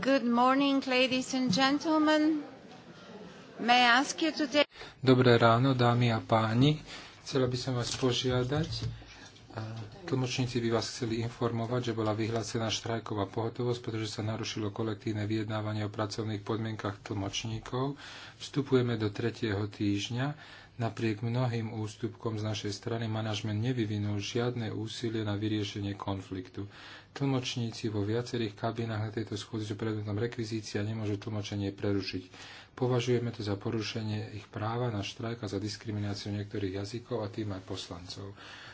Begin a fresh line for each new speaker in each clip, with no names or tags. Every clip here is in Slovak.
Good morning, ladies and gentlemen. May I ask you today...
Dobré ráno, dámy a páni. Chcela by som vás požiadať, Tlmočníci by vás chceli informovať, že bola vyhlásená štrajková pohotovosť, pretože sa narušilo kolektívne vyjednávanie o pracovných podmienkach tlmočníkov. Vstupujeme do tretieho týždňa. Napriek mnohým ústupkom z našej strany manažment nevyvinul žiadne úsilie na vyriešenie konfliktu. Tlmočníci vo viacerých kabinách na tejto schôdzi sú predmetom rekvizícia a nemôžu tlmočenie prerušiť. Považujeme to za porušenie ich práva na štrajk a za diskrimináciu niektorých jazykov a tým aj poslancov.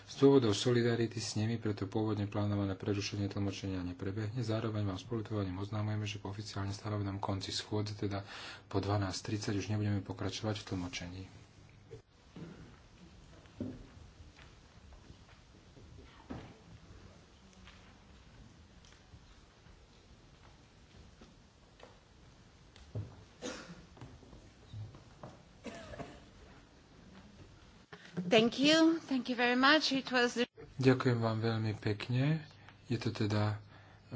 Z dôvodov solidarity s nimi preto pôvodne plánované prerušenie tlmočenia neprebehne. Zároveň vám spolutovaním oznámujeme, že po oficiálne stanovenom konci schôdze, teda po 12.30, už nebudeme pokračovať v tlmočení. Ďakujem vám veľmi pekne. Je to teda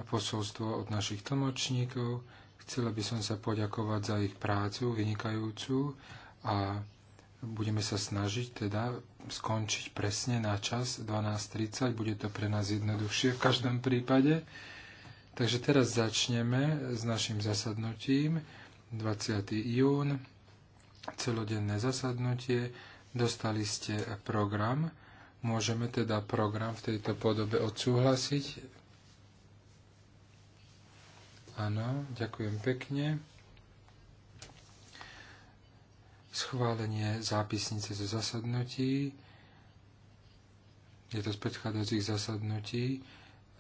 posolstvo od našich tlmočníkov. Chcela by som sa poďakovať za ich prácu vynikajúcu a budeme sa snažiť teda skončiť presne na čas 12.30. Bude to pre nás jednoduchšie v každom prípade. Takže teraz začneme s našim zasadnutím. 20. jún, celodenné zasadnutie Dostali ste program. Môžeme teda program v tejto podobe odsúhlasiť. Áno, ďakujem pekne. Schválenie zápisnice zo zasadnutí. Je to z predchádzajúcich zasadnutí.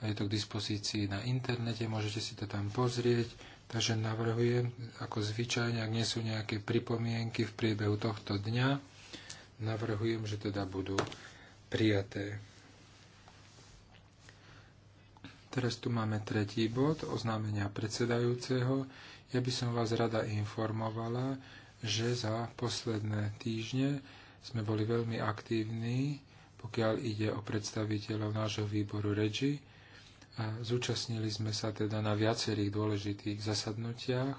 Je to k dispozícii na internete, môžete si to tam pozrieť. Takže navrhujem, ako zvyčajne, ak nie sú nejaké pripomienky v priebehu tohto dňa, navrhujem, že teda budú prijaté. Teraz tu máme tretí bod, oznámenia predsedajúceho. Ja by som vás rada informovala, že za posledné týždne sme boli veľmi aktívni, pokiaľ ide o predstaviteľov nášho výboru REGI. Zúčastnili sme sa teda na viacerých dôležitých zasadnutiach.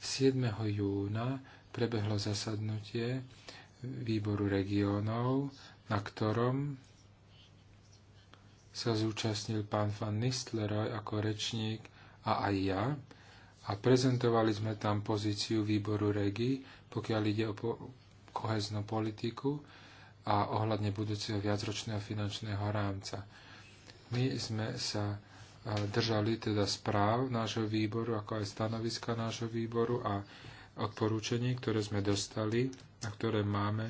7. júna prebehlo zasadnutie výboru regionov, na ktorom sa zúčastnil pán Van Nistleroy ako rečník a aj ja a prezentovali sme tam pozíciu výboru regi, pokiaľ ide o po- koheznú politiku a ohľadne budúceho viacročného finančného rámca. My sme sa e, držali teda správ nášho výboru, ako aj stanoviska nášho výboru a odporúčení, ktoré sme dostali a ktoré máme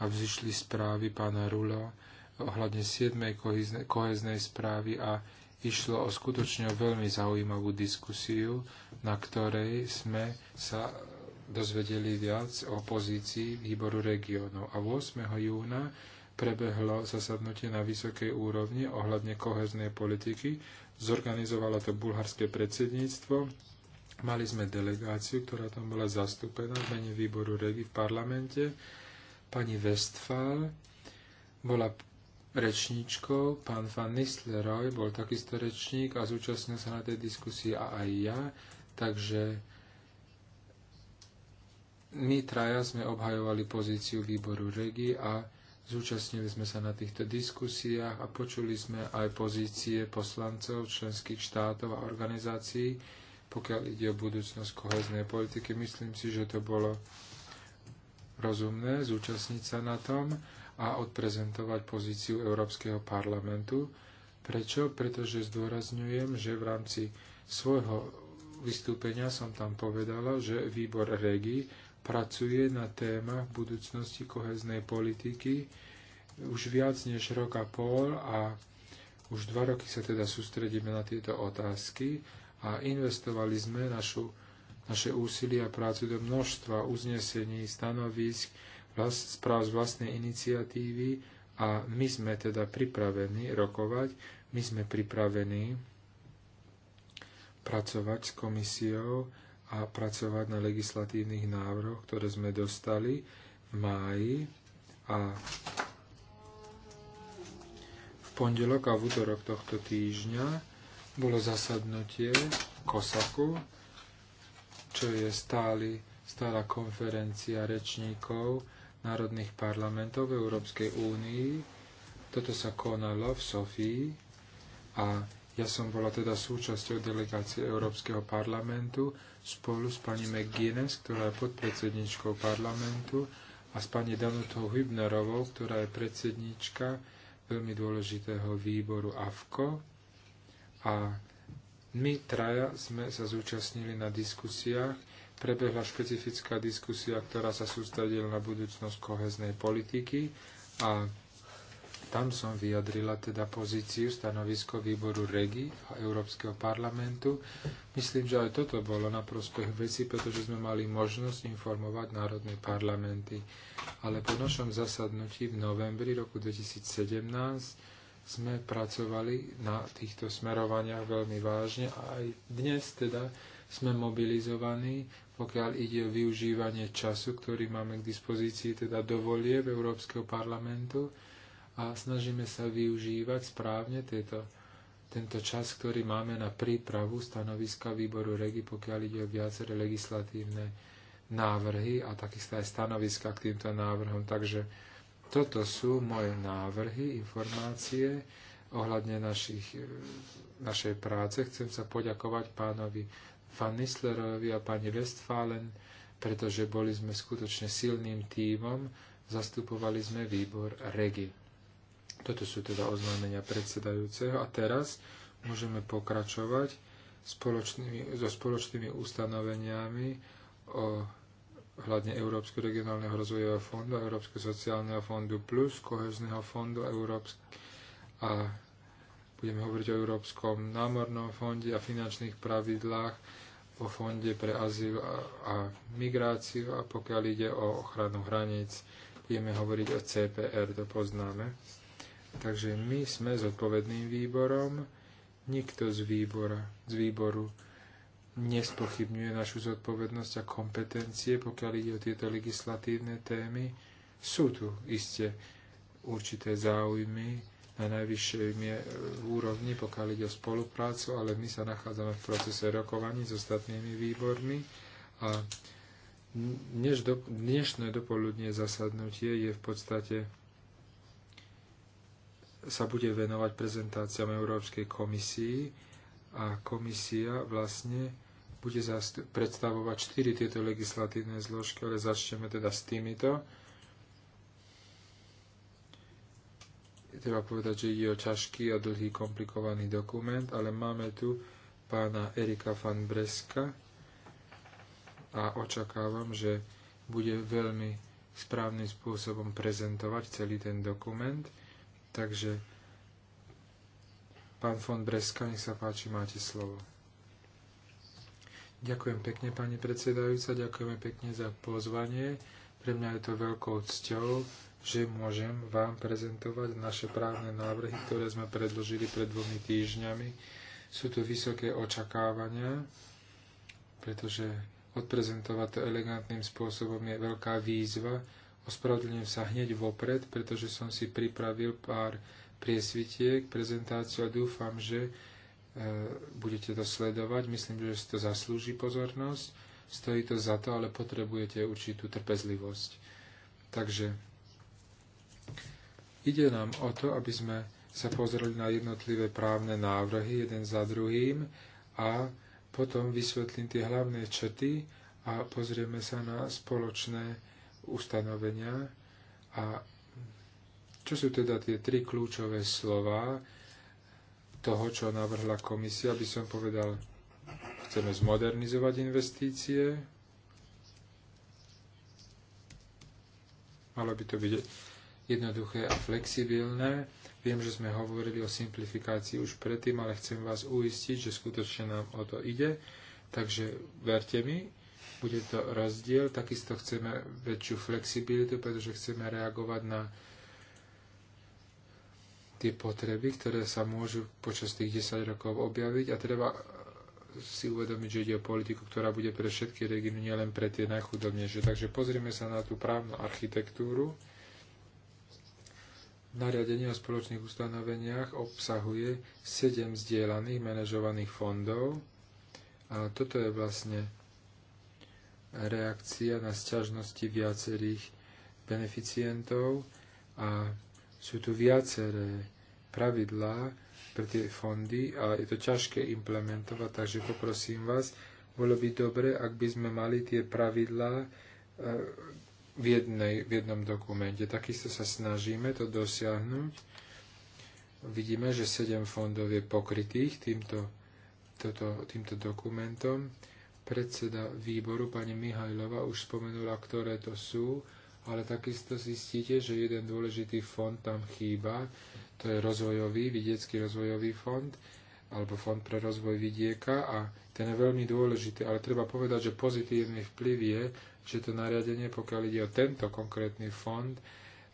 a vzýšli správy pána Rula ohľadne 7. koheznej správy a išlo o skutočne veľmi zaujímavú diskusiu, na ktorej sme sa dozvedeli viac o pozícii výboru regiónov. A 8. júna prebehlo zasadnutie na vysokej úrovni ohľadne koheznej politiky. Zorganizovalo to bulharské predsedníctvo Mali sme delegáciu, ktorá tam bola zastúpená v mene výboru REGI v parlamente. Pani Westphal bola rečníčkou, pán Van Nistleroy bol takisto rečník a zúčastnil sa na tej diskusii a aj ja, takže my traja sme obhajovali pozíciu výboru REGI a zúčastnili sme sa na týchto diskusiách a počuli sme aj pozície poslancov členských štátov a organizácií, pokiaľ ide o budúcnosť koheznej politiky. Myslím si, že to bolo rozumné zúčastniť sa na tom a odprezentovať pozíciu Európskeho parlamentu. Prečo? Pretože zdôrazňujem, že v rámci svojho vystúpenia som tam povedala, že výbor REGI pracuje na témach budúcnosti koheznej politiky už viac než rok a pol a už dva roky sa teda sústredíme na tieto otázky a investovali sme našu, naše úsilie a prácu do množstva uznesení, stanovisk, vlast, správ z vlastnej iniciatívy a my sme teda pripravení rokovať, my sme pripravení pracovať s komisiou a pracovať na legislatívnych návrhoch, ktoré sme dostali v máji a v pondelok a v útorok tohto týždňa bolo zasadnutie Kosaku, čo je stály, stála konferencia rečníkov národných parlamentov v Európskej únii. Toto sa konalo v Sofii a ja som bola teda súčasťou delegácie Európskeho parlamentu spolu s pani McGuinness, ktorá je podpredsedničkou parlamentu a s pani Danutou Hübnerovou, ktorá je predsednička veľmi dôležitého výboru AFKO a my traja sme sa zúčastnili na diskusiách. Prebehla špecifická diskusia, ktorá sa sústredila na budúcnosť koheznej politiky a tam som vyjadrila teda pozíciu, stanovisko výboru REGI a Európskeho parlamentu. Myslím, že aj toto bolo na prospech veci, pretože sme mali možnosť informovať národné parlamenty. Ale po našom zasadnutí v novembri roku 2017 sme pracovali na týchto smerovaniach veľmi vážne a aj dnes teda sme mobilizovaní, pokiaľ ide o využívanie času, ktorý máme k dispozícii, teda dovolie v Európskeho parlamentu a snažíme sa využívať správne tieto, tento čas, ktorý máme na prípravu stanoviska výboru REGI, pokiaľ ide o viaceré legislatívne návrhy a takisto aj stanoviska k týmto návrhom. Takže toto sú moje návrhy, informácie ohľadne našich, e, našej práce. Chcem sa poďakovať pánovi Van Nislerovi a pani Westfalen, pretože boli sme skutočne silným tímom, zastupovali sme výbor REGI. Toto sú teda oznámenia predsedajúceho a teraz môžeme pokračovať spoločnými, so spoločnými ustanoveniami o hľadne Európskeho regionálneho rozvojového fondu, Európskeho sociálneho fondu plus kohezného fondu Európsk a budeme hovoriť o Európskom námornom fonde a finančných pravidlách o fonde pre azyl a, a migráciu a pokiaľ ide o ochranu hraníc, budeme hovoriť o CPR, to poznáme. Takže my sme zodpovedným výborom, nikto z, výbora, z výboru nespochybňuje našu zodpovednosť a kompetencie, pokiaľ ide o tieto legislatívne témy. Sú tu iste určité záujmy na najvyššej úrovni, pokiaľ ide o spoluprácu, ale my sa nachádzame v procese rokovaní s ostatnými výbormi a dneš do, dnešné dopoludne zasadnutie je v podstate sa bude venovať prezentáciám Európskej komisii, a komisia vlastne bude predstavovať štyri tieto legislatívne zložky, ale začneme teda s týmito. Treba povedať, že ide o ťažký a dlhý komplikovaný dokument, ale máme tu pána Erika van Breska a očakávam, že bude veľmi správnym spôsobom prezentovať celý ten dokument. Takže Pán von Breska, nech sa páči, máte slovo. Ďakujem pekne, pani predsedajúca, ďakujeme pekne za pozvanie. Pre mňa je to veľkou cťou, že môžem vám prezentovať naše právne návrhy, ktoré sme predložili pred dvomi týždňami. Sú tu vysoké očakávania, pretože odprezentovať to elegantným spôsobom je veľká výzva. Ospravedlňujem sa hneď vopred, pretože som si pripravil pár priesvitiek, prezentáciu a dúfam, že e, budete to sledovať. Myslím, že si to zaslúži pozornosť. Stojí to za to, ale potrebujete určitú trpezlivosť. Takže ide nám o to, aby sme sa pozreli na jednotlivé právne návrhy jeden za druhým a potom vysvetlím tie hlavné čety a pozrieme sa na spoločné ustanovenia a čo sú teda tie tri kľúčové slova toho, čo navrhla komisia? By som povedal, chceme zmodernizovať investície, malo by to byť jednoduché a flexibilné. Viem, že sme hovorili o simplifikácii už predtým, ale chcem vás uistiť, že skutočne nám o to ide. Takže verte mi, bude to rozdiel. Takisto chceme väčšiu flexibilitu, pretože chceme reagovať na tie potreby, ktoré sa môžu počas tých 10 rokov objaviť a treba si uvedomiť, že ide o politiku, ktorá bude pre všetky regióny, nielen pre tie najchudobnejšie. Takže pozrieme sa na tú právnu architektúru. Nariadenie o spoločných ustanoveniach obsahuje 7 zdieľaných manažovaných fondov a toto je vlastne reakcia na sťažnosti viacerých beneficientov a sú tu viaceré pravidlá pre tie fondy a je to ťažké implementovať, takže poprosím vás, bolo by dobre, ak by sme mali tie pravidlá e, v, jednej, v jednom dokumente. Takisto sa snažíme to dosiahnuť. Vidíme, že 7 fondov je pokrytých týmto, toto, týmto dokumentom. Predseda výboru, pani Mihajlova, už spomenula, ktoré to sú ale takisto zistíte, že jeden dôležitý fond tam chýba, to je rozvojový, vidiecký rozvojový fond, alebo fond pre rozvoj vidieka a ten je veľmi dôležitý, ale treba povedať, že pozitívny vplyv je, že to nariadenie, pokiaľ ide o tento konkrétny fond,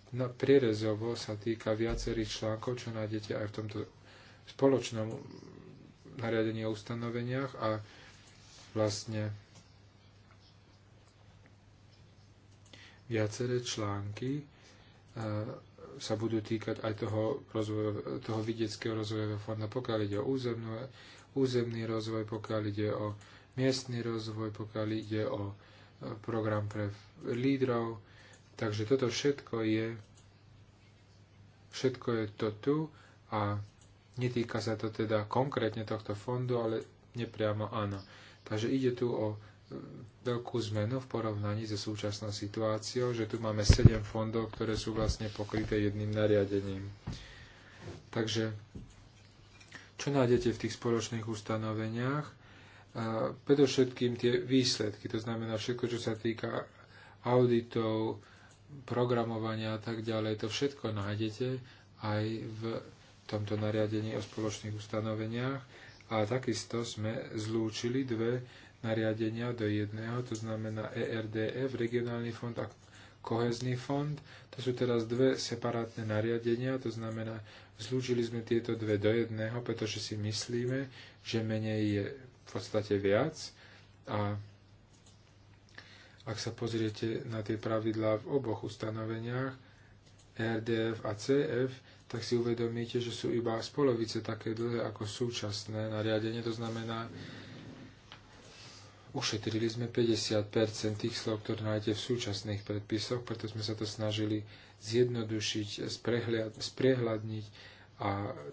na no, prierezovo sa týka viacerých článkov, čo nájdete aj v tomto spoločnom nariadení o ustanoveniach a vlastne viaceré články e, sa budú týkať aj toho, rozvoj, toho vidieckého rozvojového fonda, pokiaľ ide o územnú, územný rozvoj, pokiaľ ide o miestny rozvoj, pokiaľ ide o e, program pre lídrov. Takže toto všetko je, všetko je to tu a netýka sa to teda konkrétne tohto fondu, ale nepriamo áno. Takže ide tu o veľkú zmenu v porovnaní so súčasnou situáciou, že tu máme 7 fondov, ktoré sú vlastne pokryté jedným nariadením. Takže čo nájdete v tých spoločných ustanoveniach? predovšetkým tie výsledky, to znamená všetko, čo sa týka auditov, programovania a tak ďalej, to všetko nájdete aj v tomto nariadení o spoločných ustanoveniach. A takisto sme zlúčili dve nariadenia do jedného, to znamená ERDF, Regionálny fond a kohezný fond. To sú teraz dve separátne nariadenia, to znamená, zlúčili sme tieto dve do jedného, pretože si myslíme, že menej je v podstate viac. A ak sa pozriete na tie pravidlá v oboch ustanoveniach, e RDF a CF, tak si uvedomíte, že sú iba z polovice také dlhé ako súčasné nariadenie. To znamená, Ušetrili sme 50 tých slov, ktoré nájdete v súčasných predpisoch, preto sme sa to snažili zjednodušiť, sprehľadniť a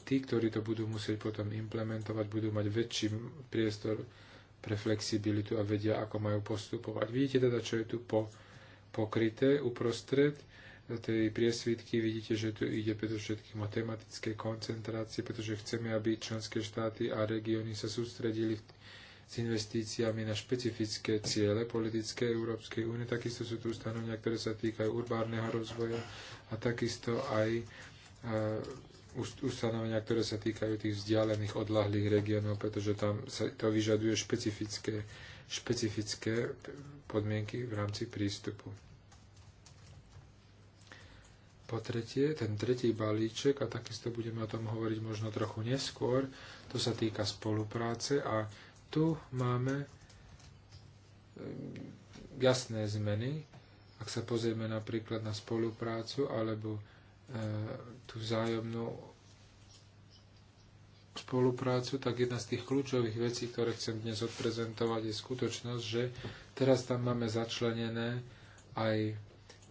tí, ktorí to budú musieť potom implementovať, budú mať väčší priestor pre flexibilitu a vedia, ako majú postupovať. Vidíte teda, čo je tu po, pokryté uprostred tej priesvitky. Vidíte, že tu ide predovšetkým o tematické koncentrácie, pretože chceme, aby členské štáty a regióny sa sústredili v s investíciami na špecifické ciele politické Európskej únie. Takisto sú tu ustanovenia, ktoré sa týkajú urbárneho rozvoja a takisto aj eh, ustanovenia, ktoré sa týkajú tých vzdialených, odlahlých regiónov, pretože tam sa to vyžaduje špecifické, špecifické podmienky v rámci prístupu. Po tretie, ten tretí balíček, a takisto budeme o tom hovoriť možno trochu neskôr, to sa týka spolupráce a tu máme ehm, jasné zmeny. Ak sa pozrieme napríklad na spoluprácu alebo ehm, tú vzájomnú spoluprácu, tak jedna z tých kľúčových vecí, ktoré chcem dnes odprezentovať, je skutočnosť, že teraz tam máme začlenené aj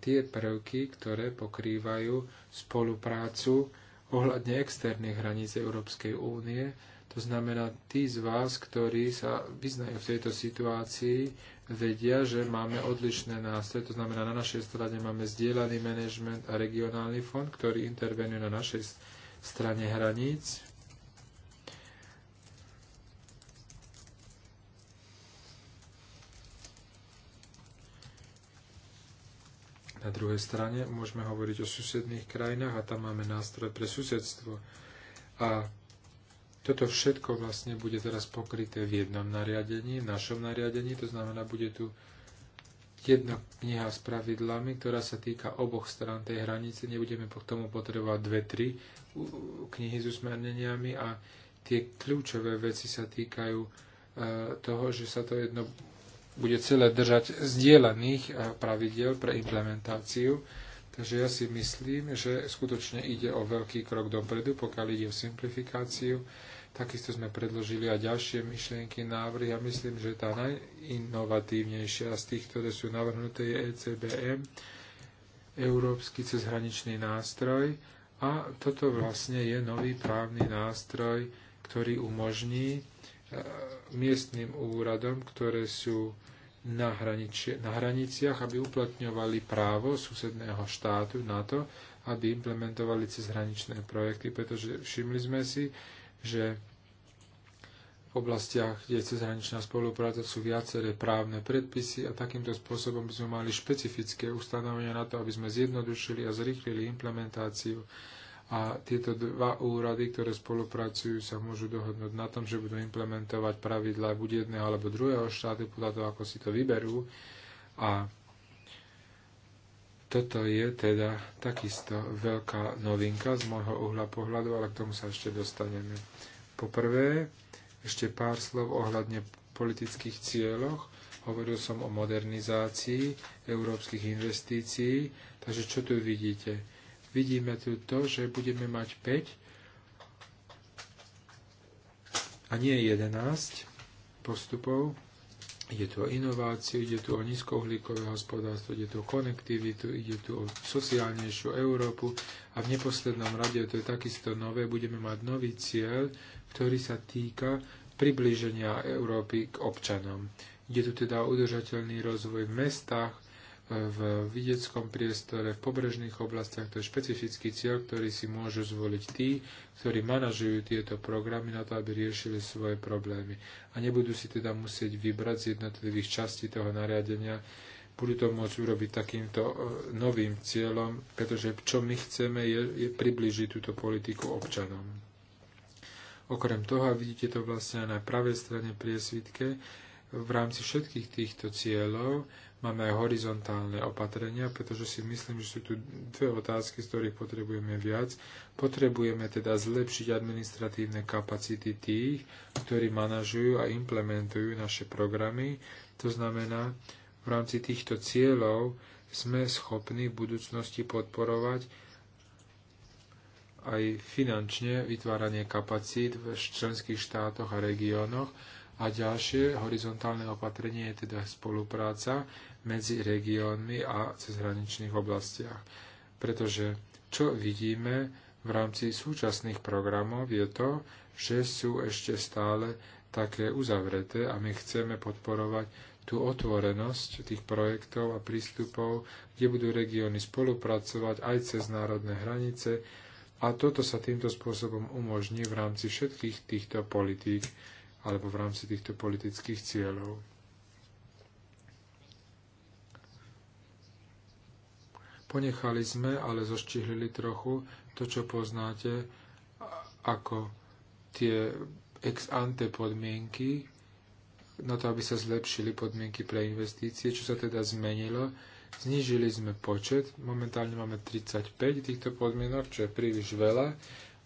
tie prvky, ktoré pokrývajú spoluprácu ohľadne externých hraníc Európskej únie to znamená, tí z vás, ktorí sa vyznajú v tejto situácii, vedia, že máme odlišné nástroje. To znamená, na našej strane máme zdieľaný manažment a regionálny fond, ktorý intervenuje na našej strane hraníc. Na druhej strane môžeme hovoriť o susedných krajinách a tam máme nástroj pre susedstvo. A toto všetko vlastne bude teraz pokryté v jednom nariadení, v našom nariadení, to znamená, bude tu jedna kniha s pravidlami, ktorá sa týka oboch strán tej hranice. Nebudeme k tomu potrebovať dve, tri knihy s usmerneniami a tie kľúčové veci sa týkajú e, toho, že sa to jedno bude celé držať zdieľaných e, pravidel pre implementáciu. Takže ja si myslím, že skutočne ide o veľký krok dopredu, pokiaľ ide o simplifikáciu Takisto sme predložili aj ďalšie myšlienky, návrhy a myslím, že tá najinovatívnejšia z tých, ktoré sú navrhnuté, je ECBM, Európsky cezhraničný nástroj. A toto vlastne je nový právny nástroj, ktorý umožní e, miestnym úradom, ktoré sú na, hranici, na hraniciach, aby uplatňovali právo susedného štátu na to, aby implementovali cezhraničné projekty, pretože všimli sme si, že v oblastiach, kde je cezhraničná spolupráca, sú viaceré právne predpisy a takýmto spôsobom by sme mali špecifické ustanovenia na to, aby sme zjednodušili a zrýchlili implementáciu. A tieto dva úrady, ktoré spolupracujú, sa môžu dohodnúť na tom, že budú implementovať pravidla buď jedného alebo druhého štátu, podľa toho, ako si to vyberú. A toto je teda takisto veľká novinka z môjho uhla pohľadu, ale k tomu sa ešte dostaneme. Poprvé, ešte pár slov ohľadne politických cieľoch. Hovoril som o modernizácii európskych investícií, takže čo tu vidíte? Vidíme tu to, že budeme mať 5 a nie 11 postupov. Ide tu o inováciu, ide tu o nízkouhlíkové hospodárstvo, ide tu o konektivitu, ide tu o sociálnejšiu Európu a v neposlednom rade, to je takisto nové, budeme mať nový cieľ, ktorý sa týka priblíženia Európy k občanom. Ide tu teda o udržateľný rozvoj v mestách, v vidieckom priestore, v pobrežných oblastiach. To je špecifický cieľ, ktorý si môžu zvoliť tí, ktorí manažujú tieto programy na to, aby riešili svoje problémy. A nebudú si teda musieť vybrať z jednotlivých častí toho nariadenia, budú to môcť urobiť takýmto e, novým cieľom, pretože čo my chceme je, je približiť túto politiku občanom. Okrem toho, a vidíte to vlastne aj na pravej strane priesvitke, v rámci všetkých týchto cieľov Máme aj horizontálne opatrenia, pretože si myslím, že sú tu dve otázky, z ktorých potrebujeme viac. Potrebujeme teda zlepšiť administratívne kapacity tých, ktorí manažujú a implementujú naše programy. To znamená, v rámci týchto cieľov sme schopní v budúcnosti podporovať aj finančne vytváranie kapacít v členských štátoch a regiónoch, a ďalšie horizontálne opatrenie je teda spolupráca medzi regiónmi a cezhraničných oblastiach. Pretože čo vidíme v rámci súčasných programov je to, že sú ešte stále také uzavreté a my chceme podporovať tú otvorenosť tých projektov a prístupov, kde budú regióny spolupracovať aj cez národné hranice a toto sa týmto spôsobom umožní v rámci všetkých týchto politík, alebo v rámci týchto politických cieľov. Ponechali sme, ale zoštihlili trochu to, čo poznáte ako tie ex ante podmienky, na to, aby sa zlepšili podmienky pre investície. Čo sa teda zmenilo? Znížili sme počet, momentálne máme 35 týchto podmienok, čo je príliš veľa.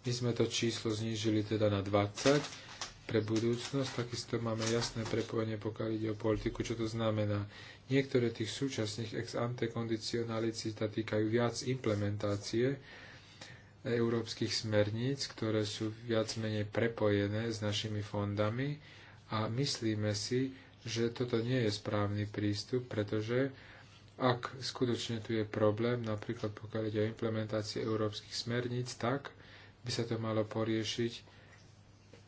My sme to číslo znížili teda na 20 pre budúcnosť, takisto máme jasné prepojenie, pokiaľ ide o politiku, čo to znamená. Niektoré tých súčasných ex ante kondicionalití sa týkajú viac implementácie európskych smerníc, ktoré sú viac menej prepojené s našimi fondami a myslíme si, že toto nie je správny prístup, pretože ak skutočne tu je problém, napríklad pokiaľ ide o implementácie európskych smerníc, tak by sa to malo poriešiť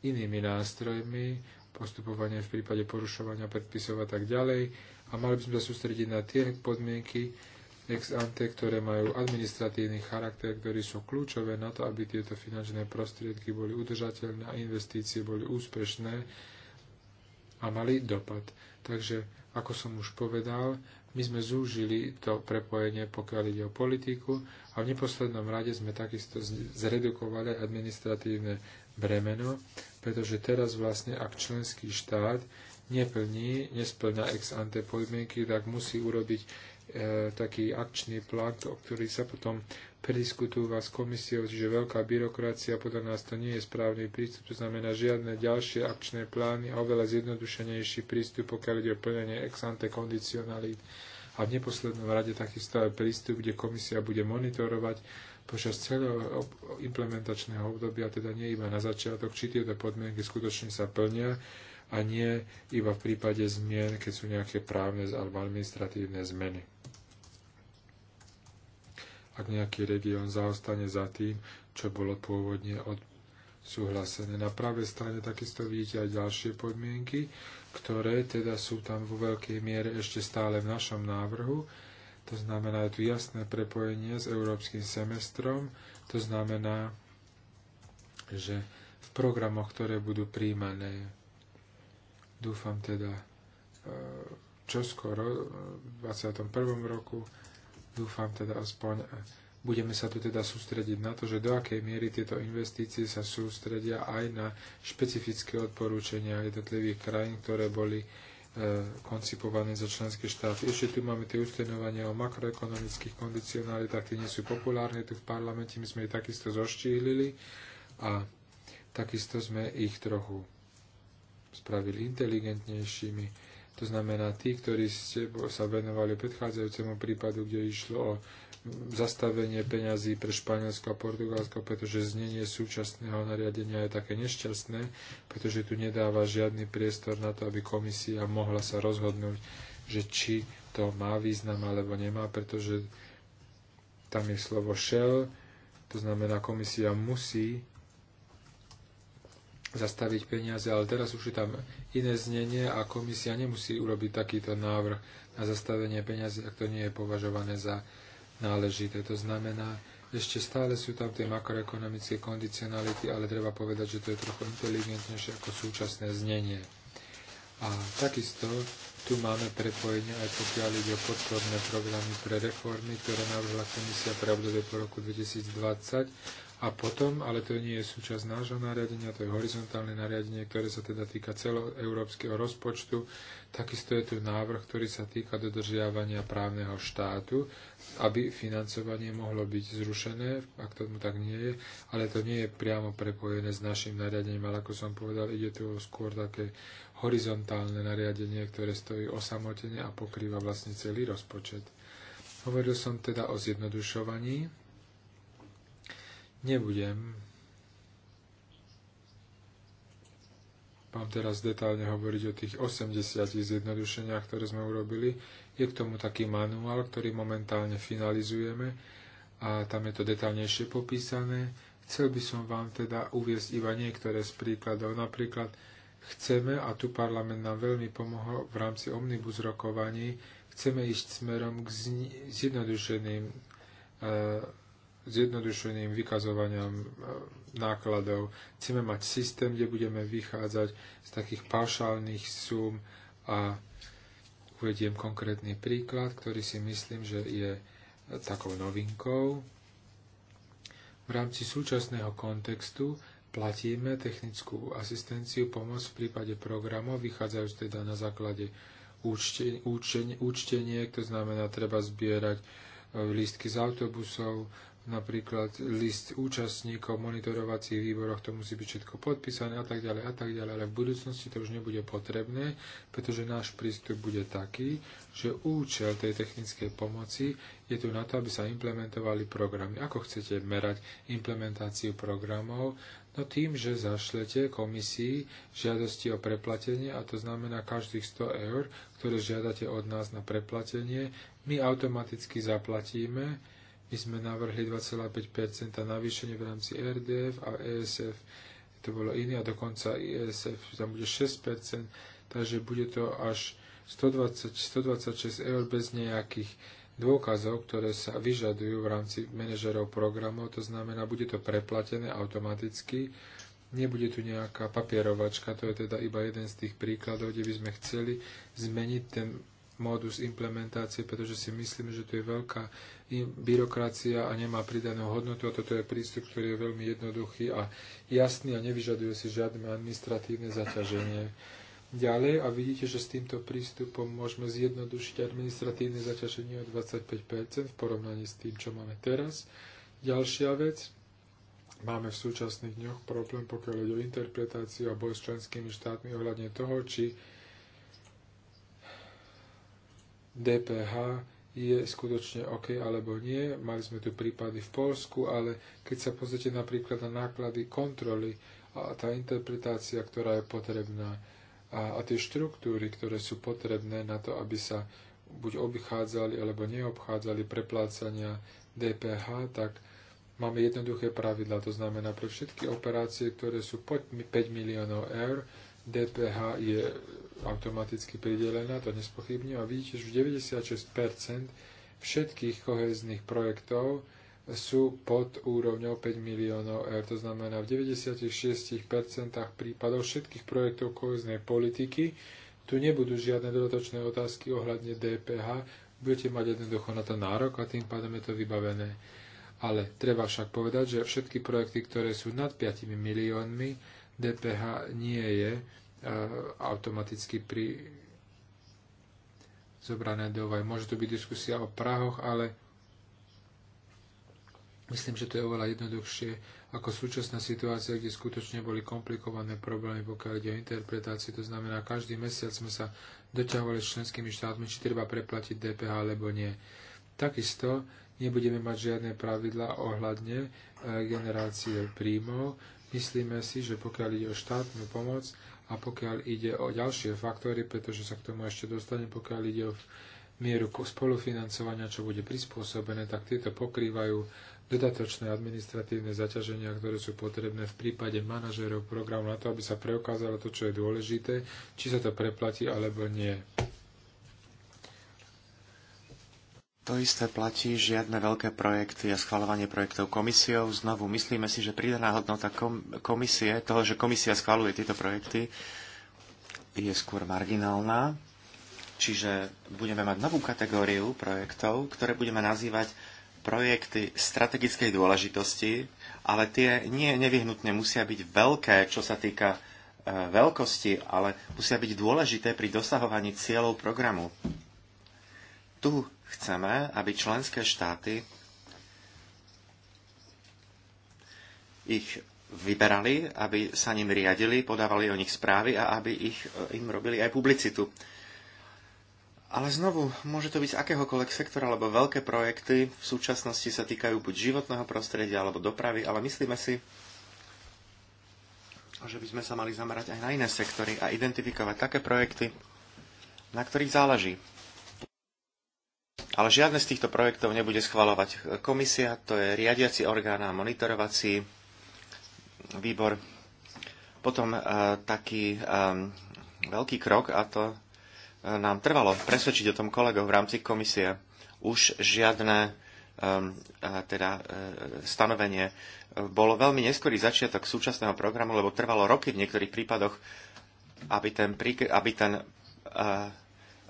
inými nástrojmi, postupovania v prípade porušovania predpisov a tak ďalej. A mali by sme sa sústrediť na tie podmienky ex ante, ktoré majú administratívny charakter, ktorí sú kľúčové na to, aby tieto finančné prostriedky boli udržateľné a investície boli úspešné a mali dopad. Takže, ako som už povedal, my sme zúžili to prepojenie, pokiaľ ide o politiku a v neposlednom rade sme takisto zredukovali administratívne bremeno pretože teraz vlastne, ak členský štát neplní, nesplňa ex ante podmienky, tak musí urobiť e, taký akčný plán, o ktorý sa potom prediskutúva s komisiou, čiže veľká byrokracia, podľa nás to nie je správny prístup, to znamená žiadne ďalšie akčné plány a oveľa zjednodušenejší prístup, pokiaľ ide o plnenie ex ante kondicionalít a v neposlednom rade takisto aj prístup, kde komisia bude monitorovať počas celého implementačného obdobia, teda nie iba na začiatok, či tieto podmienky skutočne sa plnia a nie iba v prípade zmien, keď sú nejaké právne alebo administratívne zmeny. Ak nejaký región zaostane za tým, čo bolo pôvodne od súhlasené. Na pravej strane takisto vidíte aj ďalšie podmienky, ktoré teda sú tam vo veľkej miere ešte stále v našom návrhu to znamená, je tu jasné prepojenie s európskym semestrom. To znamená, že v programoch, ktoré budú príjmané, dúfam teda e, čoskoro, e, v 21. roku, dúfam teda aspoň e, Budeme sa tu teda sústrediť na to, že do akej miery tieto investície sa sústredia aj na špecifické odporúčania jednotlivých krajín, ktoré boli E, koncipované za členské štáty. Ešte tu máme tie ustanovania o makroekonomických kondicionalitách, tie nie sú populárne tu v parlamente, my sme ich takisto zoštíhlili a takisto sme ich trochu spravili inteligentnejšími. To znamená, tí, ktorí ste sa venovali predchádzajúcemu prípadu, kde išlo o zastavenie peňazí pre Španielsko a Portugalsko, pretože znenie súčasného nariadenia je také nešťastné, pretože tu nedáva žiadny priestor na to, aby komisia mohla sa rozhodnúť, že či to má význam alebo nemá, pretože tam je slovo shell, to znamená komisia musí zastaviť peniaze, ale teraz už je tam iné znenie a komisia nemusí urobiť takýto návrh na zastavenie peniazy, ak to nie je považované za náležité. To znamená, ešte stále sú tam tie makroekonomické kondicionality, ale treba povedať, že to je trochu inteligentnejšie ako súčasné znenie. A takisto tu máme prepojenie aj pokiaľ ide o podporné programy pre reformy, ktoré navrhla komisia pre obdobie po roku 2020 a potom, ale to nie je súčasť nášho nariadenia, to je horizontálne nariadenie, ktoré sa teda týka celoeurópskeho rozpočtu. Takisto je tu návrh, ktorý sa týka dodržiavania právneho štátu, aby financovanie mohlo byť zrušené, ak tomu tak nie je, ale to nie je priamo prepojené s našim nariadením, ale ako som povedal, ide tu o skôr také horizontálne nariadenie, ktoré stojí osamotene a pokrýva vlastne celý rozpočet. Hovoril som teda o zjednodušovaní Nebudem vám teraz detálne hovoriť o tých 80 zjednodušeniach, ktoré sme urobili. Je k tomu taký manuál, ktorý momentálne finalizujeme a tam je to detálnejšie popísané. Chcel by som vám teda uviezť iba niektoré z príkladov. Napríklad chceme, a tu parlament nám veľmi pomohol v rámci omnibus rokovaní, chceme ísť smerom k zjednodušeným e, zjednodušeným vykazovaním e, nákladov. Chceme mať systém, kde budeme vychádzať z takých paušálnych súm a uvediem konkrétny príklad, ktorý si myslím, že je e, takou novinkou. V rámci súčasného kontextu platíme technickú asistenciu, pomoc v prípade programov, vychádzajúc teda na základe účteniek, to znamená, treba zbierať e, lístky z autobusov, napríklad list účastníkov monitorovacích výboroch, to musí byť všetko podpísané a tak ďalej a tak ďalej, ale v budúcnosti to už nebude potrebné, pretože náš prístup bude taký, že účel tej technickej pomoci je tu na to, aby sa implementovali programy. Ako chcete merať implementáciu programov? No tým, že zašlete komisii žiadosti o preplatenie, a to znamená každých 100 eur, ktoré žiadate od nás na preplatenie, my automaticky zaplatíme my sme navrhli 2,5% navýšenie v rámci e RDF a ESF to bolo iné a dokonca ESF tam bude 6%, takže bude to až 120, 126 eur bez nejakých dôkazov, ktoré sa vyžadujú v rámci manažerov programov, to znamená, bude to preplatené automaticky, nebude tu nejaká papierovačka, to je teda iba jeden z tých príkladov, kde by sme chceli zmeniť ten modus implementácie, pretože si myslím, že to je veľká byrokracia a nemá pridanú hodnotu a toto je prístup, ktorý je veľmi jednoduchý a jasný a nevyžaduje si žiadne administratívne zaťaženie. Ďalej a vidíte, že s týmto prístupom môžeme zjednodušiť administratívne zaťaženie o 25% v porovnaní s tým, čo máme teraz. Ďalšia vec, Máme v súčasných dňoch problém, pokiaľ ide o interpretáciu a boj s členskými štátmi ohľadne toho, či DPH je skutočne OK alebo nie. Mali sme tu prípady v Polsku, ale keď sa pozrite napríklad na náklady kontroly a tá interpretácia, ktorá je potrebná a, a tie štruktúry, ktoré sú potrebné na to, aby sa buď obchádzali alebo neobchádzali preplácania DPH, tak máme jednoduché pravidla. To znamená, pre všetky operácie, ktoré sú pod 5 miliónov eur, DPH je automaticky pridelená, to nespochybním. A vidíte, že v 96% všetkých kohezných projektov sú pod úrovňou 5 miliónov eur. To znamená, v 96% prípadov všetkých projektov koheznej politiky tu nebudú žiadne dodatočné otázky ohľadne DPH. Budete mať jednoducho na to nárok a tým pádom je to vybavené. Ale treba však povedať, že všetky projekty, ktoré sú nad 5 miliónmi, DPH nie je e, automaticky pri zobrané do úvahy. Môže to byť diskusia o Prahoch, ale myslím, že to je oveľa jednoduchšie ako súčasná situácia, kde skutočne boli komplikované problémy, pokiaľ ide o interpretáciu. To znamená, každý mesiac sme sa doťahovali s členskými štátmi, či treba preplatiť DPH alebo nie. Takisto nebudeme mať žiadne pravidla ohľadne e, generácie príjmov. Myslíme si, že pokiaľ ide o štátnu pomoc a pokiaľ ide o ďalšie faktory, pretože sa k tomu ešte dostane, pokiaľ ide o mieru spolufinancovania, čo bude prispôsobené, tak tieto pokrývajú dodatočné administratívne zaťaženia, ktoré sú potrebné v prípade manažérov programu na to, aby sa preukázalo to, čo je dôležité, či sa to preplatí alebo nie.
To isté platí, žiadne veľké projekty a schvalovanie projektov komisiou. Znovu myslíme si, že pridaná hodnota komisie, toho, že komisia schvaluje tieto projekty, je skôr marginálna. Čiže budeme mať novú kategóriu projektov, ktoré budeme nazývať projekty strategickej dôležitosti, ale tie nie nevyhnutne musia byť veľké, čo sa týka e, veľkosti, ale musia byť dôležité pri dosahovaní cieľov programu. Tu Chceme, aby členské štáty ich vyberali, aby sa ním riadili, podávali o nich správy a aby ich, eh, im robili aj publicitu. Ale znovu, môže to byť z akéhokoľvek sektora, lebo veľké projekty v súčasnosti sa týkajú buď životného prostredia alebo dopravy, ale myslíme si, že by sme sa mali zamerať aj na iné sektory a identifikovať také projekty, na ktorých záleží. Ale žiadne z týchto projektov nebude schvalovať komisia, to je riadiaci orgán a monitorovací výbor. Potom e, taký e, veľký krok, a to e, nám trvalo presvedčiť o tom kolegov v rámci komisie, už žiadne teda stanovenie. Bolo veľmi neskorý začiatok súčasného programu, lebo trvalo roky v niektorých prípadoch, aby ten, aby ten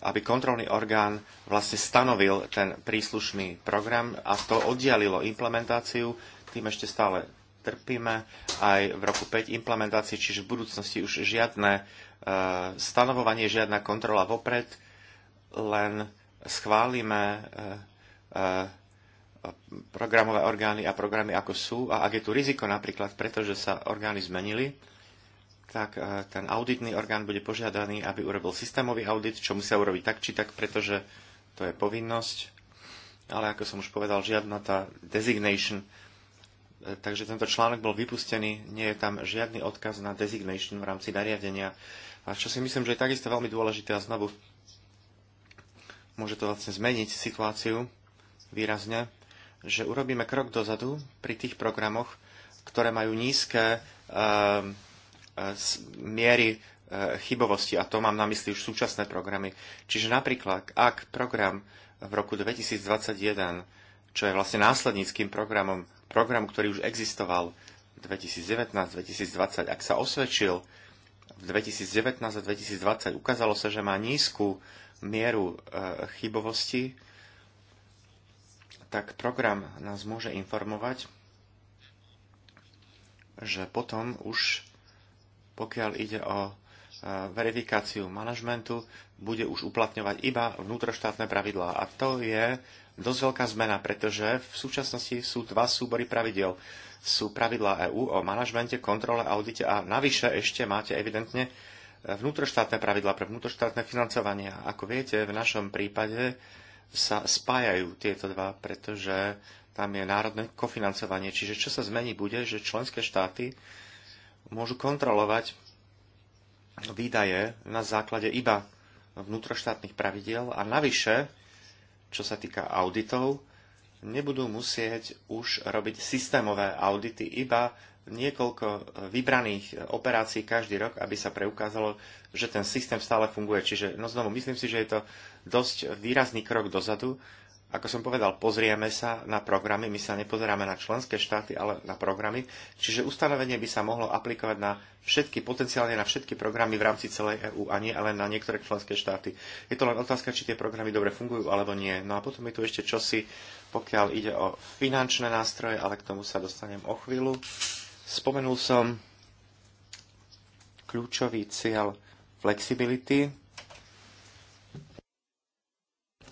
aby kontrolný orgán vlastne stanovil ten príslušný program a to oddialilo implementáciu. Tým ešte stále trpíme aj v roku 5 implementácie, čiže v budúcnosti už žiadne e, stanovovanie, žiadna kontrola vopred, len schválime e, e, programové orgány a programy ako sú a ak je tu riziko napríklad, pretože sa orgány zmenili, tak eh, ten auditný orgán bude požiadaný, aby urobil systémový audit, čo musia urobiť tak či tak, pretože to je povinnosť. Ale ako som už povedal, žiadna tá designation, eh, takže tento článok bol vypustený, nie je tam žiadny odkaz na designation v rámci nariadenia. A čo si myslím, že je takisto veľmi dôležité a znovu môže to vlastne zmeniť situáciu výrazne, že urobíme krok dozadu pri tých programoch, ktoré majú nízke eh, E, z miery e, chybovosti a to mám na mysli už súčasné programy. Čiže napríklad, ak program v roku 2021, čo je vlastne následníckým programom, program, ktorý už existoval 2019-2020, ak sa osvedčil v 2019 a 2020, ukázalo sa, že má nízku mieru e, chybovosti, tak program nás môže informovať, že potom už pokiaľ ide o e, verifikáciu manažmentu, bude už uplatňovať iba vnútroštátne pravidlá. A to je dosť veľká zmena, pretože v súčasnosti sú dva súbory pravidel. Sú pravidlá EÚ o manažmente, kontrole, audite a navyše ešte máte evidentne e, vnútroštátne pravidlá pre vnútroštátne financovanie. Ako viete, v našom prípade sa spájajú tieto dva, pretože tam je národné kofinancovanie. Čiže čo sa zmení bude, že členské štáty môžu kontrolovať výdaje na základe iba vnútroštátnych pravidiel a navyše, čo sa týka auditov, nebudú musieť už robiť systémové audity, iba niekoľko vybraných operácií každý rok, aby sa preukázalo, že ten systém stále funguje. Čiže, no znovu, myslím si, že je to dosť výrazný krok dozadu ako som povedal, pozrieme sa na programy, my sa nepozeráme na členské štáty, ale na programy, čiže ustanovenie by sa mohlo aplikovať na všetky, potenciálne na všetky programy v rámci celej EÚ a nie len na niektoré členské štáty. Je to len otázka, či tie programy dobre fungujú alebo nie. No a potom je tu ešte čosi, pokiaľ ide o finančné nástroje, ale k tomu sa dostanem o chvíľu. Spomenul som kľúčový cieľ flexibility,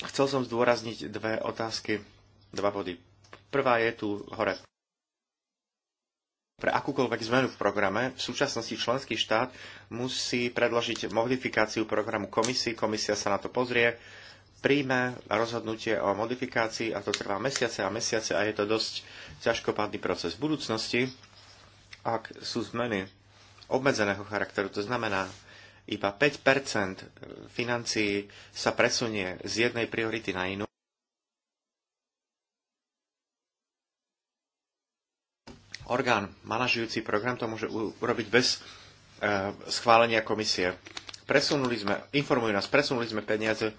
Chcel som zdôrazniť dve otázky, dva body. Prvá je tu hore. Pre akúkoľvek zmenu v programe v súčasnosti členský štát musí predložiť modifikáciu programu komisii, komisia sa na to pozrie, príjme rozhodnutie o modifikácii a to trvá mesiace a mesiace a je to dosť ťažkopádny proces. V budúcnosti, ak sú zmeny obmedzeného charakteru, to znamená, iba 5 financií sa presunie z jednej priority na inú. Orgán manažujúci program to môže urobiť bez e, schválenia komisie. Presunuli sme, informujú nás, presunuli sme peniaze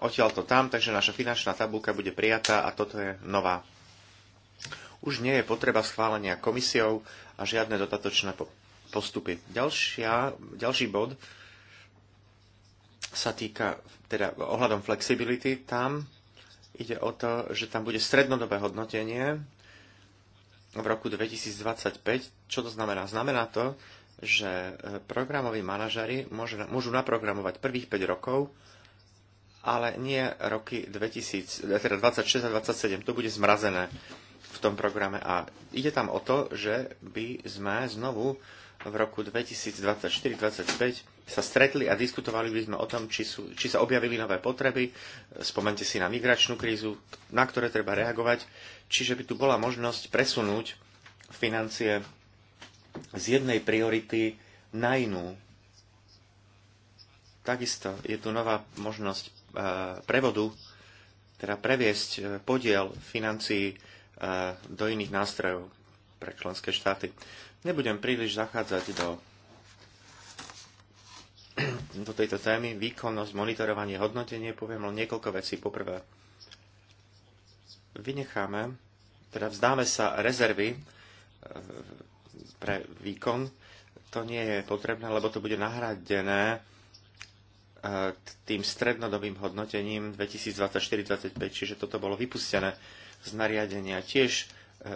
odtiaľ to tam, takže naša finančná tabulka bude prijatá a toto je nová. Už nie je potreba schválenia komisiou a žiadne dodatočné postupy. Ďalšia, ďalší bod sa týka, teda ohľadom flexibility, tam ide o to, že tam bude strednodobé hodnotenie v roku 2025. Čo to znamená? Znamená to, že e, programoví manažery môžu naprogramovať prvých 5 rokov, ale nie roky 2000, e, teda a 2027. To bude zmrazené v tom programe. A ide tam o to, že by sme znovu v roku 2024-2025 sa stretli a diskutovali by sme o tom, či, sú, či sa objavili nové potreby. Spomente si na migračnú krízu, na ktoré treba reagovať. Čiže by tu bola možnosť presunúť financie z jednej priority na inú. Takisto je tu nová možnosť e, prevodu, teda previesť e, podiel financií e, do iných nástrojov pre členské štáty. Nebudem príliš zachádzať do, do tejto témy. Výkonnosť, monitorovanie, hodnotenie, poviem len niekoľko vecí. Poprvé, vynecháme, teda vzdáme sa rezervy e, pre výkon. To nie je potrebné, lebo to bude nahradené e, tým strednodobým hodnotením 2024-2025, čiže toto bolo vypustené z nariadenia. Tiež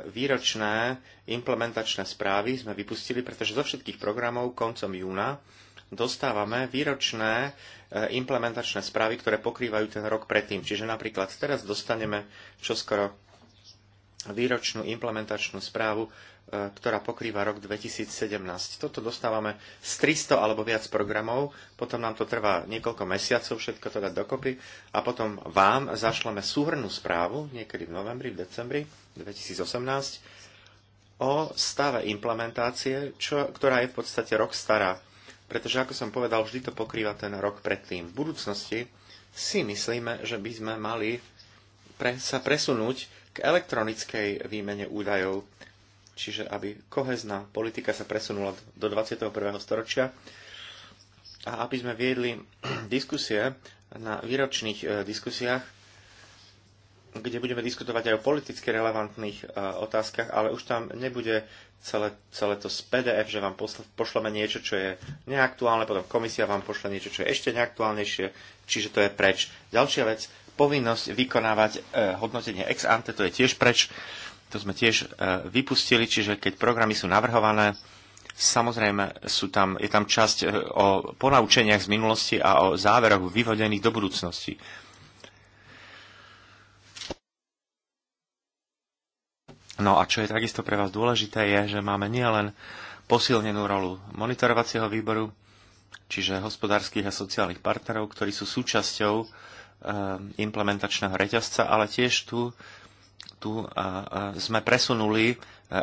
výročné implementačné správy sme vypustili, pretože zo všetkých programov koncom júna dostávame výročné e, implementačné správy, ktoré pokrývajú ten rok predtým. Čiže napríklad teraz dostaneme čoskoro výročnú implementačnú správu E, ktorá pokrýva rok 2017. Toto dostávame z 300 alebo viac programov, potom nám to trvá niekoľko mesiacov všetko to dať dokopy a potom vám zašleme súhrnú správu niekedy v novembri, v decembri 2018 o stave implementácie, čo, ktorá je v podstate rok stará. Pretože, ako som povedal, vždy to pokrýva ten rok predtým. V budúcnosti si myslíme, že by sme mali pre, sa presunúť k elektronickej výmene údajov čiže aby kohezná politika sa presunula do 21. storočia a aby sme viedli diskusie na výročných e, diskusiách, kde budeme diskutovať aj o politicky relevantných e, otázkach, ale už tam nebude celé, celé to z PDF, že vám pošleme niečo, čo je neaktuálne, potom komisia vám pošle niečo, čo je ešte neaktuálnejšie, čiže to je preč. Ďalšia vec, povinnosť vykonávať e, hodnotenie ex ante, to je tiež preč. To sme tiež e, vypustili, čiže keď programy sú navrhované, samozrejme sú tam, je tam časť e, o ponaučeniach z minulosti a o záveroch vyvodených do budúcnosti. No a čo je takisto pre vás dôležité, je, že máme nielen posilnenú rolu monitorovacieho výboru, čiže hospodárskych a sociálnych partnerov, ktorí sú súčasťou e, implementačného reťazca, ale tiež tu tu sme presunuli e,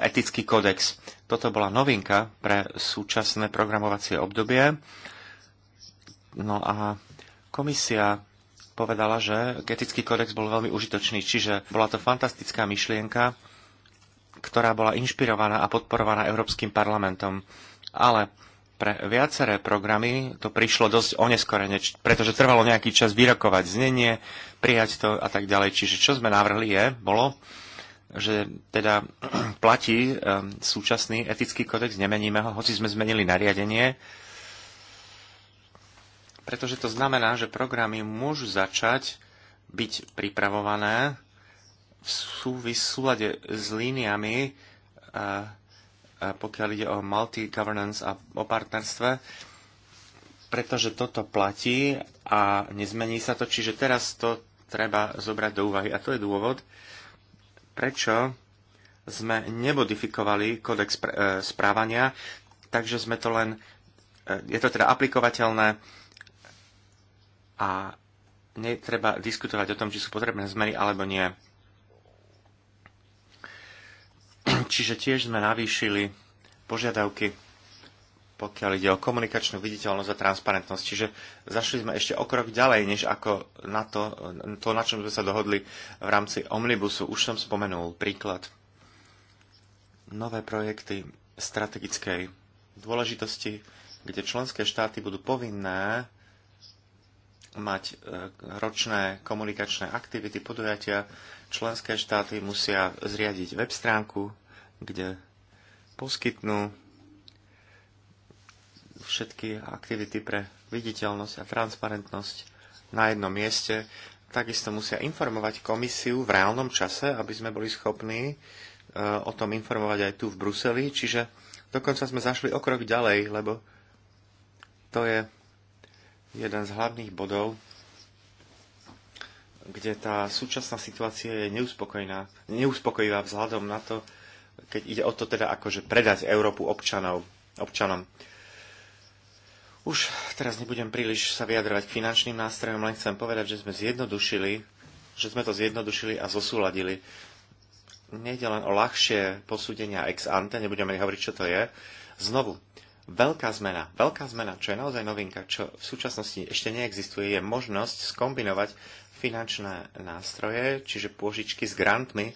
etický kodex. Toto bola novinka pre súčasné programovacie obdobie. No a komisia povedala, že etický kodex bol veľmi užitočný, čiže bola to fantastická myšlienka, ktorá bola inšpirovaná a podporovaná Európskym parlamentom. Ale pre viaceré programy to prišlo dosť oneskorene, pretože trvalo nejaký čas vyrokovať znenie, prijať to a tak ďalej. Čiže čo sme navrhli je, bolo, že teda platí um, súčasný etický kodex, nemeníme ho, hoci sme zmenili nariadenie, pretože to znamená, že programy môžu začať byť pripravované v súvislade s líniami uh, pokiaľ ide o multi-governance a o partnerstve, pretože toto platí a nezmení sa to, čiže teraz to treba zobrať do úvahy. A to je dôvod, prečo sme nemodifikovali kódex e, správania, takže sme to len, e, je to teda aplikovateľné a netreba diskutovať o tom, či sú potrebné zmeny alebo nie. Čiže tiež sme navýšili požiadavky, pokiaľ ide o komunikačnú viditeľnosť a transparentnosť. Čiže zašli sme ešte o krok ďalej, než ako na to, to, na čom sme sa dohodli v rámci Omnibusu. Už som spomenul príklad. Nové projekty strategickej dôležitosti, kde členské štáty budú povinné mať e, ročné komunikačné aktivity, podujatia. Členské štáty musia zriadiť web stránku, kde poskytnú všetky aktivity pre viditeľnosť a transparentnosť na jednom mieste. Takisto musia informovať komisiu v reálnom čase, aby sme boli schopní e, o tom informovať aj tu v Bruseli. Čiže dokonca sme zašli o krok ďalej, lebo to je jeden z hlavných bodov, kde tá súčasná situácia je neuspokojivá vzhľadom na to, keď ide o to teda akože predať Európu občanov, občanom. Už teraz nebudem príliš sa vyjadrovať k finančným nástrojom, len chcem povedať, že sme zjednodušili, že sme to zjednodušili a zosúladili. Nejde len o ľahšie posúdenia ex ante, nebudeme hovoriť, čo to je. Znovu, veľká zmena, veľká zmena, čo je naozaj novinka, čo v súčasnosti ešte neexistuje, je možnosť skombinovať finančné nástroje, čiže pôžičky s grantmi,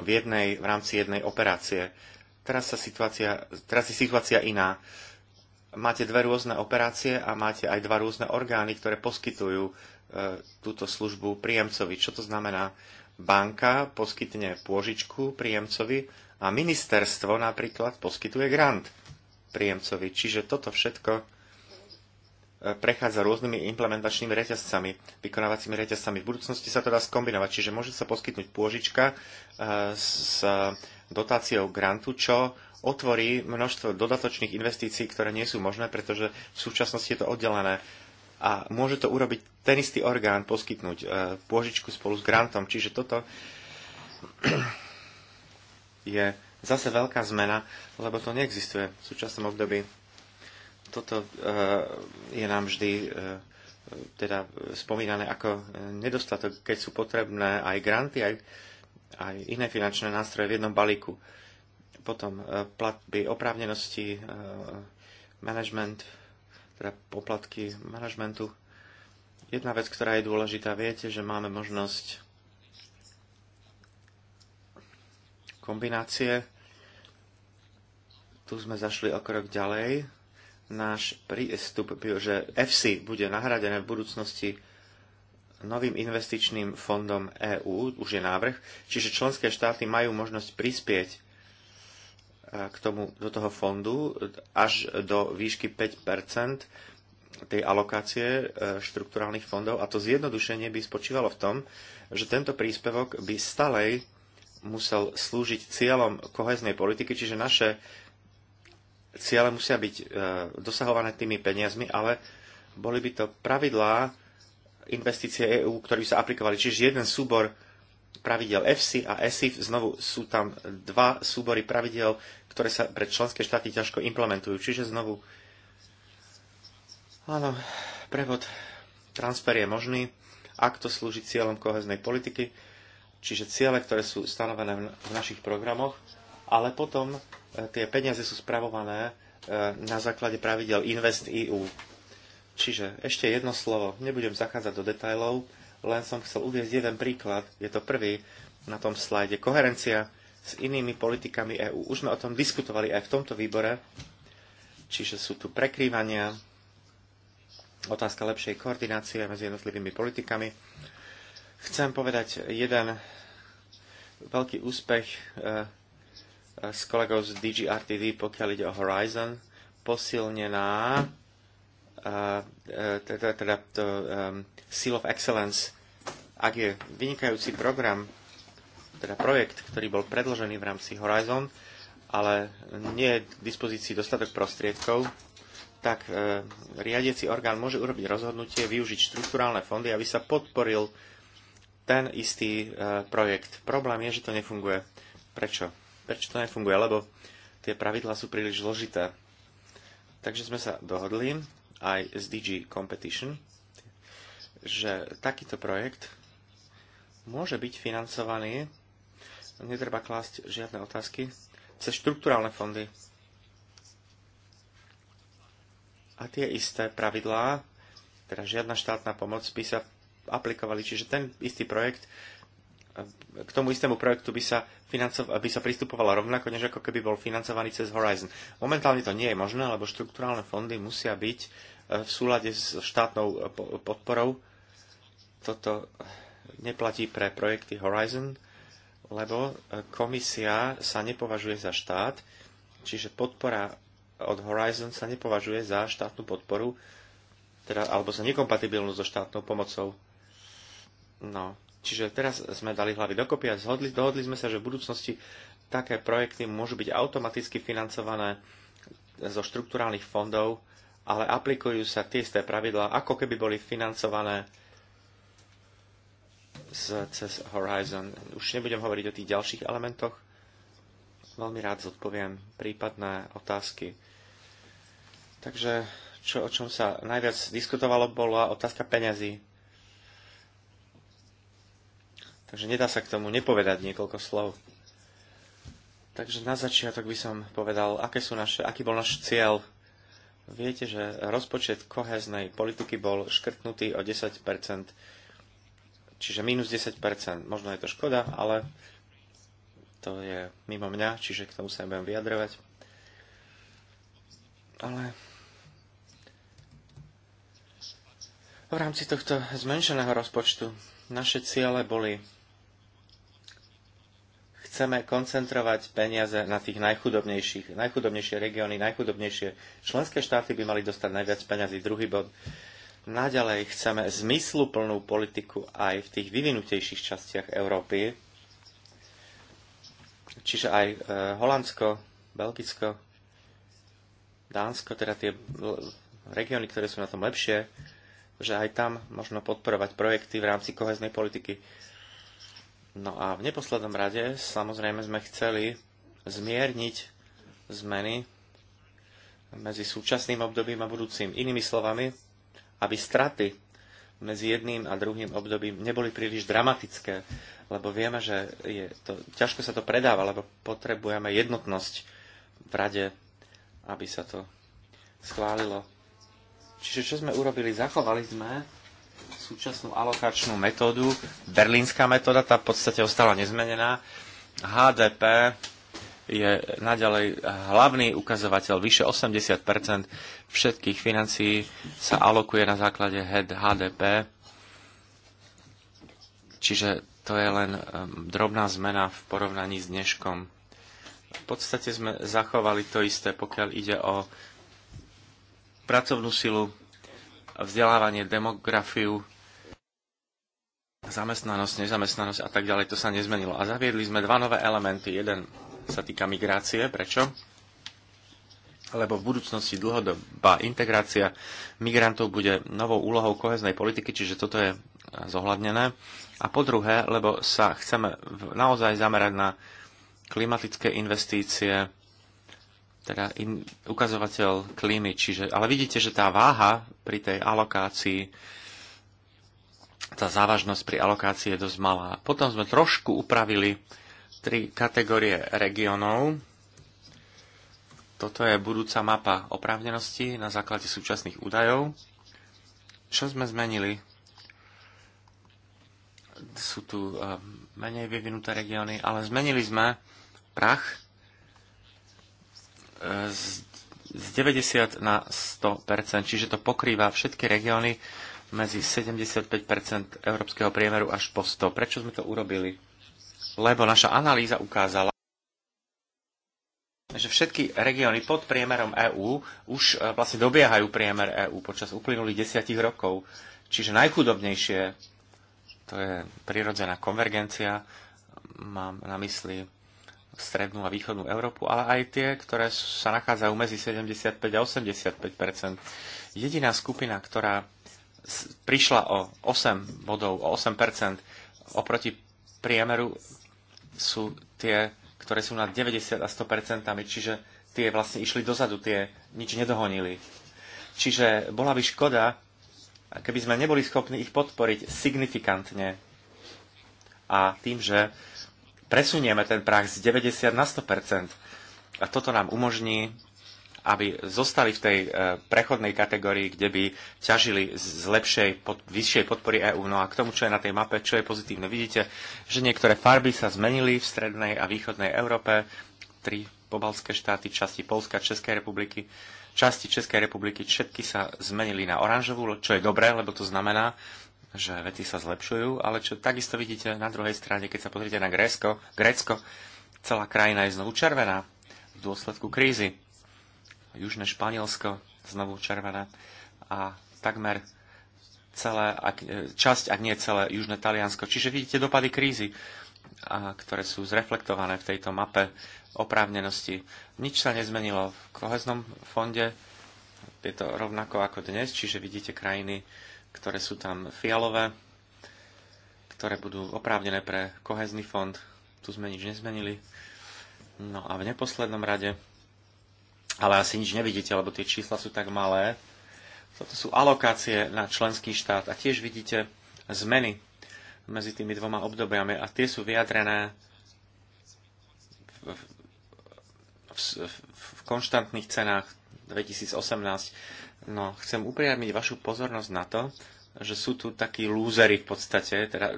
v, jednej, v rámci jednej operácie. Teraz, sa situácia, teraz je situácia iná. Máte dve rôzne operácie a máte aj dva rôzne orgány, ktoré poskytujú e, túto službu príjemcovi. Čo to znamená? Banka poskytne pôžičku príjemcovi a ministerstvo napríklad poskytuje grant príjemcovi. Čiže toto všetko prechádza rôznymi implementačnými reťazcami, vykonávacími reťazcami. V budúcnosti sa to dá skombinovať, čiže môže sa poskytnúť pôžička eh, s dotáciou grantu, čo otvorí množstvo dodatočných investícií, ktoré nie sú možné, pretože v súčasnosti je to oddelené. A môže to urobiť ten istý orgán, poskytnúť eh, pôžičku spolu s grantom. Čiže toto je zase veľká zmena, lebo to neexistuje v súčasnom období toto e, je nám vždy e, teda spomínané ako nedostatok, keď sú potrebné aj granty, aj, aj iné finančné nástroje v jednom balíku. Potom e, platby oprávnenosti, management, teda poplatky managementu. Jedna vec, ktorá je dôležitá, viete, že máme možnosť kombinácie. Tu sme zašli o krok ďalej náš prístup byl, že EFSI bude nahradené v budúcnosti novým investičným fondom EÚ, už je návrh, čiže členské štáty majú možnosť prispieť e, k tomu, do toho fondu až do výšky 5 tej alokácie e, štrukturálnych fondov a to zjednodušenie by spočívalo v tom, že tento príspevok by stalej musel slúžiť cieľom koheznej politiky, čiže naše ciele musia byť e, dosahované tými peniazmi, ale boli by to pravidlá investície EÚ, ktoré by sa aplikovali. Čiže jeden súbor pravidel EFSI a ESIF, znovu sú tam dva súbory pravidel, ktoré sa pre členské štáty ťažko implementujú. Čiže znovu, áno, prevod, transfer je možný, ak to slúži cieľom koheznej politiky, čiže ciele, ktoré sú stanovené v našich programoch, ale potom e, tie peniaze sú spravované e, na základe pravidel Invest EU. Čiže ešte jedno slovo, nebudem zachádzať do detajlov, len som chcel uviezť jeden príklad, je to prvý na tom slajde. Koherencia s inými politikami EÚ. Už sme o tom diskutovali aj v tomto výbore, čiže sú tu prekrývania, otázka lepšej koordinácie medzi jednotlivými politikami. Chcem povedať jeden veľký úspech e, s kolegou z DGRTD, pokiaľ ide o Horizon, posilnená eh, eh, teda, teda to, um, Seal of Excellence, ak je vynikajúci program, teda projekt, ktorý bol predložený v rámci Horizon, ale nie je k dispozícii dostatok prostriedkov, tak e, riadiaci orgán môže urobiť rozhodnutie využiť štruktúrálne fondy, aby sa podporil ten istý e, projekt. Problém je, že to nefunguje. Prečo? prečo to nefunguje, lebo tie pravidlá sú príliš zložité. Takže sme sa dohodli aj s DG Competition, že takýto projekt môže byť financovaný, netreba klásť žiadne otázky, cez štruktúrálne fondy. A tie isté pravidlá, teda žiadna štátna pomoc by sa aplikovali. Čiže ten istý projekt k tomu istému projektu by sa, by sa pristupovala rovnako, než ako keby bol financovaný cez Horizon. Momentálne to nie je možné, lebo štruktúrálne fondy musia byť e, v súlade s štátnou e, podporou. Toto neplatí pre projekty Horizon, lebo e, komisia sa nepovažuje za štát, čiže podpora od Horizon sa nepovažuje za štátnu podporu, teda, alebo za nekompatibilnú so štátnou pomocou. No, Čiže teraz sme dali hlavy dokopy a zhodli, dohodli sme sa, že v budúcnosti také projekty môžu byť automaticky financované zo štrukturálnych fondov, ale aplikujú sa tie isté pravidlá, ako keby boli financované z, cez Horizon. Už nebudem hovoriť o tých ďalších elementoch. Veľmi rád zodpoviem prípadné otázky. Takže čo, o čom sa najviac diskutovalo, bola otázka peňazí Takže nedá sa k tomu nepovedať niekoľko slov. Takže na začiatok by som povedal, aké sú naše, aký bol náš cieľ. Viete, že rozpočet koheznej politiky bol škrtnutý o 10%, čiže minus 10%. Možno je to škoda, ale to je mimo mňa, čiže k tomu sa nebudem vyjadrovať. Ale v rámci tohto zmenšeného rozpočtu naše ciele boli chceme koncentrovať peniaze na tých najchudobnejších, najchudobnejšie regióny, najchudobnejšie členské štáty by mali dostať najviac peňazí. Druhý bod. Naďalej chceme zmysluplnú politiku aj v tých vyvinutejších častiach Európy, čiže aj e, Holandsko, Belgicko, Dánsko, teda tie regióny, ktoré sú na tom lepšie, že aj tam možno podporovať projekty v rámci koheznej politiky No a v neposlednom rade samozrejme sme chceli zmierniť zmeny medzi súčasným obdobím a budúcim. Inými slovami, aby straty medzi jedným a druhým obdobím neboli príliš dramatické, lebo vieme, že je to, ťažko sa to predáva, lebo potrebujeme jednotnosť v rade, aby sa to schválilo. Čiže čo sme urobili? Zachovali sme súčasnú alokačnú metódu, berlínska metóda, tá v podstate ostala nezmenená. HDP je naďalej hlavný ukazovateľ. Vyše 80 všetkých financií sa alokuje na základe HDP. Čiže to je len um, drobná zmena v porovnaní s dneškom. V podstate sme zachovali to isté, pokiaľ ide o pracovnú silu, vzdelávanie, demografiu, zamestnanosť, nezamestnanosť a tak ďalej, to sa nezmenilo. A zaviedli sme dva nové elementy. Jeden sa týka migrácie. Prečo? Lebo v budúcnosti dlhodobá integrácia migrantov bude novou úlohou koheznej politiky, čiže toto je zohľadnené. A po druhé, lebo sa chceme naozaj zamerať na klimatické investície, teda in, ukazovateľ klímy, čiže, ale vidíte, že tá váha pri tej alokácii, tá závažnosť pri alokácii je dosť malá. Potom sme trošku upravili tri kategórie regionov. Toto je budúca mapa oprávnenosti na základe súčasných údajov. Čo sme zmenili? Sú tu eh, menej vyvinuté regióny, ale zmenili sme prach z 90 na 100 čiže to pokrýva všetky regióny medzi 75 európskeho priemeru až po 100. Prečo sme to urobili? Lebo naša analýza ukázala, že všetky regióny pod priemerom EÚ už e, vlastne dobiehajú priemer EÚ počas uplynulých desiatich rokov. Čiže najchudobnejšie, to je prirodzená konvergencia, mám na mysli strednú a východnú Európu, ale aj tie, ktoré sa nachádzajú medzi 75 a 85 Jediná skupina, ktorá prišla o 8 bodov, o 8 oproti priemeru, sú tie, ktoré sú nad 90 a 100 čiže tie vlastne išli dozadu, tie nič nedohonili. Čiže bola by škoda, keby sme neboli schopní ich podporiť signifikantne. A tým, že presunieme ten prach z 90 na 100 A toto nám umožní, aby zostali v tej e, prechodnej kategórii, kde by ťažili z lepšej, pod, vyššej podpory EÚ. No a k tomu, čo je na tej mape, čo je pozitívne, vidíte, že niektoré farby sa zmenili v strednej a východnej Európe, tri pobalské štáty, časti Polska, Českej republiky, časti Českej republiky, všetky sa zmenili na oranžovú, čo je dobré, lebo to znamená, že veci sa zlepšujú, ale čo takisto vidíte na druhej strane, keď sa pozrite na Grécko, Grécko celá krajina je znovu červená v dôsledku krízy. Južné Španielsko znovu červené a takmer celé, e, časť, ak nie celé Južné Taliansko. Čiže vidíte dopady krízy, a, ktoré sú zreflektované v tejto mape oprávnenosti. Nič sa nezmenilo v koheznom fonde, je to rovnako ako dnes, čiže vidíte krajiny, ktoré sú tam fialové, ktoré budú oprávnené pre kohezný fond. Tu sme nič nezmenili. No a v neposlednom rade, ale asi nič nevidíte, lebo tie čísla sú tak malé, toto sú alokácie na členský štát a tiež vidíte zmeny medzi tými dvoma obdobiami a tie sú vyjadrené v, v, v, v konštantných cenách 2018 No, chcem upriamiť vašu pozornosť na to, že sú tu takí lúzery v podstate, teda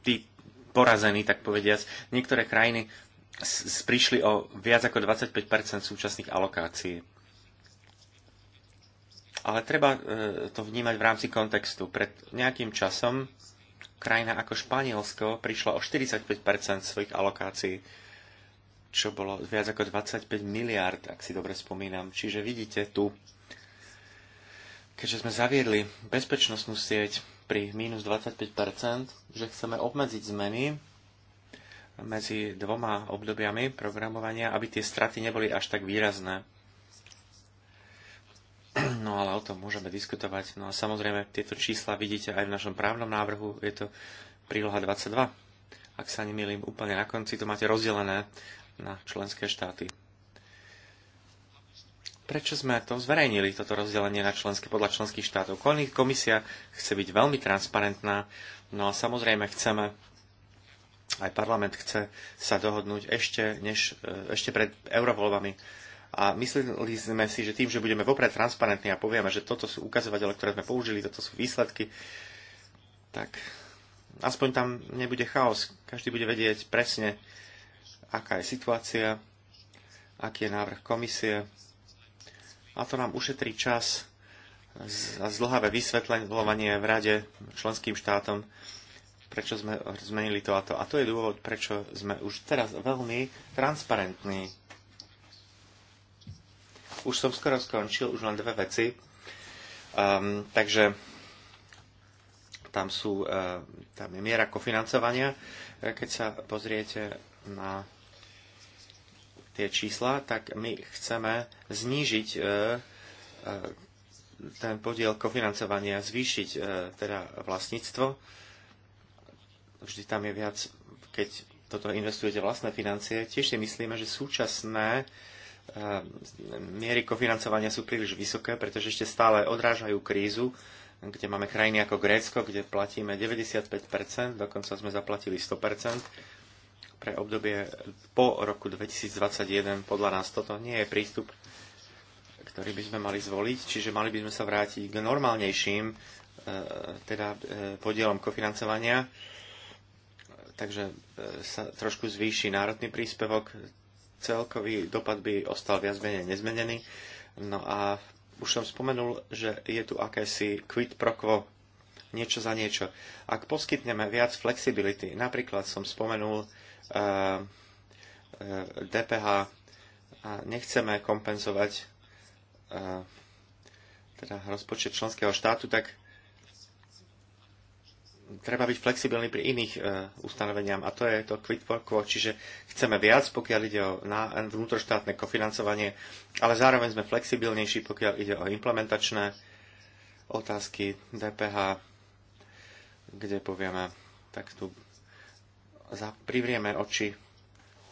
tí porazení, tak povediac. Niektoré krajiny prišli o viac ako 25 súčasných alokácií. Ale treba e, to vnímať v rámci kontextu. Pred nejakým časom krajina ako Španielsko prišla o 45 svojich alokácií, čo bolo viac ako 25 miliard, ak si dobre spomínam. Čiže vidíte tu keďže sme zaviedli bezpečnostnú sieť pri minus 25%, že chceme obmedziť zmeny medzi dvoma obdobiami programovania, aby tie straty neboli až tak výrazné. No ale o tom môžeme diskutovať. No a samozrejme, tieto čísla vidíte aj v našom právnom návrhu. Je to príloha 22. Ak sa nemýlim, úplne na konci to máte rozdelené na členské štáty prečo sme to zverejnili, toto rozdelenie na členské podľa členských štátov. Komisia chce byť veľmi transparentná, no a samozrejme chceme, aj parlament chce sa dohodnúť ešte, než, e, ešte pred eurovoľbami. A mysleli sme si, že tým, že budeme vopred transparentní a povieme, že toto sú ukazovatele, ktoré sme použili, toto sú výsledky, tak aspoň tam nebude chaos. Každý bude vedieť presne, aká je situácia, aký je návrh komisie, a to nám ušetrí čas a zdlhavé vysvetľovanie v rade členským štátom, prečo sme zmenili to a to. A to je dôvod, prečo sme už teraz veľmi transparentní. Už som skoro skončil, už len dve veci. Um, takže tam, sú, uh, tam je miera kofinancovania. Keď sa pozriete na tie čísla, tak my chceme znížiť e, e, ten podiel kofinancovania, zvýšiť e, teda vlastníctvo. Vždy tam je viac, keď toto investujete vlastné financie. Tiež si myslíme, že súčasné miery kofinancovania sú príliš vysoké, pretože ešte stále odrážajú krízu, kde máme krajiny ako Grécko, kde platíme 95%, dokonca sme zaplatili 100% pre obdobie po roku 2021. Podľa nás toto nie je prístup, ktorý by sme mali zvoliť, čiže mali by sme sa vrátiť k normálnejším e, teda e, podielom kofinancovania. Takže e, sa trošku zvýši národný príspevok, celkový dopad by ostal viac menej nezmenený. No a už som spomenul, že je tu akési quid pro quo, niečo za niečo. Ak poskytneme viac flexibility, napríklad som spomenul Eh, DPH a nechceme kompenzovať eh, teda rozpočet členského štátu, tak treba byť flexibilný pri iných eh, ustanoveniam a to je to quid pro quo, čiže chceme viac, pokiaľ ide o vnútroštátne kofinancovanie, ale zároveň sme flexibilnejší, pokiaľ ide o implementačné otázky DPH, kde povieme, tak tu privrieme oči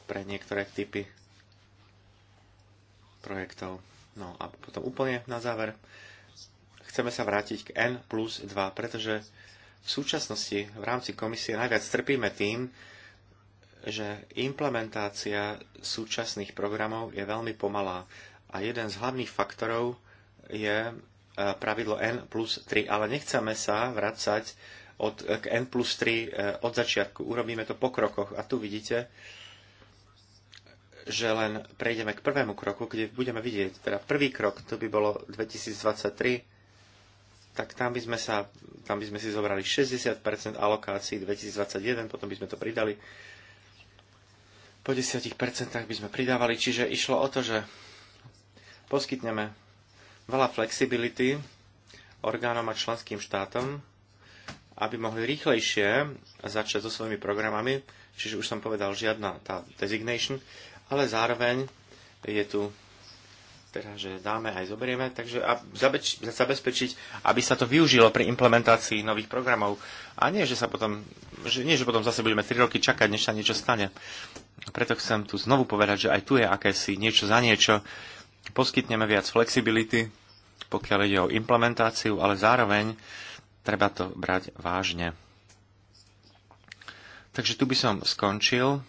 pre niektoré typy projektov. No a potom úplne na záver chceme sa vrátiť k N plus 2, pretože v súčasnosti v rámci komisie najviac trpíme tým, že implementácia súčasných programov je veľmi pomalá a jeden z hlavných faktorov je eh, pravidlo N plus 3, ale nechceme sa vracať od, k N plus 3 e, od začiatku. Urobíme to po krokoch a tu vidíte, že len prejdeme k prvému kroku, kde budeme vidieť, teda prvý krok, to by bolo 2023, tak tam by sme, sa, tam by sme si zobrali 60% alokácií 2021, potom by sme to pridali. Po 10% by sme pridávali, čiže išlo o to, že poskytneme veľa flexibility orgánom a členským štátom, aby mohli rýchlejšie začať so svojimi programami, čiže už som povedal žiadna tá designation, ale zároveň je tu teda, že dáme aj zoberieme, takže a zabezpečiť, aby sa to využilo pri implementácii nových programov. A nie, že sa potom, že nie, že potom zase budeme 3 roky čakať, než sa niečo stane. Preto chcem tu znovu povedať, že aj tu je akési niečo za niečo. Poskytneme viac flexibility, pokiaľ ide o implementáciu, ale zároveň Treba to brať vážne. Takže tu by som skončil.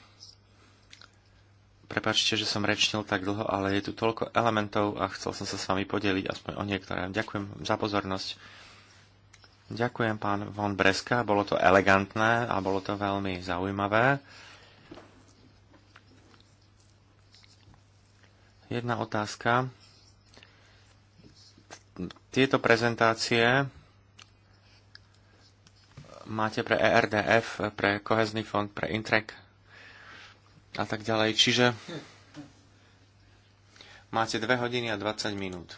Prepačte, že som rečnil tak dlho, ale je tu toľko elementov a chcel som sa s vami podeliť aspoň o niektoré. Ďakujem za pozornosť. Ďakujem, pán von Breska. Bolo to elegantné a bolo to veľmi zaujímavé. Jedna otázka. Tieto prezentácie máte pre ERDF, pre kohezný fond, pre Intrek a tak ďalej. Čiže máte 2 hodiny a 20 minút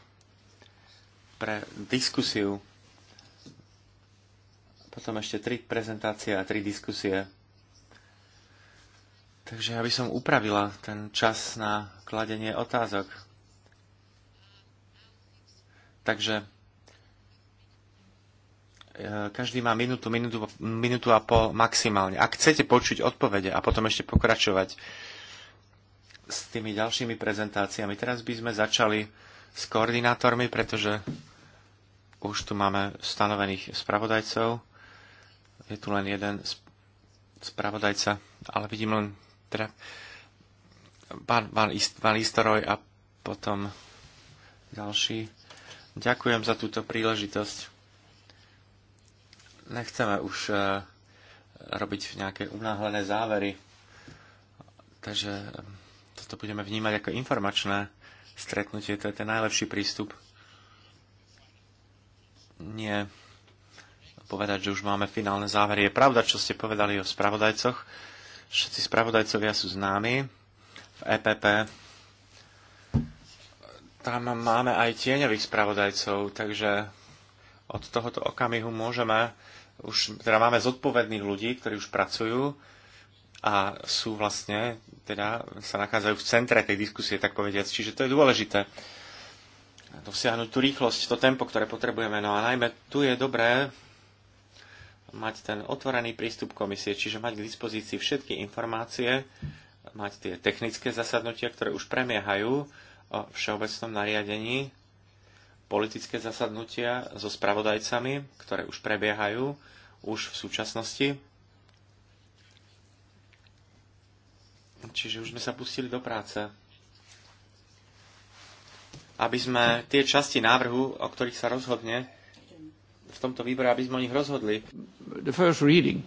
pre diskusiu. Potom ešte 3 prezentácie a 3 diskusie. Takže ja by som upravila ten čas na kladenie otázok. Takže každý má minútu, minútu, minútu a pol maximálne. Ak chcete počuť odpovede a potom ešte pokračovať s tými ďalšími prezentáciami, teraz by sme začali s koordinátormi, pretože už tu máme stanovených spravodajcov. Je tu len jeden spravodajca, ale vidím len teda pán, pán, pán Istoroj a potom ďalší. Ďakujem za túto príležitosť nechceme už e, robiť nejaké unáhlené závery. Takže e, toto budeme vnímať ako informačné stretnutie. To je ten najlepší prístup. Nie povedať, že už máme finálne závery. Je pravda, čo ste povedali o spravodajcoch. Všetci spravodajcovia sú známi v EPP. Tam máme aj tieňových spravodajcov, takže od tohoto okamihu môžeme, už teda máme zodpovedných ľudí, ktorí už pracujú a sú vlastne, teda sa nachádzajú v centre tej diskusie, tak povediac. Čiže to je dôležité dosiahnuť tú rýchlosť, to tempo, ktoré potrebujeme. No a najmä tu je dobré mať ten otvorený prístup komisie, čiže mať k dispozícii všetky informácie, mať tie technické zasadnutia, ktoré už premiehajú o všeobecnom nariadení politické zasadnutia so spravodajcami, ktoré už prebiehajú už v súčasnosti. Čiže už sme sa pustili do práce. Aby sme tie časti návrhu, o ktorých sa rozhodne v tomto výbore, aby sme o nich rozhodli. The first reading.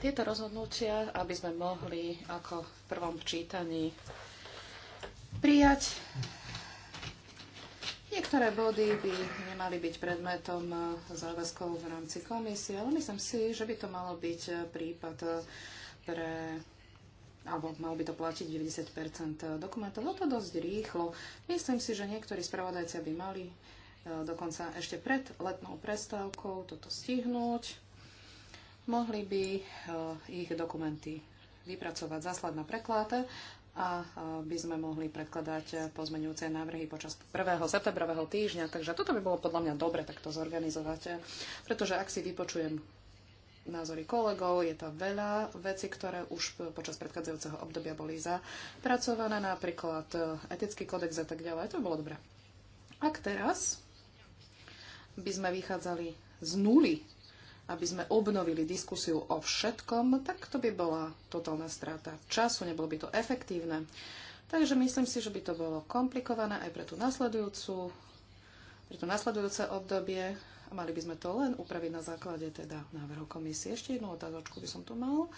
Tieto rozhodnutia, aby sme mohli ako v prvom čítaní prijať Niektoré body by nemali byť predmetom eh, záväzkov v rámci komisie, ale myslím si, že by to malo byť eh, prípad eh, pre alebo malo by to platiť 90 dokumentov. No to dosť rýchlo. Myslím si, že niektorí spravodajcia by mali dokonca ešte pred letnou prestávkou toto stihnúť. Mohli by ich dokumenty vypracovať, zaslať na prekláte a by sme mohli predkladať pozmeňujúce návrhy počas 1. septembrového týždňa. Takže toto by bolo podľa mňa dobre takto zorganizovať, pretože ak si vypočujem názory kolegov, je to veľa vecí, ktoré už počas predchádzajúceho obdobia boli zapracované, napríklad etický kodex a tak ďalej. To by bolo dobre. Ak teraz by sme vychádzali z nuly aby sme obnovili diskusiu o všetkom, tak to by bola totálna strata času, nebolo by to efektívne. Takže myslím si, že by to bolo komplikované aj pre tú nasledujúcu, pre to nasledujúce obdobie. Mali by sme to len upraviť na základe teda návrhu komisie. Ešte jednu otázočku by som tu mal.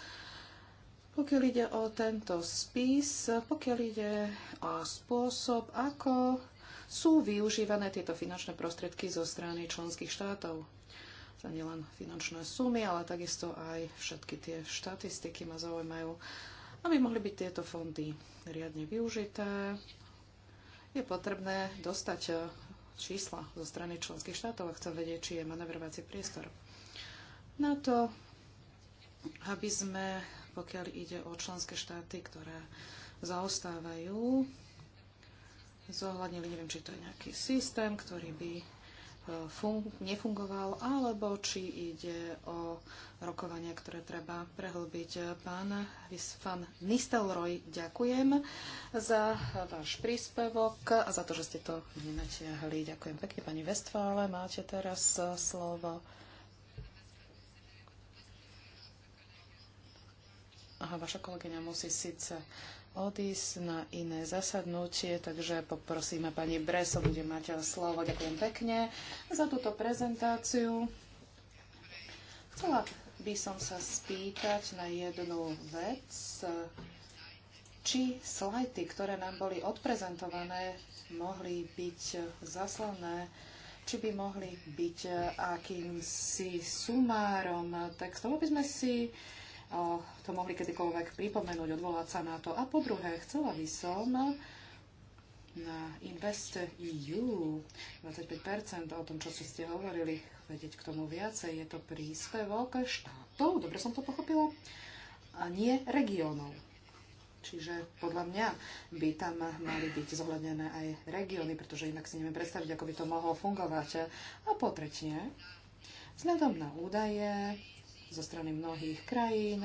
Pokiaľ ide o tento spis, pokiaľ ide o spôsob, ako sú využívané tieto finančné prostriedky zo strany členských štátov teda nielen finančné sumy, ale takisto aj všetky tie štatistiky ma zaujímajú, aby mohli byť tieto fondy riadne využité. Je potrebné dostať e, čísla zo strany členských štátov a chcem vedieť, či je manevrovací priestor. Na to, aby sme, pokiaľ ide o členské štáty, ktoré zaostávajú, zohľadnili, neviem, či to je nejaký systém, ktorý by nefungoval, alebo či ide o rokovania, ktoré treba prehlbiť. Pán Van Nistelrooy, ďakujem za váš príspevok a za to, že ste to nenatiahli. Ďakujem pekne, pani Westfále. Máte teraz slovo. Aha, vaša kolegyňa musí síce odísť na iné zasadnutie, takže poprosíme pani Breso, bude mať slovo. Ďakujem pekne za túto prezentáciu. Chcela by som sa spýtať na jednu vec, či slajty, ktoré nám boli odprezentované, mohli byť zaslané či by mohli byť akýmsi sumárom textov, aby sme si to mohli kedykoľvek pripomenúť, odvolať sa na to. A po druhé, chcela by som na Invest EU 25%, o tom, čo ste hovorili, vedieť k tomu viacej. Je to príspevok štátov, dobre som to pochopila, a nie regiónov. Čiže podľa mňa by tam mali byť zohľadnené aj regióny, pretože inak si neviem predstaviť, ako by to mohlo fungovať. A po tretie, vzhľadom na údaje, zo strany mnohých krajín,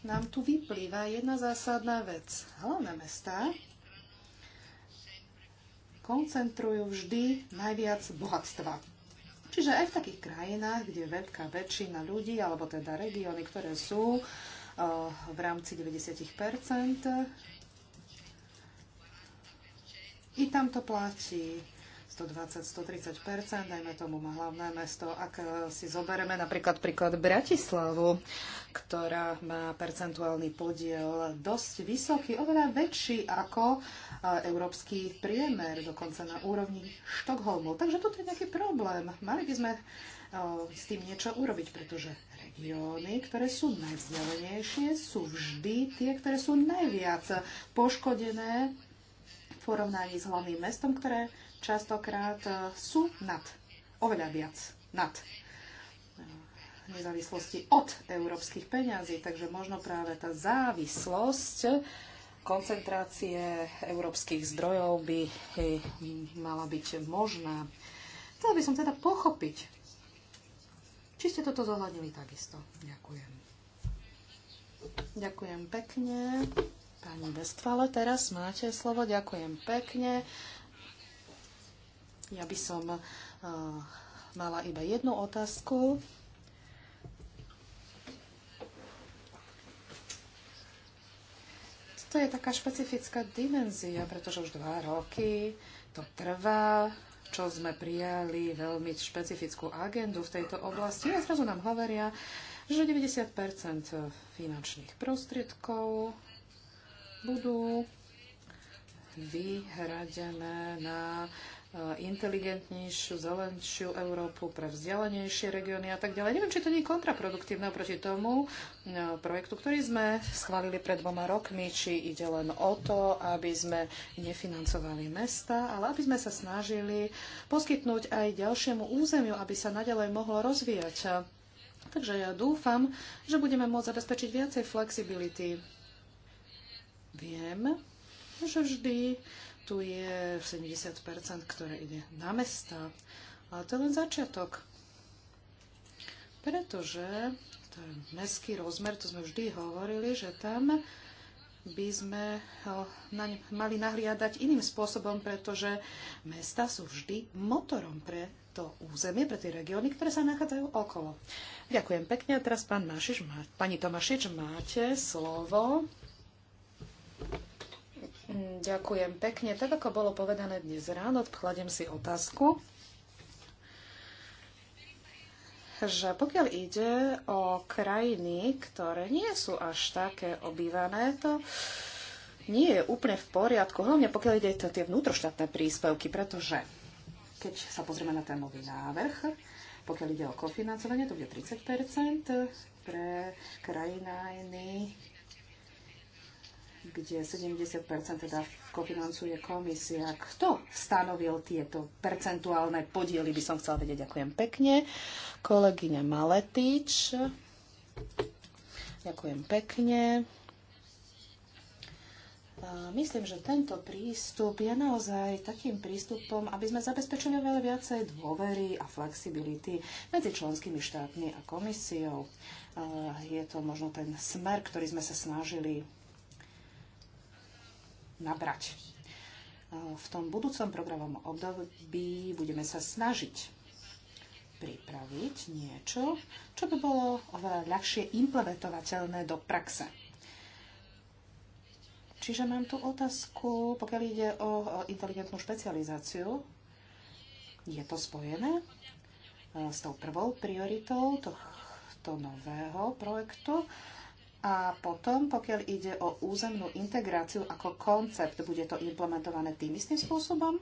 nám tu vyplýva jedna zásadná vec. Hlavné mesta koncentrujú vždy najviac bohatstva. Čiže aj v takých krajinách, kde veľká väčšina ľudí, alebo teda regióny, ktoré sú eh, v rámci 90 i tam to platí. 120-130 dajme tomu má hlavné mesto. Ak e, si zoberieme napríklad príklad Bratislavu, ktorá má percentuálny podiel dosť vysoký, oveľa väčší ako e, európsky priemer, dokonca na úrovni Štokholmu. Takže toto je nejaký problém. Mali by sme e, s tým niečo urobiť, pretože regióny, ktoré sú najvzdelenejšie, sú vždy tie, ktoré sú najviac poškodené v porovnaní s hlavným mestom, ktoré častokrát e, sú nad, oveľa viac nad e, nezávislosti od európskych peňazí. Takže možno práve tá závislosť koncentrácie európskych zdrojov by e, mala byť možná. Chcela by som teda pochopiť, či ste toto zohľadnili takisto. Ďakujem. Ďakujem pekne. Pani Vestfale, teraz máte slovo. Ďakujem pekne. Ja by som uh, mala iba jednu otázku. To je taká špecifická dimenzia, pretože už dva roky to trvá, čo sme prijali veľmi špecifickú agendu v tejto oblasti a zrazu nám hovoria, že 90 finančných prostriedkov budú vyhradené na Eh, inteligentnejšiu, zelenšiu Európu, pre vzdialenejšie regióny a tak ďalej. Neviem, či to nie je kontraproduktívne proti tomu eh, projektu, ktorý sme schválili pred dvoma rokmi, či ide len o to, aby sme nefinancovali mesta, ale aby sme sa snažili poskytnúť aj ďalšiemu územiu, aby sa nadalej mohlo rozvíjať. Takže ja dúfam, že budeme môcť zabezpečiť viacej flexibility. Viem, že vždy tu je 70%, ktoré ide na mesta. Ale to je len začiatok. Pretože ten mestský rozmer, to sme vždy hovorili, že tam by sme naň mali nahliadať iným spôsobom, pretože mesta sú vždy motorom pre to územie, pre tie regióny, ktoré sa nachádzajú okolo. Ďakujem pekne. A teraz pán Mašič, má, pani Tomašič, máte slovo. Mm, ďakujem pekne. Tak ako bolo povedané dnes ráno, odkladem si otázku, že pokiaľ ide o krajiny, ktoré nie sú až také obývané, to nie je úplne v poriadku, hlavne pokiaľ ide o tie vnútroštátne príspevky, pretože keď sa pozrieme na ten nový návrh, pokiaľ ide o kofinancovanie, to bude 30 pre krajiny kde 70 teda kofinancuje komisia. Kto stanovil tieto percentuálne podiely, by som chcela vedieť. Ďakujem pekne. Kolegyňa Maletič. Ďakujem pekne. Myslím, že tento prístup je naozaj takým prístupom, aby sme zabezpečili veľa viacej dôvery a flexibility medzi členskými štátmi a komisiou. Je to možno ten smer, ktorý sme sa snažili nabrať. E, v tom budúcom programovom období budeme sa snažiť pripraviť niečo, čo by bolo oveľa ľahšie implementovateľné do praxe. Čiže mám tu otázku, pokiaľ ide o inteligentnú špecializáciu, je to spojené e, s tou prvou prioritou tohto nového projektu a potom, pokiaľ ide o územnú integráciu ako koncept, bude to implementované tým istým spôsobom.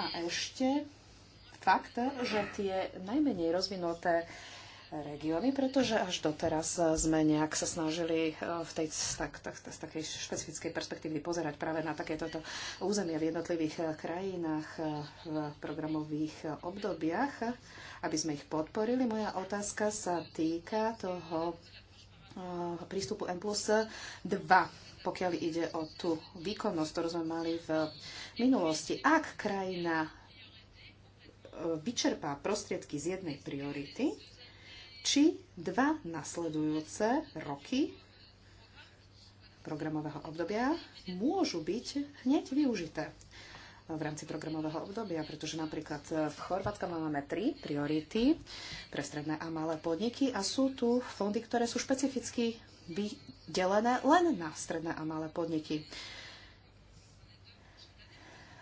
A ešte fakt, že tie najmenej rozvinuté regióny, pretože až doteraz sme nejak sa snažili eh, v tej, tak, tak, z takej špecifickej perspektívy pozerať práve na takéto územia v jednotlivých eh, krajinách eh, v programových obdobiach, aby sme ich podporili. Moja otázka sa týka toho Eh, prístupu N plus 2 pokiaľ ide o tú výkonnosť, ktorú sme mali v minulosti. Ak krajina eh, vyčerpá prostriedky z jednej priority, či dva nasledujúce roky programového obdobia môžu byť hneď využité v rámci programového obdobia, pretože napríklad e, v Chorvátsku máme tri priority pre stredné a malé podniky a sú tu fondy, ktoré sú špecificky vydelené len na stredné a malé podniky.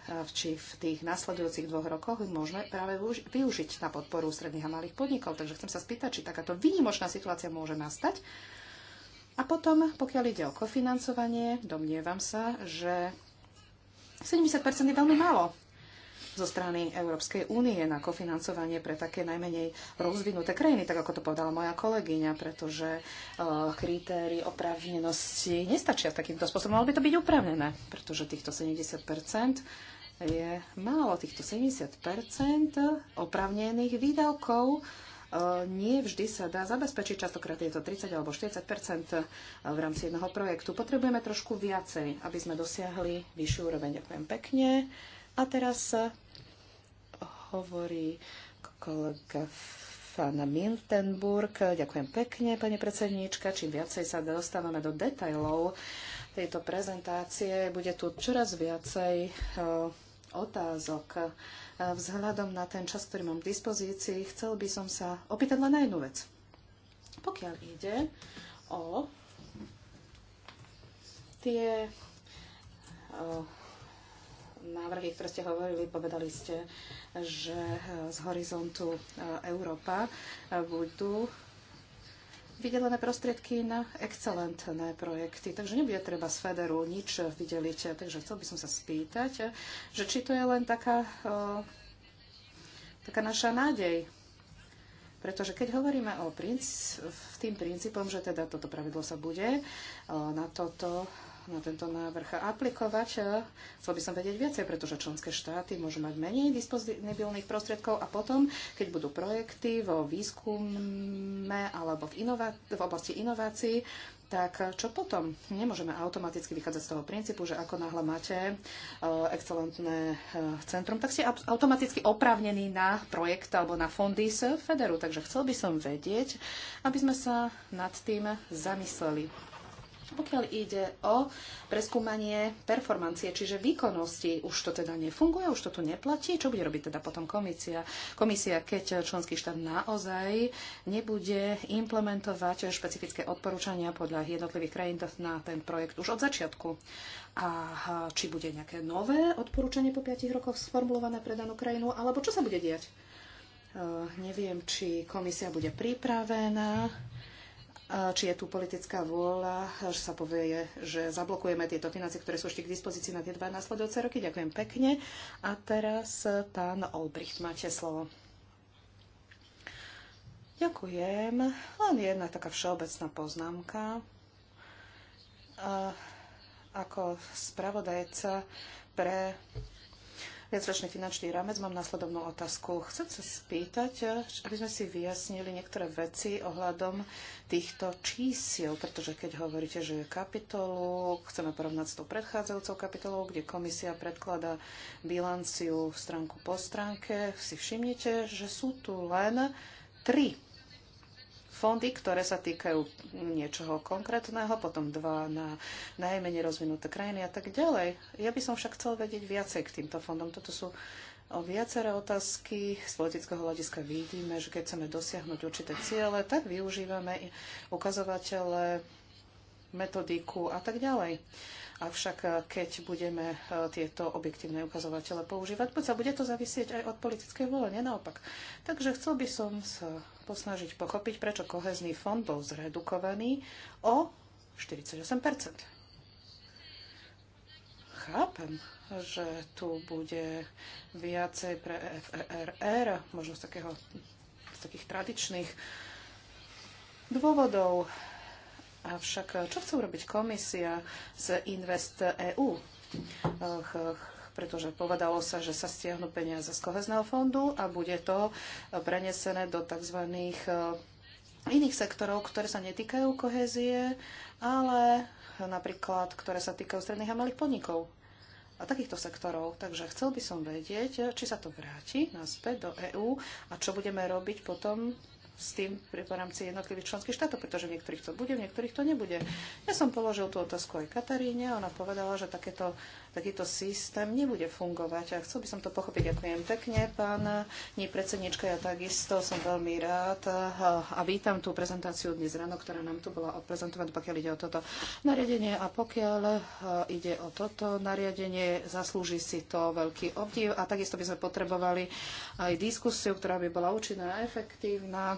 Či v tých nasledujúcich dvoch rokoch môžeme práve využiť na podporu stredných a malých podnikov. Takže chcem sa spýtať, či takáto výnimočná situácia môže nastať. A potom, pokiaľ ide o kofinancovanie, domnievam sa, že 70% je veľmi málo zo strany Európskej únie na kofinancovanie pre také najmenej rozvinuté krajiny, tak ako to povedala moja kolegyňa, pretože uh, kritéri oprávnenosti nestačia takýmto spôsobom. Malo by to byť upravnené, pretože týchto 70 je málo, týchto 70 oprávnených výdavkov nie vždy sa dá zabezpečiť. Častokrát je to 30 alebo 40 eh, v rámci jedného projektu. Potrebujeme trošku viacej, aby sme dosiahli vyššiu úroveň. Ďakujem pekne. A teraz eh, hovorí kolega Fana Miltenburg. Ďakujem pekne, pani predsedníčka. Čím viacej sa dostávame do detajlov tejto prezentácie, bude tu čoraz viacej eh, otázok Vzhľadom na ten čas, ktorý mám k dispozícii, chcel by som sa opýtať len na jednu vec. Pokiaľ ide o tie o, návrhy, ktoré ste hovorili, povedali ste, že z horizontu e, Európa e, budú vydelené prostriedky na excelentné projekty. Takže nebude treba z Federu nič vydeliť. Takže chcel by som sa spýtať, že či to je len taká, taká naša nádej. Pretože keď hovoríme o princ, tým princípom, že teda toto pravidlo sa bude na toto na tento návrh aplikovať. Chcel by som vedieť viacej, pretože členské štáty môžu mať menej disponibilných prostriedkov a potom, keď budú projekty vo výskume alebo v, inová- v oblasti inovácií, tak čo potom? Nemôžeme automaticky vychádzať z toho princípu, že ako náhle máte eh, excelentné eh, centrum, tak ste automaticky oprávnení na projekt alebo na fondy z Federu. Takže chcel by som vedieť, aby sme sa nad tým zamysleli pokiaľ ide o preskúmanie performancie, čiže výkonnosti, už to teda nefunguje, už to tu neplatí. Čo bude robiť teda potom komisia? Komisia, keď členský štát naozaj nebude implementovať špecifické odporúčania podľa jednotlivých krajín na ten projekt už od začiatku. A či bude nejaké nové odporúčanie po 5 rokoch sformulované pre danú krajinu, alebo čo sa bude diať? Uh, neviem, či komisia bude pripravená či je tu politická vôľa, že sa povie, že zablokujeme tieto financie, ktoré sú ešte k dispozícii na tie dva následujúce roky. Ďakujem pekne. A teraz pán Olbricht, máte slovo. Ďakujem. Len jedna taká všeobecná poznámka. Ako spravodajca pre viacročný finančný rámec, mám následovnú otázku. Chcem sa spýtať, aby sme si vyjasnili niektoré veci ohľadom týchto čísiel, pretože keď hovoríte, že je kapitolu, chceme porovnať s tou predchádzajúcou kapitolou, kde komisia predklada bilanciu stránku po stránke, si všimnite, že sú tu len tri fondy, ktoré sa týkajú niečoho konkrétneho, potom dva na najmenej rozvinuté krajiny a tak ďalej. Ja by som však chcel vedieť viacej k týmto fondom. Toto sú o viaceré otázky. Z politického hľadiska vidíme, že keď chceme dosiahnuť určité ciele, tak využívame ukazovatele, metodiku a tak ďalej. Avšak e, keď budeme e, tieto objektívne ukazovatele používať, sa bude to zavisieť aj od politickej vôle, nenaopak. Takže chcel by som sa posnažiť pochopiť, prečo kohezný fond bol zredukovaný o 48 Chápem, že tu bude viacej pre FRR, e možno z, takého, z takých tradičných dôvodov. Avšak čo chce urobiť komisia z Invest EU? pretože povedalo sa, že sa stiahnu peniaze z kohezného fondu a bude to prenesené do tzv. Eh, iných sektorov, ktoré sa netýkajú kohézie, ale napríklad, ktoré sa týkajú stredných a malých podnikov a takýchto sektorov. Takže chcel by som vedieť, či sa to vráti naspäť do EÚ a čo budeme robiť potom s tým v rámci jednotlivých členských štátov, pretože v niektorých to bude, v niektorých to nebude. Ja som položil tú otázku aj Kataríne, ona povedala, že takéto takýto systém nebude fungovať. A chcel by som to pochopiť. Ďakujem pekne, pána nie predsednička. Ja takisto som veľmi rád eh, a vítam tú prezentáciu dnes ráno, ktorá nám tu bola odprezentovaná, pokiaľ ide o toto nariadenie. A pokiaľ eh, ide o toto nariadenie, zaslúži si to veľký obdiv. A takisto by sme potrebovali aj diskusiu, ktorá by bola účinná a efektívna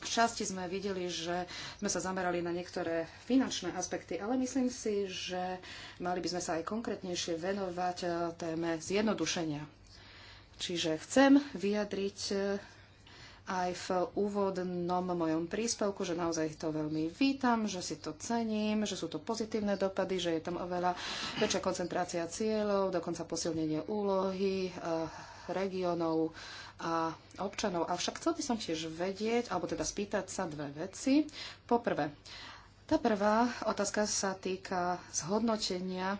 v časti sme videli, že sme sa zamerali na niektoré finančné aspekty, ale myslím si, že mali by sme sa aj konkrétnejšie venovať e, téme zjednodušenia. Čiže chcem vyjadriť e, aj v úvodnom mojom príspevku, že naozaj to veľmi vítam, že si to cením, že sú to pozitívne dopady, že je tam oveľa väčšia koncentrácia cieľov, dokonca posilnenie úlohy e, regiónov a občanov. Avšak chcel by som tiež vedieť, alebo teda spýtať sa dve veci. Poprvé, tá prvá otázka sa týka zhodnotenia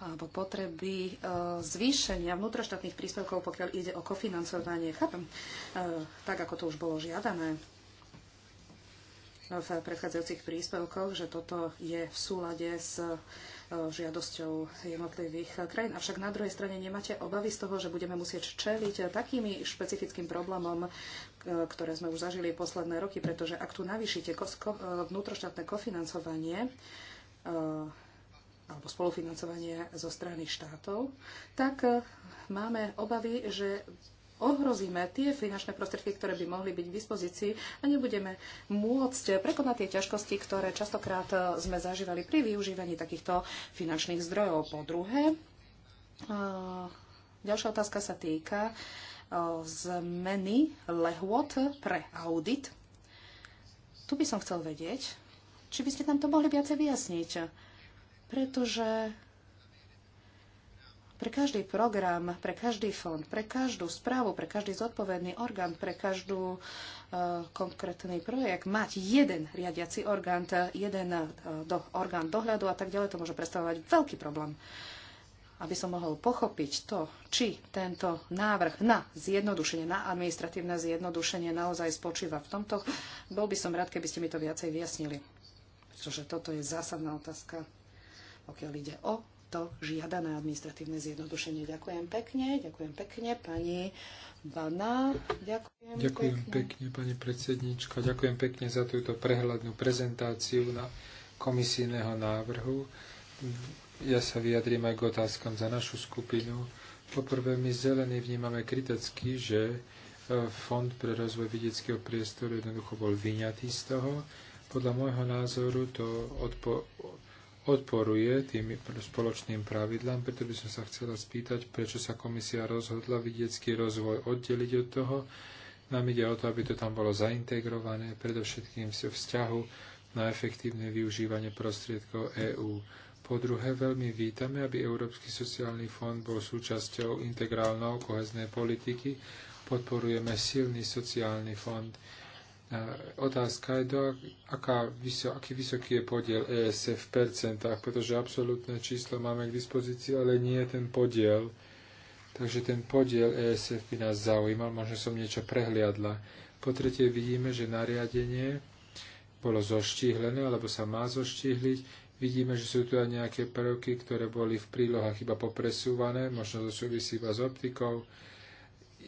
alebo potreby e, zvýšenia vnútroštátnych príspevkov, pokiaľ ide o kofinancovanie. Chápem, e, tak ako to už bolo žiadané v predchádzajúcich príspevkoch, že toto je v súlade s žiadosťou jednotlivých krajín. Avšak na druhej strane nemáte obavy z toho, že budeme musieť čeliť takými špecifickým problémom, e, ktoré sme už zažili posledné roky, pretože ak tu navýšite e, vnútroštátne kofinancovanie, e, alebo spolufinancovanie zo strany štátov, tak máme obavy, že ohrozíme tie finančné prostriedky, ktoré by mohli byť v dispozícii a nebudeme môcť prekonať tie ťažkosti, ktoré častokrát e, sme zažívali pri využívaní takýchto finančných zdrojov. Po druhé, e, ďalšia otázka sa týka e, zmeny lehôd pre audit. Tu by som chcel vedieť, či by ste nám to mohli viacej vyjasniť, pretože pre každý program, pre každý fond, pre každú správu, pre každý zodpovedný orgán, pre každú e, konkrétny projekt mať jeden riadiaci orgán, jeden e, do, orgán dohľadu a tak ďalej, to môže predstavovať veľký problém aby som mohol pochopiť to, či tento návrh na zjednodušenie, na administratívne zjednodušenie naozaj spočíva v tomto, bol by som rád, keby ste mi to viacej vyjasnili. Pretože toto je zásadná otázka, pokiaľ ide o to žiadané administratívne zjednodušenie. Ďakujem pekne, ďakujem pekne pani Bana. Ďakujem, ďakujem pekne. pekne
pani predsednička, ďakujem pekne za túto prehľadnú prezentáciu na komisijného návrhu. Ja sa vyjadrím aj k otázkam za našu skupinu. Poprvé, my zelení vnímame kriticky, že e, Fond pre rozvoj vidieckého priestoru jednoducho bol vyňatý z toho. Podľa môjho názoru to odpo- odporuje tým spoločným pravidlám, preto by som sa chcela spýtať, prečo sa komisia rozhodla vidiecký rozvoj oddeliť od toho. Nám ide o to, aby to tam bolo zaintegrované, predovšetkým v vzťahu na efektívne využívanie prostriedkov EÚ. Po druhé, veľmi vítame, aby Európsky sociálny fond bol súčasťou integrálnou koheznej politiky. Podporujeme silný sociálny fond. E, otázka je, do, aká aký vysoký je podiel ESF v percentách, pretože absolútne číslo máme k dispozícii, ale nie je ten podiel. Takže ten podiel ESF by nás zaujímal, možno som niečo prehliadla. Po tretie vidíme, že nariadenie bolo zoštíhlené, alebo sa má zoštíhliť. Vidíme, že sú tu aj nejaké prvky, ktoré boli v prílohách iba popresúvané, možno to súvisí iba s optikou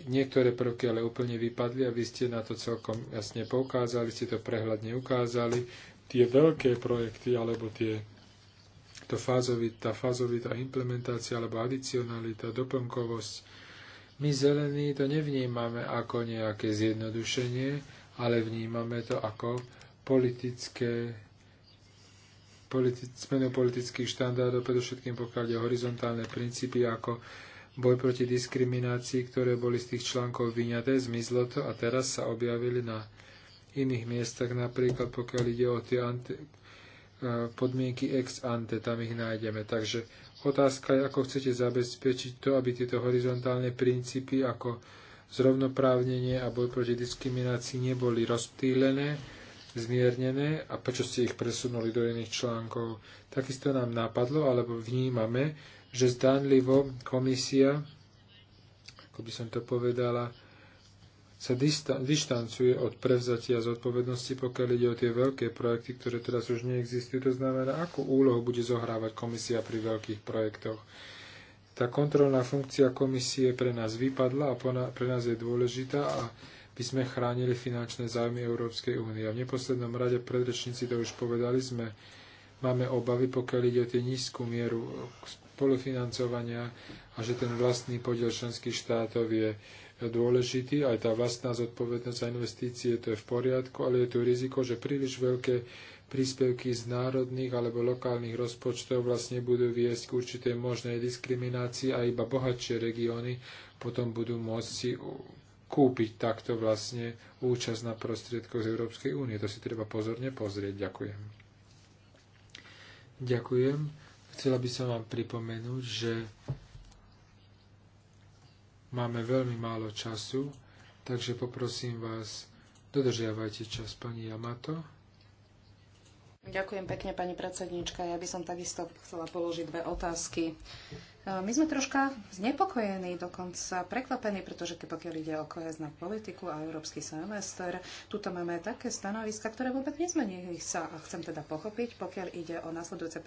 niektoré prvky ale úplne vypadli a vy ste na to celkom jasne poukázali, ste to prehľadne ukázali. Tie veľké projekty alebo tie to fázovita, fázovita implementácia alebo adicionalita, doplnkovosť. My zelení to nevnímame ako nejaké zjednodušenie, ale vnímame to ako politické politi- zmenu politických štandardov, predovšetkým pokiaľ je horizontálne princípy ako boj proti diskriminácii, ktoré boli z tých článkov vyňaté, zmizlo to a teraz sa objavili na iných miestach, napríklad pokiaľ ide o tie ante, e, podmienky ex ante, tam ich nájdeme. Takže otázka je, ako chcete zabezpečiť to, aby tieto horizontálne princípy ako zrovnoprávnenie a boj proti diskriminácii neboli rozptýlené, zmiernené a prečo ste ich presunuli do iných článkov. Takisto nám napadlo, alebo vnímame, že zdánlivo komisia, ako by som to povedala, sa dištancuje od prevzatia zodpovednosti, pokiaľ ide o tie veľké projekty, ktoré teraz už neexistujú. To znamená, akú úlohu bude zohrávať komisia pri veľkých projektoch. Tá kontrolná funkcia komisie pre nás vypadla a pre nás je dôležitá a by sme chránili finančné záujmy Európskej únie. A v neposlednom rade predrečníci to už povedali, sme, máme obavy, pokiaľ ide o tie nízku mieru spolufinancovania a že ten vlastný podiel členských štátov je dôležitý, aj tá vlastná zodpovednosť za investície, to je v poriadku, ale je tu riziko, že príliš veľké príspevky z národných alebo lokálnych rozpočtov vlastne budú viesť k určitej možnej diskriminácii a iba bohatšie regióny potom budú môcť si kúpiť takto vlastne účasť na prostriedkoch z Európskej únie. To si treba pozorne pozrieť. Ďakujem. Ďakujem. Chcela by som vám pripomenúť, že máme veľmi málo času, takže poprosím vás, dodržiavajte čas pani Yamato.
Ďakujem pekne, pani predsednička. Ja by som takisto chcela položiť dve otázky. E, my sme troška znepokojení, dokonca prekvapení, pretože keď pokiaľ ide o kohezná politiku a európsky semester, tuto máme také stanoviska, ktoré vôbec nezmenili sa. A chcem teda pochopiť, pokiaľ ide o nasledujúce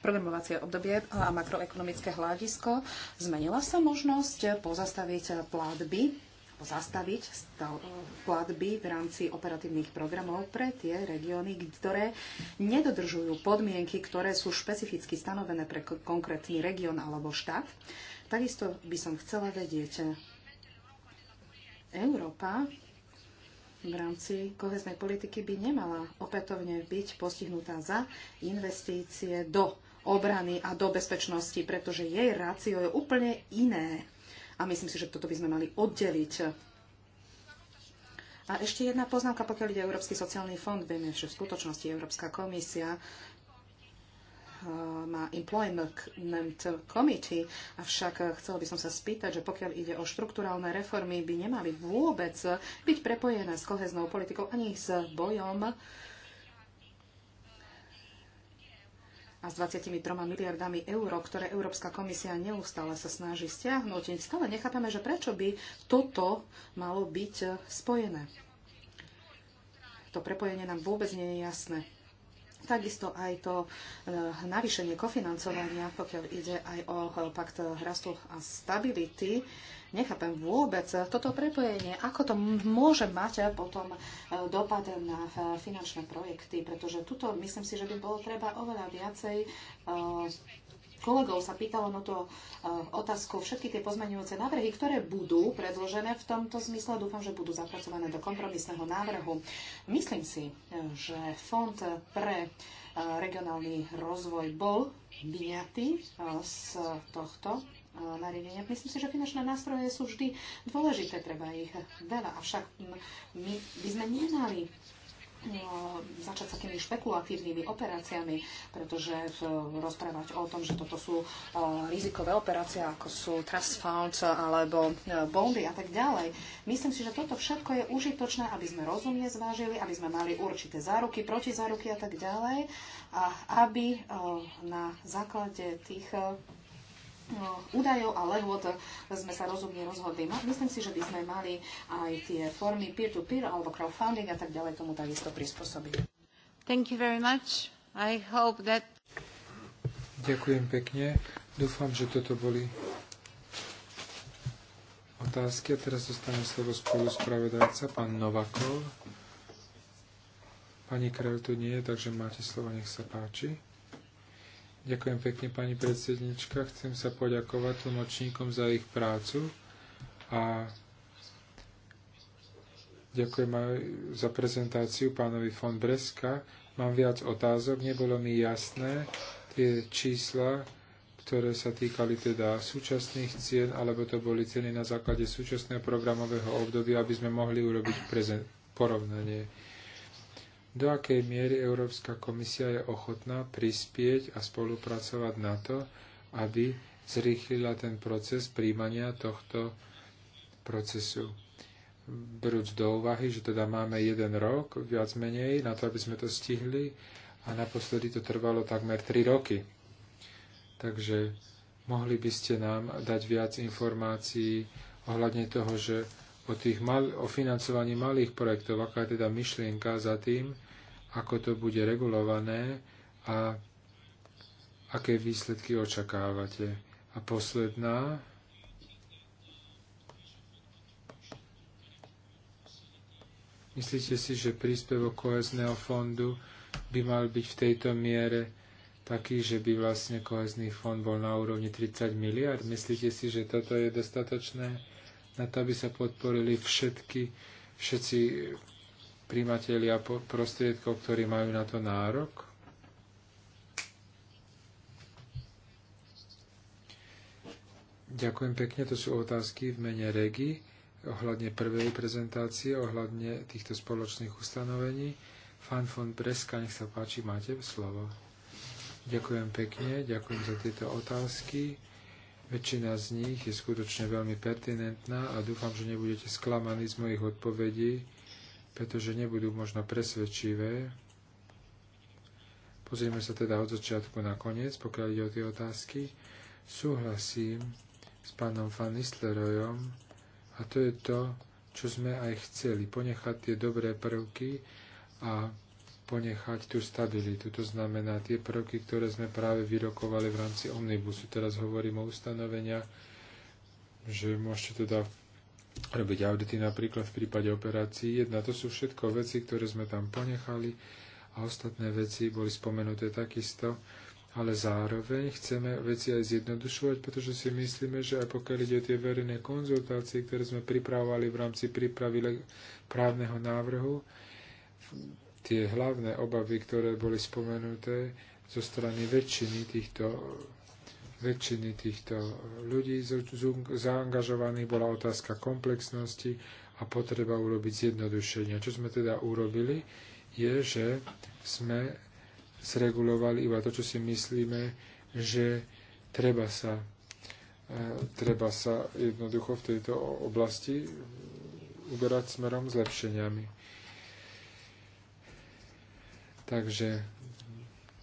programovacie obdobie a makroekonomické hľadisko, zmenila sa možnosť pozastaviť platby zastaviť eh, platby v rámci operatívnych programov pre tie regióny, ktoré nedodržujú podmienky, ktoré sú špecificky stanovené pre konkrétny región alebo štát. Takisto by som chcela vedieť, eh, Európa v rámci koheznej politiky by nemala opätovne byť postihnutá za investície do obrany a do bezpečnosti, pretože jej rácio je úplne iné a myslím si, že toto by sme mali oddeliť. A ešte jedna poznámka, pokiaľ ide Európsky sociálny fond. Vieme, že v skutočnosti Európska komisia e, má Employment Committee, avšak chcela by som sa spýtať, že pokiaľ ide o štruktúrálne reformy, by nemali vôbec byť prepojené s koheznou politikou ani s bojom a s 23 miliardami eur, ktoré Európska komisia neustále sa snaží stiahnuť. Stále nechápame, že prečo by toto malo byť spojené. To prepojenie nám vôbec nie je jasné. Takisto aj to eh, navýšenie kofinancovania, pokiaľ ide aj o eh, pakt rastu a stability, nechápem vôbec toto prepojenie, ako to môže mať eh, potom dopad na finančné projekty, pretože tuto myslím si, že by bolo treba oveľa viacej kolegov sa pýtalo na to e, otázku všetky tie pozmeňujúce návrhy, ktoré budú predložené v tomto zmysle. Dúfam, že budú zapracované do kompromisného návrhu. Myslím si, e, že fond pre e, regionálny rozvoj bol vyňatý z tohto nariadenia. Myslím si, že finančné nástroje sú vždy dôležité, treba ich veľa. Avšak my by sme nemali No, začať sa tými špekulatívnymi operáciami, pretože eh, rozprávať o tom, že toto sú eh, rizikové operácie, ako sú trust funds eh, alebo bondy a tak ďalej. Myslím si, že toto všetko je užitočné, aby sme rozumne zvážili, aby sme mali určité záruky, protizáruky a tak ďalej a aby na základe tých No, údajov a lehôd sme sa rozumne rozhodli. No, myslím si, že by sme mali aj tie formy peer-to-peer -peer, alebo crowdfunding a tak ďalej
tomu takisto prispôsobiť. Thank you very much. I hope that...
Ďakujem pekne. Dúfam, že toto boli otázky. A teraz dostane slovo spolu spravodajca, pán Novakov. Pani kraj tu nie je, takže máte slovo, nech sa páči. Ďakujem pekne, pani predsednička. Chcem sa poďakovať tlmočníkom za ich prácu a ďakujem aj za prezentáciu pánovi von Breska. Mám viac otázok, nebolo mi jasné tie čísla, ktoré sa týkali teda súčasných cien, alebo to boli ceny na základe súčasného programového obdobia, aby sme mohli urobiť porovnanie do akej miery Európska komisia je ochotná prispieť a spolupracovať na to, aby zrýchlila ten proces príjmania tohto procesu. Berúc do úvahy, že teda máme jeden rok, viac menej, na to, aby sme to stihli a naposledy to trvalo takmer 3 roky. Takže mohli by ste nám dať viac informácií ohľadne toho, že o, tých mal, o financovaní malých projektov, aká je teda myšlienka za tým, ako to bude regulované a aké výsledky očakávate. A posledná, myslíte si, že príspevok kohezného fondu by mal byť v tejto miere taký, že by vlastne kohezný fond bol na úrovni 30 miliard? Myslíte si, že toto je dostatočné na to, aby sa podporili všetky, všetci primatelia prostriedkov, ktorí majú na to nárok? Ďakujem pekne, to sú otázky v mene Regi ohľadne prvej prezentácie, ohľadne týchto spoločných ustanovení. Fan von Breska, nech sa páči, máte slovo. Ďakujem pekne, ďakujem za tieto otázky. Väčšina z nich je skutočne veľmi pertinentná a dúfam, že nebudete sklamaní z mojich odpovedí pretože nebudú možno presvedčivé. Pozrieme sa teda od začiatku na koniec, pokiaľ ide o tie otázky. Súhlasím s pánom Van Nistlerojom a to je to, čo sme aj chceli. Ponechať tie dobré prvky a ponechať tú stabilitu. To znamená tie prvky, ktoré sme práve vyrokovali v rámci omnibusu. Teraz hovorím o ustanoveniach, že môžete teda robiť audity napríklad v prípade operácií 1. To sú všetko veci, ktoré sme tam ponechali a ostatné veci boli spomenuté takisto, ale zároveň chceme veci aj zjednodušovať, pretože si myslíme, že aj pokiaľ ide o tie verejné konzultácie, ktoré sme pripravovali v rámci prípravy právneho návrhu, tie hlavné obavy, ktoré boli spomenuté zo strany väčšiny týchto väčšiny týchto ľudí zaangažovaných bola otázka komplexnosti a potreba urobiť zjednodušenia. Čo sme teda urobili, je, že sme zregulovali iba to, čo si myslíme, že treba sa, e, treba sa jednoducho v tejto oblasti uberať smerom zlepšeniami. Takže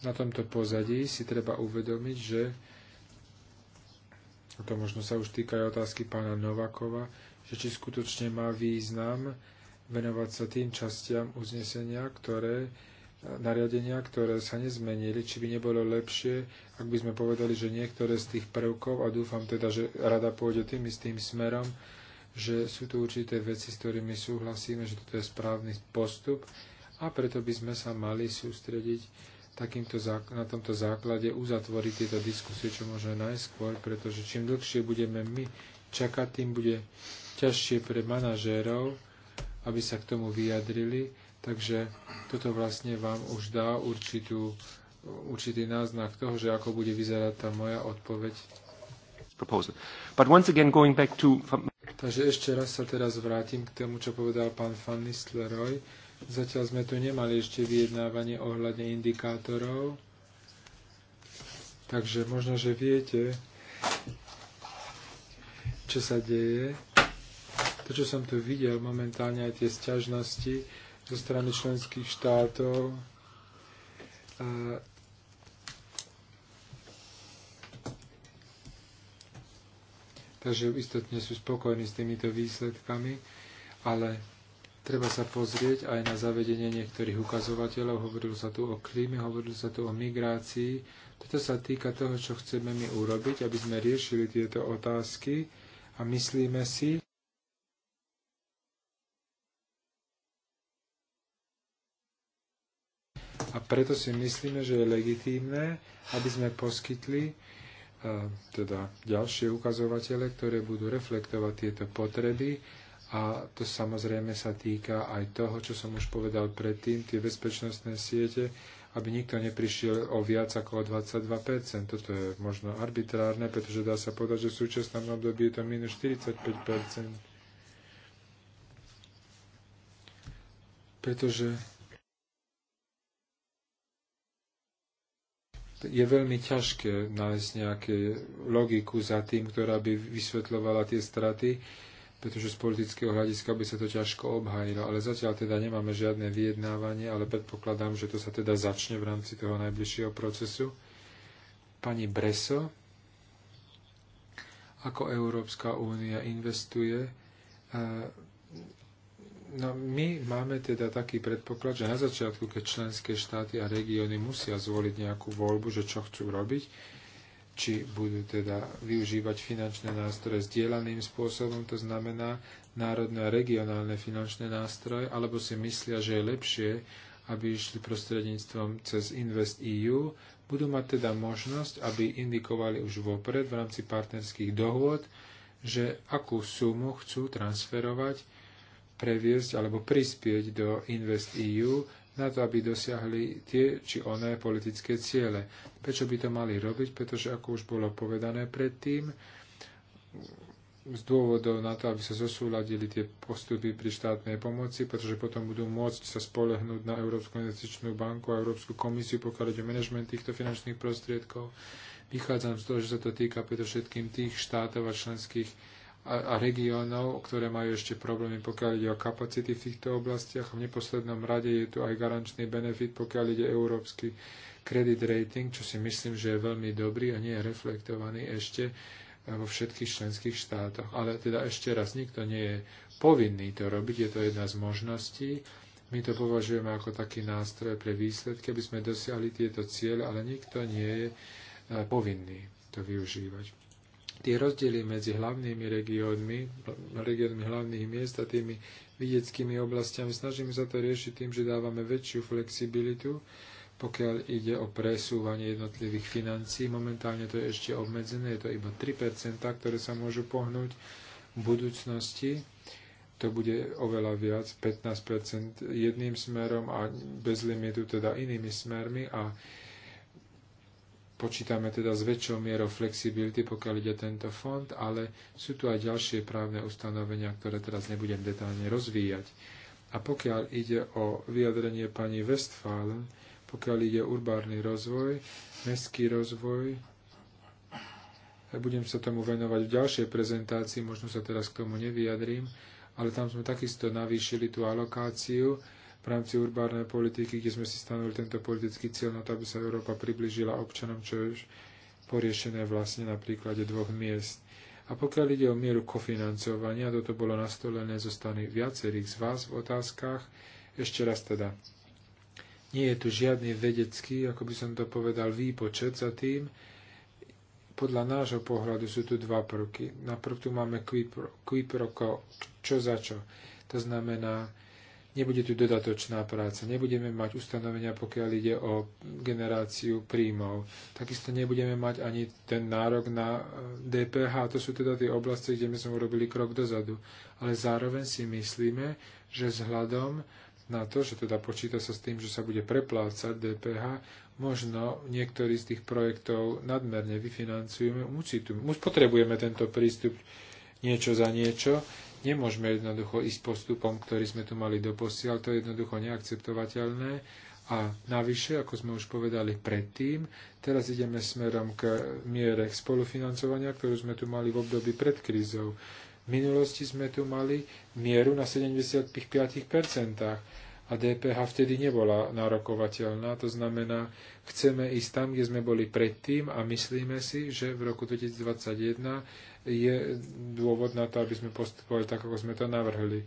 na tomto pozadí si treba uvedomiť, že to možno sa už týka aj otázky pána Novakova, že či skutočne má význam venovať sa tým častiam uznesenia, ktoré nariadenia, ktoré sa nezmenili, či by nebolo lepšie, ak by sme povedali, že niektoré z tých prvkov, a dúfam teda, že rada pôjde tým istým smerom, že sú tu určité veci, s ktorými súhlasíme, že toto je správny postup a preto by sme sa mali sústrediť takýmto, na tomto základe uzatvoriť tieto diskusie čo možno najskôr, pretože čím dlhšie budeme my čakať, tým bude ťažšie pre manažérov, aby sa k tomu vyjadrili. Takže toto vlastne vám už dá určitú, určitý náznak toho, že ako bude vyzerať tá moja odpoveď.
But once again, going back to...
Takže ešte raz sa teraz vrátim k tomu, čo povedal pán Fanny Sleroy Zatiaľ sme tu nemali ešte vyjednávanie ohľadne indikátorov, takže možno, že viete, čo sa deje. To, čo som tu videl momentálne, aj tie sťažnosti zo strany členských štátov, a takže istotne sú spokojní s týmito výsledkami, ale Treba sa pozrieť aj na zavedenie niektorých ukazovateľov. Hovorilo sa tu o klíme, hovorilo sa tu o migrácii. Toto sa týka toho, čo chceme my urobiť, aby sme riešili tieto otázky a myslíme si, A preto si myslíme, že je legitímne, aby sme poskytli e, teda ďalšie ukazovatele, ktoré budú reflektovať tieto potreby a to samozrejme sa týka aj toho, čo som už povedal predtým, tie bezpečnostné siete, aby nikto neprišiel o viac ako o 22%. Toto je možno arbitrárne, pretože dá sa povedať, že v súčasnom období je to minus 45%. Pretože je veľmi ťažké nájsť nejakú logiku za tým, ktorá by vysvetľovala tie straty pretože z politického hľadiska by sa to ťažko obhajilo, Ale zatiaľ teda nemáme žiadne vyjednávanie, ale predpokladám, že to sa teda začne v rámci toho najbližšieho procesu. Pani Breso, ako Európska únia investuje, eh, no my máme teda taký predpoklad, že na začiatku, keď členské štáty a regióny musia zvoliť nejakú voľbu, že čo chcú robiť, či budú teda využívať finančné nástroje sdielaným spôsobom, to znamená národné a regionálne finančné nástroje, alebo si myslia, že je lepšie, aby išli prostredníctvom cez Invest EU, budú mať teda možnosť, aby indikovali už vopred v rámci partnerských dohôd, že akú sumu chcú transferovať, previesť alebo prispieť do Invest EU na to, aby dosiahli tie či oné politické ciele. Prečo by to mali robiť? Pretože, ako už bolo povedané predtým, z dôvodov na to, aby sa zosúladili tie postupy pri štátnej pomoci, pretože potom budú môcť sa spolehnúť na Európsku investičnú banku a Európsku komisiu, pokiaľ ide o manažment týchto finančných prostriedkov. Vychádzam z toho, že sa to týka predovšetkým tých štátov a členských a, a regiónov, ktoré majú ešte problémy, pokiaľ ide o kapacity v týchto oblastiach. V neposlednom rade je tu aj garančný benefit, pokiaľ ide európsky credit rating, čo si myslím, že je veľmi dobrý a nie je reflektovaný ešte eh, vo všetkých členských štátoch. Ale teda ešte raz, nikto nie je povinný to robiť, je to jedna z možností. My to považujeme ako taký nástroj pre výsledky, aby sme dosiahli tieto cieľe, ale nikto nie je eh, povinný to využívať tie rozdiely medzi hlavnými regiónmi, regiónmi hlavných miest a tými vidieckými oblastiami, snažíme sa to riešiť tým, že dávame väčšiu flexibilitu, pokiaľ ide o presúvanie jednotlivých financií. Momentálne to je ešte obmedzené, je to iba 3%, ktoré sa môžu pohnúť v budúcnosti. To bude oveľa viac, 15% jedným smerom a bez limitu teda inými smermi a počítame teda s väčšou mierou flexibility, pokiaľ ide tento fond, ale sú tu aj ďalšie právne ustanovenia, ktoré teraz nebudem detálne rozvíjať. A pokiaľ ide o vyjadrenie pani Westfalen, pokiaľ ide o urbárny rozvoj, mestský rozvoj, budem sa tomu venovať v ďalšej prezentácii, možno sa teraz k tomu nevyjadrím, ale tam sme takisto navýšili tú alokáciu, v rámci urbárnej politiky, kde sme si stanovili tento politický cieľ na to, aby sa Európa približila občanom, čo je poriešené vlastne na príklade dvoch miest. A pokiaľ ide o mieru kofinancovania, toto bolo nastolené zo strany viacerých z vás v otázkach, ešte raz teda. Nie je tu žiadny vedecký, ako by som to povedal, výpočet za tým. Podľa nášho pohľadu sú tu dva prvky. Na prv tu máme quipro, čo za čo. To znamená, Nebude tu dodatočná práca, nebudeme mať ustanovenia, pokiaľ ide o generáciu príjmov. Takisto nebudeme mať ani ten nárok na e, DPH. To sú teda tie oblasti, kde my sme urobili krok dozadu. Ale zároveň si myslíme, že vzhľadom na to, že teda počíta sa s tým, že sa bude preplácať DPH, možno niektorý z tých projektov nadmerne vyfinancujeme. Musí tu, potrebujeme tento prístup niečo za niečo, Nemôžeme jednoducho ísť postupom, ktorý sme tu mali doposiaľ, to je jednoducho neakceptovateľné. A navyše, ako sme už povedali predtým, teraz ideme smerom k miere spolufinancovania, ktorú sme tu mali v období pred krízou. V minulosti sme tu mali mieru na 75% a DPH vtedy nebola nárokovateľná. To znamená, chceme ísť tam, kde sme boli predtým a myslíme si, že v roku 2021 je dôvod na to, aby sme postupovali tak, ako sme to navrhli.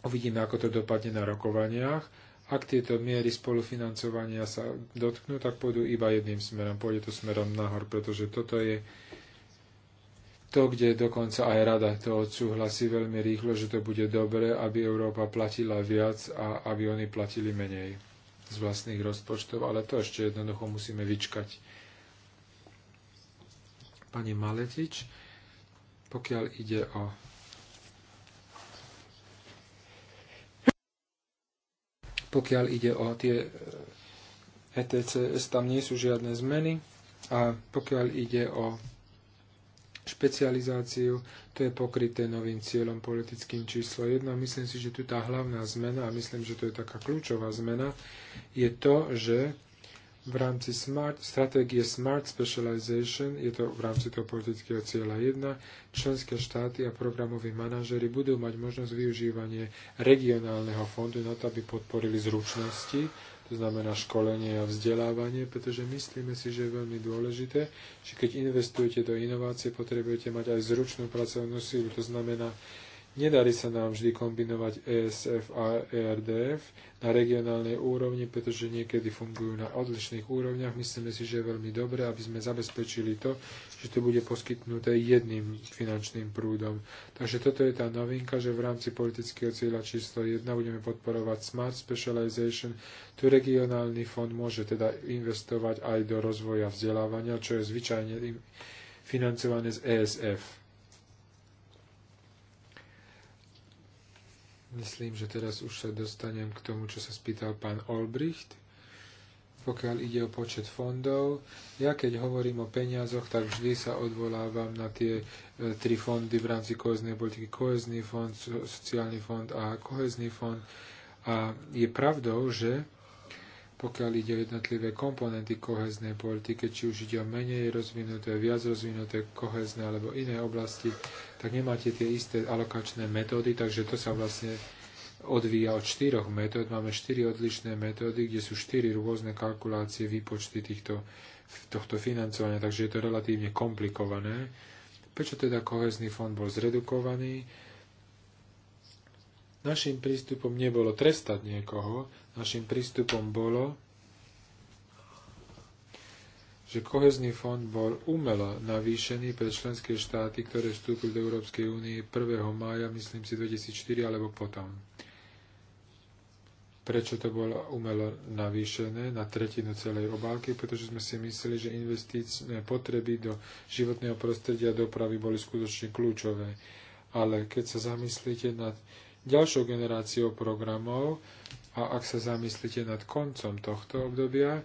Uvidíme, ako to dopadne na rokovaniach. Ak tieto miery spolufinancovania sa dotknú, tak pôjdu iba jedným smerom. Pôjde to smerom nahor, pretože toto je to, kde dokonca aj rada to odsúhlasí veľmi rýchlo, že to bude dobré, aby Európa platila viac a aby oni platili menej z vlastných rozpočtov, ale to ešte jednoducho musíme vyčkať. Pani Maletič, pokiaľ ide o pokiaľ ide o tie ETCS, e tam nie sú žiadne zmeny a pokiaľ ide o špecializáciu, to je pokryté novým cieľom politickým číslo 1. Myslím si, že tu tá hlavná zmena, a myslím, že to je taká kľúčová zmena, je to, že v rámci smart, stratégie Smart Specialization, je to v rámci toho politického cieľa 1, členské štáty a programoví manažery budú mať možnosť využívanie regionálneho fondu na to, aby podporili zručnosti, to znamená školenie a vzdelávanie, pretože myslíme si, že je veľmi dôležité, že keď investujete do inovácie, potrebujete mať aj zručnú pracovnú sílu, to znamená Nedarí sa nám vždy kombinovať ESF a ERDF na regionálnej úrovni, pretože niekedy fungujú na odlišných úrovniach. Myslíme si, že je veľmi dobré, aby sme zabezpečili to, že to bude poskytnuté jedným finančným prúdom. Takže toto je tá novinka, že v rámci politického cieľa číslo 1 budeme podporovať Smart Specialization. Tu regionálny fond môže teda investovať aj do rozvoja vzdelávania, čo je zvyčajne financované z ESF. Myslím, že teraz už sa dostanem k tomu, čo sa spýtal pán Olbricht. Pokiaľ ide o počet fondov, ja keď hovorím o peniazoch, tak vždy sa odvolávam na tie e, tri fondy v rámci koheznej politiky. Kohezný fond, sociálny fond a kohezný fond. A je pravdou, že pokiaľ ide o jednotlivé komponenty koheznej politiky, či už ide o menej rozvinuté, viac rozvinuté kohezné alebo iné oblasti, tak nemáte tie isté alokačné metódy, takže to sa vlastne odvíja od štyroch metód. Máme štyri odlišné metódy, kde sú štyri rôzne kalkulácie, výpočty týchto, tohto financovania, takže je to relatívne komplikované. Prečo teda kohezný fond bol zredukovaný? Našim prístupom nebolo trestať niekoho, Našim prístupom bolo, že kohezný fond bol umelo navýšený pre členské štáty, ktoré vstúpili do Európskej únie 1. mája, myslím si, 2004 alebo potom. Prečo to bolo umelo navýšené na tretinu celej obálky? Pretože sme si mysleli, že investíčne potreby do životného prostredia a dopravy boli skutočne kľúčové. Ale keď sa zamyslíte nad ďalšou generáciou programov a ak sa zamyslíte nad koncom tohto obdobia,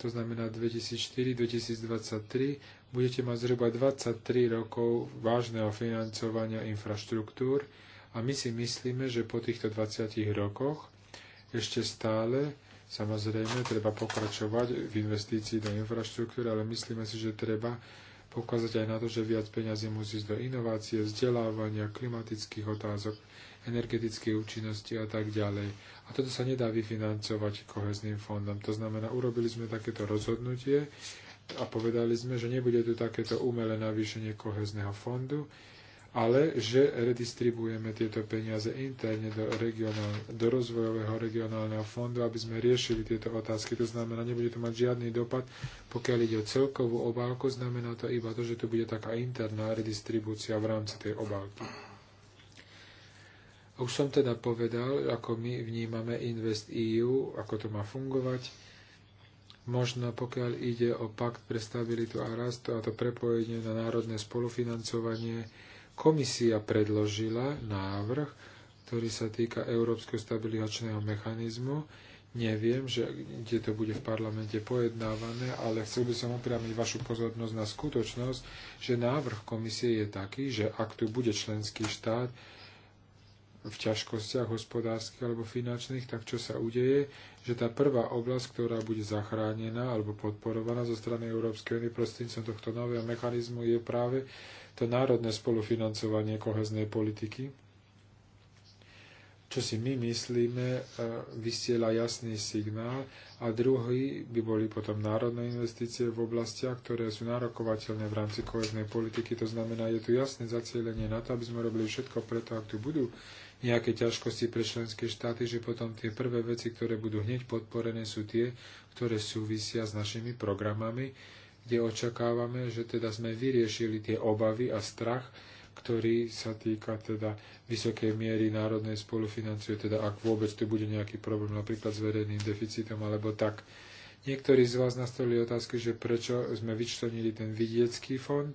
to znamená 2004-2023, budete mať zhruba 23 rokov vážneho financovania infraštruktúr a my si myslíme, že po týchto 20 rokoch ešte stále Samozrejme, treba pokračovať v investícii do infraštruktúry, ale myslíme si, že treba pokázať aj na to, že viac peňazí musí ísť do inovácie, vzdelávania, klimatických otázok energetickej účinnosti a tak ďalej. A toto sa nedá vyfinancovať kohezným fondom. To znamená, urobili sme takéto rozhodnutie a povedali sme, že nebude tu takéto umelé navýšenie kohezného fondu, ale že redistribujeme tieto peniaze interne do, regionál, do rozvojového regionálneho fondu, aby sme riešili tieto otázky. To znamená, nebude to mať žiadny dopad, pokiaľ ide o celkovú obálku, znamená to iba to, že tu bude taká interná redistribúcia v rámci tej obálky. Už som teda povedal, ako my vnímame Invest EU, ako to má fungovať. Možno pokiaľ ide o pakt pre stabilitu a rast a to prepojenie na národné spolufinancovanie, komisia predložila návrh, ktorý sa týka Európskeho stabilizačného mechanizmu. Neviem, že, kde to bude v parlamente pojednávané, ale chcel by som upriamiť vašu pozornosť na skutočnosť, že návrh komisie je taký, že ak tu bude členský štát, v ťažkostiach hospodárskych alebo finančných, tak čo sa udeje, že tá prvá oblasť, ktorá bude zachránená alebo podporovaná zo strany Európskej únie prostredníctvom tohto nového mechanizmu je práve to národné spolufinancovanie koheznej politiky, čo si my myslíme, e, vysiela jasný signál a druhý by boli potom národné investície v oblastiach, ktoré sú nárokovateľné v rámci koheznej politiky. To znamená, je tu jasné zacielenie na to, aby sme robili všetko preto, ak tu budú nejaké ťažkosti pre členské štáty, že potom tie prvé veci, ktoré budú hneď podporené, sú tie, ktoré súvisia s našimi programami, kde očakávame, že teda sme vyriešili tie obavy a strach, ktorý sa týka teda vysokej miery národnej spolufinancie, teda ak vôbec tu bude nejaký problém napríklad s verejným deficitom alebo tak. Niektorí z vás nastavili otázky, že prečo sme vyčlenili ten vidiecký fond.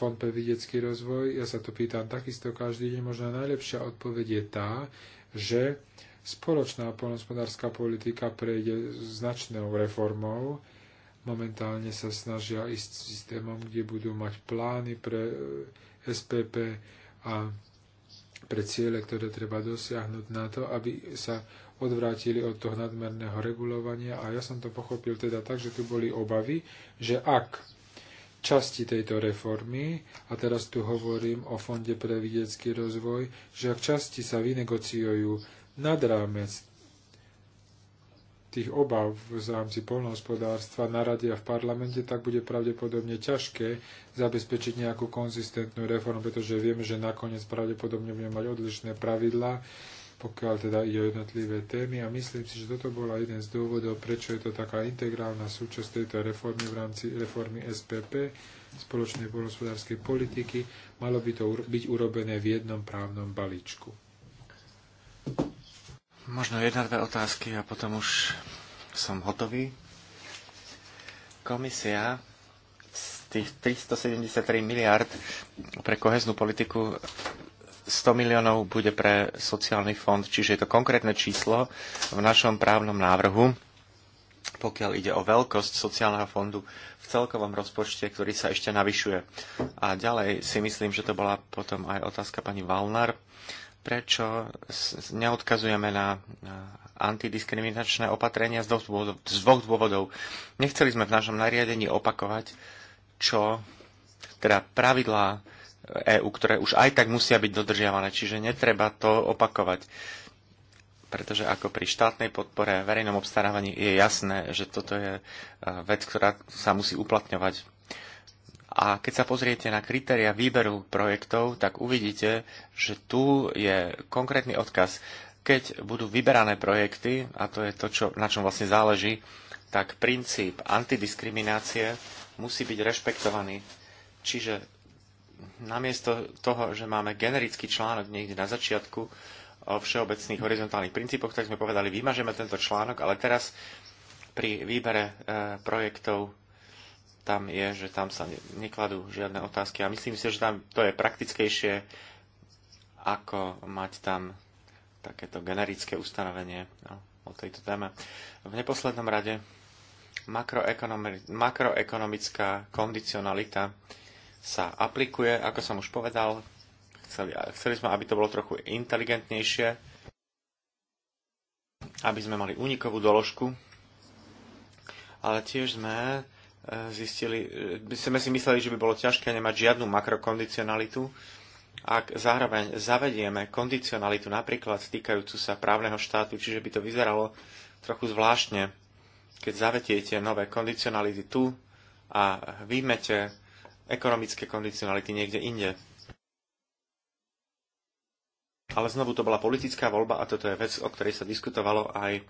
Fond pre vidiecký rozvoj, ja sa to pýtam takisto každý deň, možno najlepšia odpoveď je tá, že spoločná polnospodárska politika prejde značnou reformou. Momentálne sa snažia ísť systémom, kde budú mať plány pre eh, SPP a pre ciele, ktoré treba dosiahnuť na to, aby sa odvrátili od toho nadmerného regulovania. A ja som to pochopil teda tak, že tu boli obavy, že ak časti tejto reformy, a teraz tu hovorím o Fonde pre vidiecký rozvoj, že ak časti sa vynegociujú nad rámec tých obav v rámci polnohospodárstva na rade a v parlamente, tak bude pravdepodobne ťažké zabezpečiť nejakú konzistentnú reformu, pretože vieme, že nakoniec pravdepodobne budeme mať odlišné pravidlá pokiaľ teda ide o jednotlivé témy a myslím si, že toto bola jeden z dôvodov, prečo je to taká integrálna súčasť tejto reformy v rámci reformy SPP, spoločnej polnospodárskej politiky, malo by to byť urobené v jednom právnom balíčku.
Možno jedna, dve otázky a potom už som hotový. Komisia z tých 373 miliard pre koheznú politiku 100 miliónov bude pre sociálny fond, čiže je to konkrétne číslo v našom právnom návrhu. Pokiaľ ide o veľkosť sociálneho fondu v celkovom rozpočte, ktorý sa ešte navyšuje. A ďalej si myslím, že to bola potom aj otázka pani Valnar, prečo neodkazujeme na antidiskriminačné opatrenia z dvoch dôvodov. Z dvoch dôvodov. Nechceli sme v našom nariadení opakovať, čo teda pravidlá EÚ, ktoré už aj tak musia byť dodržiavané, čiže netreba to opakovať. Pretože ako pri štátnej podpore a verejnom obstarávaní je jasné, že toto je e, vec, ktorá sa musí uplatňovať. A keď sa pozriete na kritéria výberu projektov, tak uvidíte, že tu je konkrétny odkaz. Keď budú vyberané projekty, a to je to, čo, na čom vlastne záleží, tak princíp antidiskriminácie musí byť rešpektovaný. Čiže namiesto toho, že máme generický článok niekde na začiatku o všeobecných horizontálnych princípoch, tak sme povedali, vymažeme tento článok, ale teraz pri výbere e, projektov tam je, že tam sa nekladú žiadne otázky a myslím si, že tam to je praktickejšie, ako mať tam takéto generické ustanovenie no, o tejto téme. V neposlednom rade makroekonomická kondicionalita sa aplikuje, ako som už povedal. Chceli, chceli sme, aby to bolo trochu inteligentnejšie, aby sme mali únikovú doložku, ale tiež sme e, zistili, by e, sme si mysleli, že by bolo ťažké nemať žiadnu makrokondicionalitu, ak zároveň zavedieme kondicionalitu napríklad týkajúcu sa právneho štátu, čiže by to vyzeralo trochu zvláštne, keď zavediete nové kondicionality tu a vymete ekonomické kondicionality niekde inde. Ale znovu to bola politická voľba a toto je vec, o ktorej sa diskutovalo aj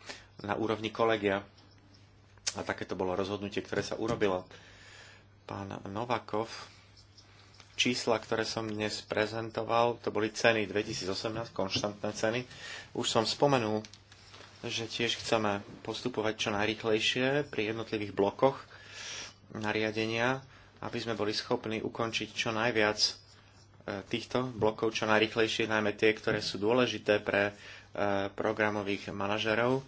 na úrovni kolegia. A takéto bolo rozhodnutie, ktoré sa urobilo. Pán Novakov, čísla, ktoré som dnes prezentoval, to boli ceny 2018, konštantné ceny. Už som spomenul, že tiež chceme postupovať čo najrychlejšie pri jednotlivých blokoch nariadenia aby sme boli schopní ukončiť čo najviac e, týchto blokov, čo najrychlejšie, najmä tie, ktoré sú dôležité pre e, programových manažerov,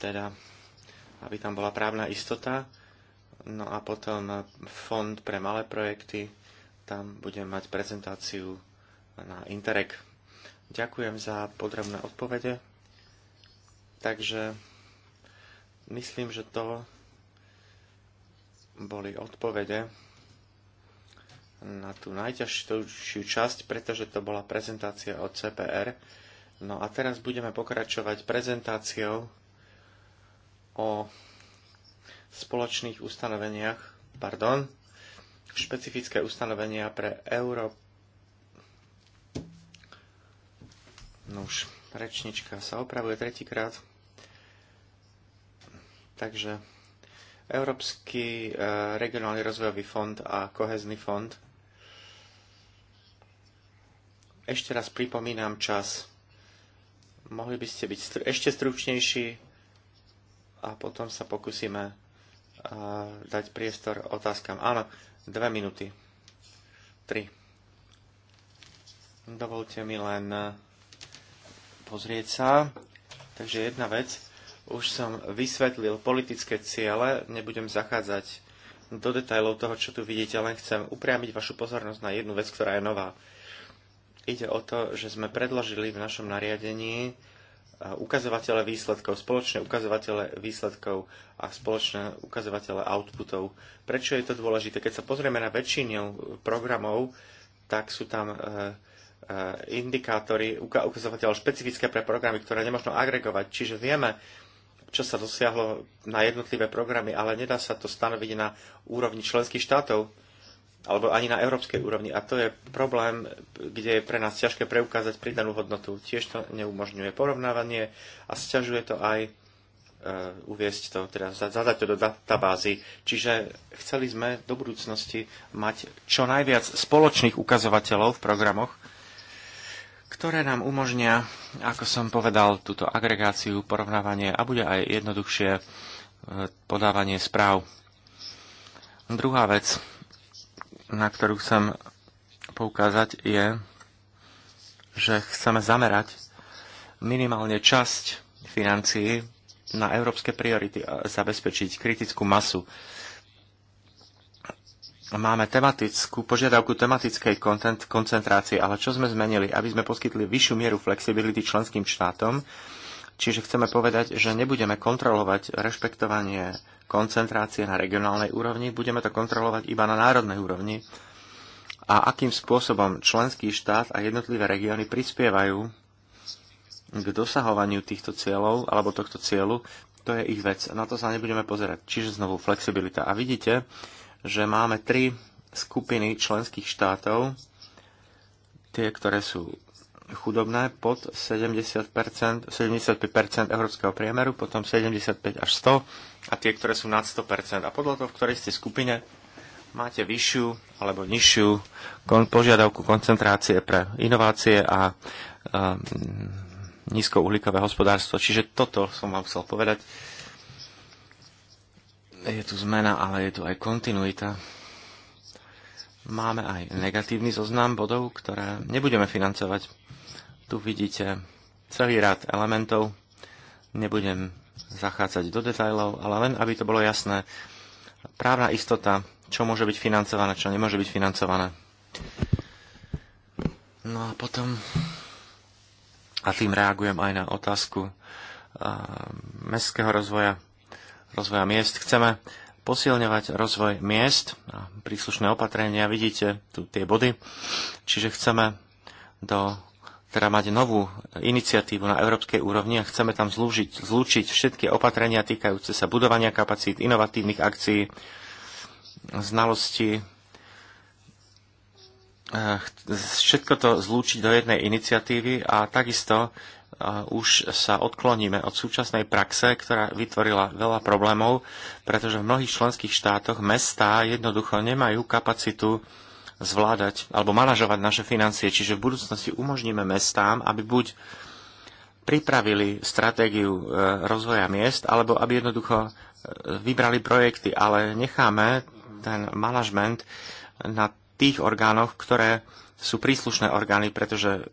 teda aby tam bola právna istota. No a potom fond pre malé projekty, tam budem mať prezentáciu na Interreg. Ďakujem za podrobné odpovede. Takže myslím, že to boli odpovede na tú najťažšiu časť, pretože to bola prezentácia od CPR. No a teraz budeme pokračovať prezentáciou o spoločných ustanoveniach, pardon, špecifické ustanovenia pre euro... No už, rečnička sa opravuje tretíkrát. Takže Európsky e, regionálny rozvojový fond a kohezný fond. Ešte raz pripomínam čas. Mohli by ste byť ešte stručnejší a potom sa pokúsime e, dať priestor otázkam. Áno, dve minúty. Tri. Dovolte mi len e, pozrieť sa. Takže jedna vec. Už som vysvetlil politické ciele, nebudem zachádzať do detajlov toho, čo tu vidíte, len chcem upriamiť vašu pozornosť na jednu vec, ktorá je nová. Ide o to, že sme predložili v našom nariadení e, ukazovatele výsledkov, spoločné ukazovatele výsledkov a spoločné ukazovatele outputov. Prečo je to dôležité? Keď sa pozrieme na väčšinu programov, tak sú tam e, e, indikátory, ukazovateľ špecifické pre programy, ktoré nemôžno agregovať. Čiže vieme, čo sa dosiahlo na jednotlivé programy, ale nedá sa to stanoviť na úrovni členských štátov alebo ani na európskej úrovni. A to je problém, kde je pre nás ťažké preukázať pridanú hodnotu. Tiež to neumožňuje porovnávanie a sťažuje to aj e, uviesť to, teda zadať to do databázy. Čiže chceli sme do budúcnosti mať čo najviac spoločných ukazovateľov v programoch, ktoré nám umožnia, ako som povedal, túto agregáciu, porovnávanie a bude aj jednoduchšie e, podávanie správ. Druhá vec, na ktorú chcem poukázať, je, že chceme zamerať minimálne časť financií na európske priority a zabezpečiť kritickú masu máme tematickú požiadavku tematickej koncentrácie, ale čo sme zmenili? Aby sme poskytli vyššiu mieru flexibility členským štátom, čiže chceme povedať, že nebudeme kontrolovať rešpektovanie koncentrácie na regionálnej úrovni, budeme to kontrolovať iba na národnej úrovni a akým spôsobom členský štát a jednotlivé regióny prispievajú k dosahovaniu týchto cieľov alebo tohto cieľu, to je ich vec. Na to sa nebudeme pozerať. Čiže znovu flexibilita. A vidíte, že máme tri skupiny členských štátov, tie, ktoré sú chudobné pod 70%, 75% európskeho priemeru, potom 75 až 100 a tie, ktoré sú nad 100%. A podľa toho, v ktorej ste skupine, máte vyššiu alebo nižšiu kon- požiadavku koncentrácie pre inovácie a um, nízkouhlíkové hospodárstvo. Čiže toto som vám chcel povedať. Je tu zmena, ale je tu aj kontinuita. Máme aj negatívny zoznam bodov, ktoré nebudeme financovať. Tu vidíte celý rad elementov. Nebudem zachádzať do detajlov, ale len aby to bolo jasné. Právna istota, čo môže byť financované, čo nemôže byť financované. No a potom, a tým reagujem aj na otázku mestského rozvoja rozvoja miest. Chceme posilňovať rozvoj miest a príslušné opatrenia. Vidíte tu tie body. Čiže chceme do teda mať novú iniciatívu na európskej úrovni a chceme tam zlúžiť, zlúčiť všetky opatrenia týkajúce sa budovania kapacít, inovatívnych akcií, znalosti. Všetko to zlúčiť do jednej iniciatívy a takisto už sa odkloníme od súčasnej praxe, ktorá vytvorila veľa problémov, pretože v mnohých členských štátoch mestá jednoducho nemajú kapacitu zvládať alebo manažovať naše financie. Čiže v budúcnosti umožníme mestám, aby buď pripravili stratégiu e, rozvoja miest, alebo aby jednoducho e, vybrali projekty, ale necháme ten manažment na tých orgánoch, ktoré sú príslušné orgány, pretože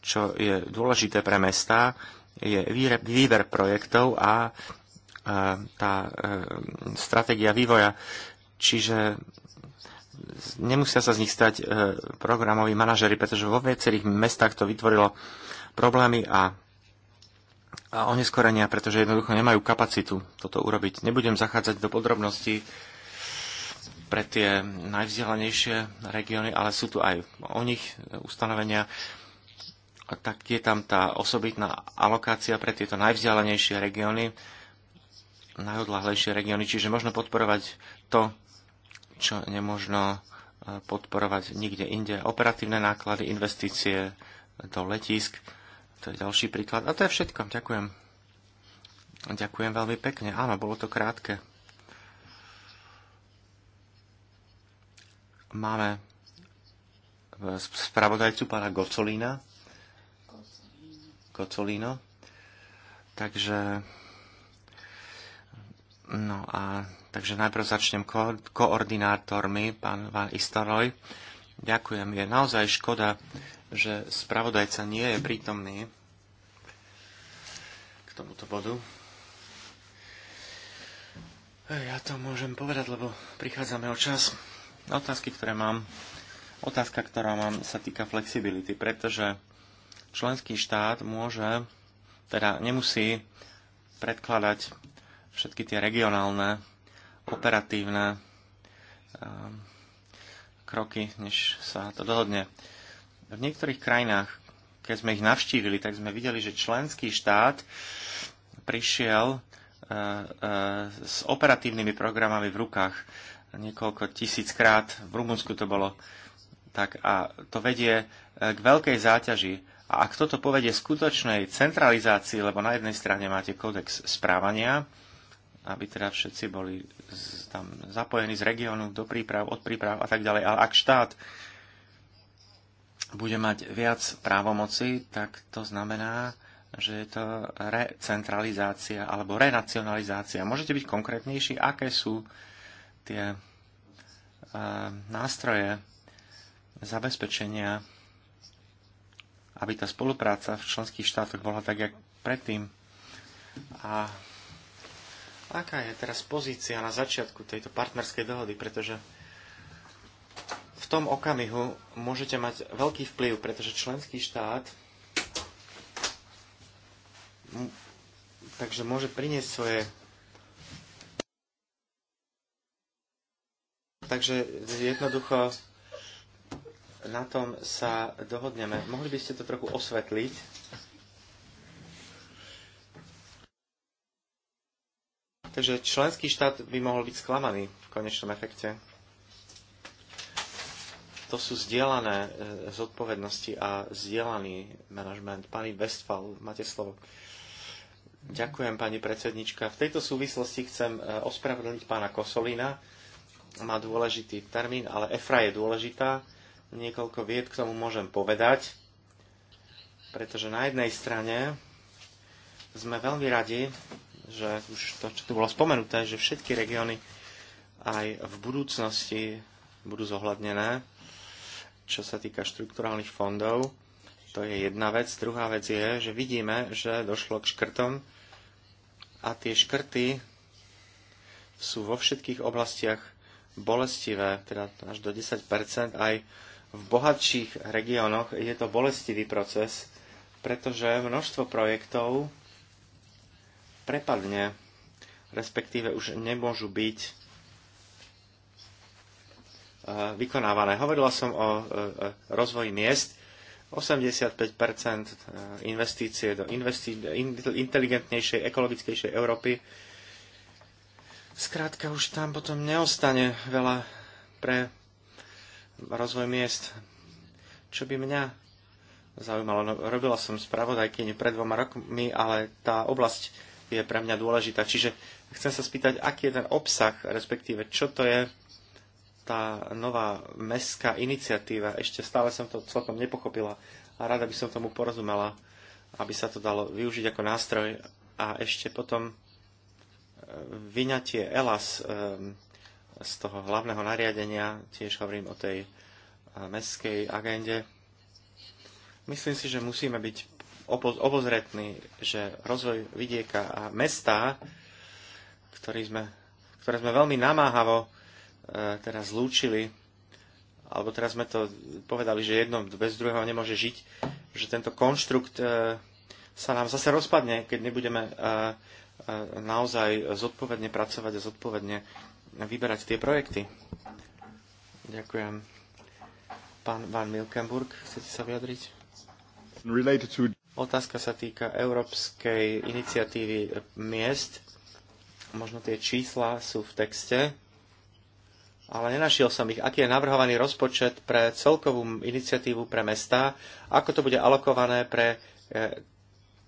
čo je dôležité pre mesta, je výber projektov a tá e, stratégia vývoja. Čiže nemusia sa z nich stať e, programoví manažery, pretože vo viacerých mestách to vytvorilo problémy a, a oneskorenia, pretože jednoducho nemajú kapacitu toto urobiť. Nebudem zachádzať do podrobností pre tie najvzdelanejšie regióny, ale sú tu aj o nich ustanovenia tak je tam tá osobitná alokácia pre tieto najvzdialenejšie regióny, najodlahlejšie regióny, čiže možno podporovať to, čo nemožno e, podporovať nikde inde. Operatívne náklady, investície do letisk, to je ďalší príklad. A to je všetko. Ďakujem. Ďakujem veľmi pekne. Áno, bolo to krátke. Máme spravodajcu pána Gocolína. Kocolino. Takže No a takže najprv začnem ko- koordinátormi, pán Van Istaroj. Ďakujem. Je naozaj škoda, že spravodajca nie je prítomný k tomuto bodu. Ja to môžem povedať, lebo prichádzame o čas. Otázky, ktoré mám, otázka, ktorá mám, sa týka flexibility, pretože členský štát môže, teda nemusí predkladať všetky tie regionálne, operatívne eh, kroky, než sa to dohodne. V niektorých krajinách, keď sme ich navštívili, tak sme videli, že členský štát prišiel eh, eh, s operatívnymi programami v rukách niekoľko tisíckrát. V Rumunsku to bolo tak a to vedie k veľkej záťaži a ak toto povedie skutočnej centralizácii, lebo na jednej strane máte kódex správania, aby teda všetci boli z, tam zapojení z regiónu do príprav, od príprav a tak ďalej. Ale ak štát bude mať viac právomoci, tak to znamená, že je to recentralizácia alebo renacionalizácia. Môžete byť konkrétnejší, aké sú tie e, nástroje zabezpečenia aby tá spolupráca v členských štátoch bola tak, jak predtým. A aká je teraz pozícia na začiatku tejto partnerskej dohody, pretože v tom okamihu môžete mať veľký vplyv, pretože členský štát takže môže priniesť svoje takže jednoducho na tom sa dohodneme. Mohli by ste to trochu osvetliť? Takže členský štát by mohol byť sklamaný v konečnom efekte. To sú zdieľané e, zodpovednosti a zdieľaný manažment. Pani Westphal, máte slovo. Ďakujem, pani predsednička. V tejto súvislosti chcem e, ospravedlniť pána Kosolina. Má dôležitý termín, ale EFRA je dôležitá Niekoľko vied k tomu môžem povedať, pretože na jednej strane sme veľmi radi, že už to, čo tu bolo spomenuté, že všetky regióny aj v budúcnosti budú zohľadnené, čo sa týka štrukturálnych fondov. To je jedna vec. Druhá vec je, že vidíme, že došlo k škrtom a tie škrty sú vo všetkých oblastiach bolestivé, teda až do 10%, aj v bohatších regiónoch je to bolestivý proces, pretože množstvo projektov prepadne, respektíve už nemôžu byť e, vykonávané. Hovorila som o e, e, rozvoji miest. 85 investície do investi- inteligentnejšej, ekologickejšej Európy. Skrátka, už tam potom neostane veľa pre rozvoj miest. Čo by mňa zaujímalo, no, robila som spravodajkyni pred dvoma rokmi, ale tá oblasť je pre mňa dôležitá. Čiže chcem sa spýtať, aký je ten obsah, respektíve čo to je tá nová mestská iniciatíva. Ešte stále som to celkom nepochopila a rada by som tomu porozumela, aby sa to dalo využiť ako nástroj. A ešte potom e, vyňatie ELAS, e, z toho hlavného nariadenia, tiež hovorím o tej mestskej agende. Myslím si, že musíme byť obozretní, že rozvoj vidieka a mesta, ktorý sme, ktoré sme veľmi namáhavo e, teraz zlúčili, alebo teraz sme to povedali, že jedno bez druhého nemôže žiť, že tento konštrukt e, sa nám zase rozpadne, keď nebudeme e, naozaj zodpovedne pracovať a zodpovedne vyberať tie projekty. Ďakujem. Pán Van Milkenburg, chcete sa vyjadriť? Otázka sa týka Európskej iniciatívy miest. Možno tie čísla sú v texte, ale nenašiel som ich. Aký je navrhovaný rozpočet pre celkovú iniciatívu pre mesta? Ako to bude alokované pre e,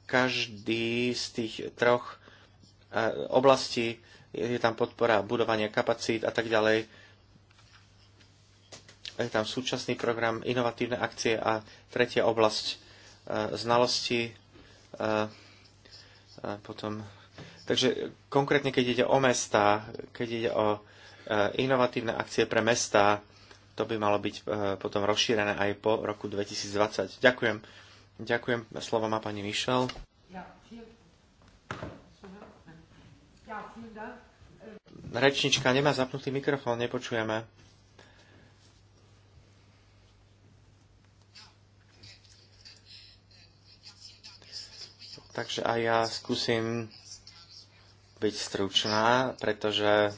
každý z tých troch e, oblastí je tam podpora budovania kapacít a tak ďalej. Je tam súčasný program, inovatívne akcie a tretia oblasť e, znalosti. E, e, potom. Takže konkrétne, keď ide o mesta, keď ide o inovatívne akcie pre mesta, to by malo byť potom rozšírené aj po roku 2020. Ďakujem. Ďakujem. Slovo má pani Mišel. Ja. Rečnička nemá zapnutý mikrofón, nepočujeme. Takže aj ja skúsim byť stručná, pretože...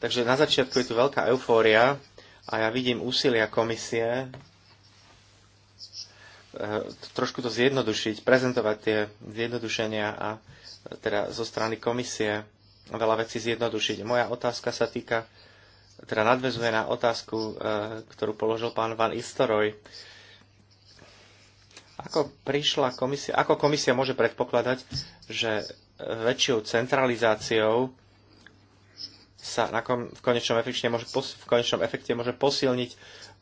Takže na začiatku je tu veľká eufória a ja vidím úsilia komisie eh, trošku to zjednodušiť, prezentovať tie zjednodušenia a teda zo strany komisie veľa vecí zjednodušiť. Moja otázka sa týka, teda nadvezuje na otázku, e, ktorú položil pán Van Istoroj. Ako prišla komisia, ako komisia môže predpokladať, že e, väčšou centralizáciou sa na kom, v, konečnom efekte môže, v konečnom efekte môže posilniť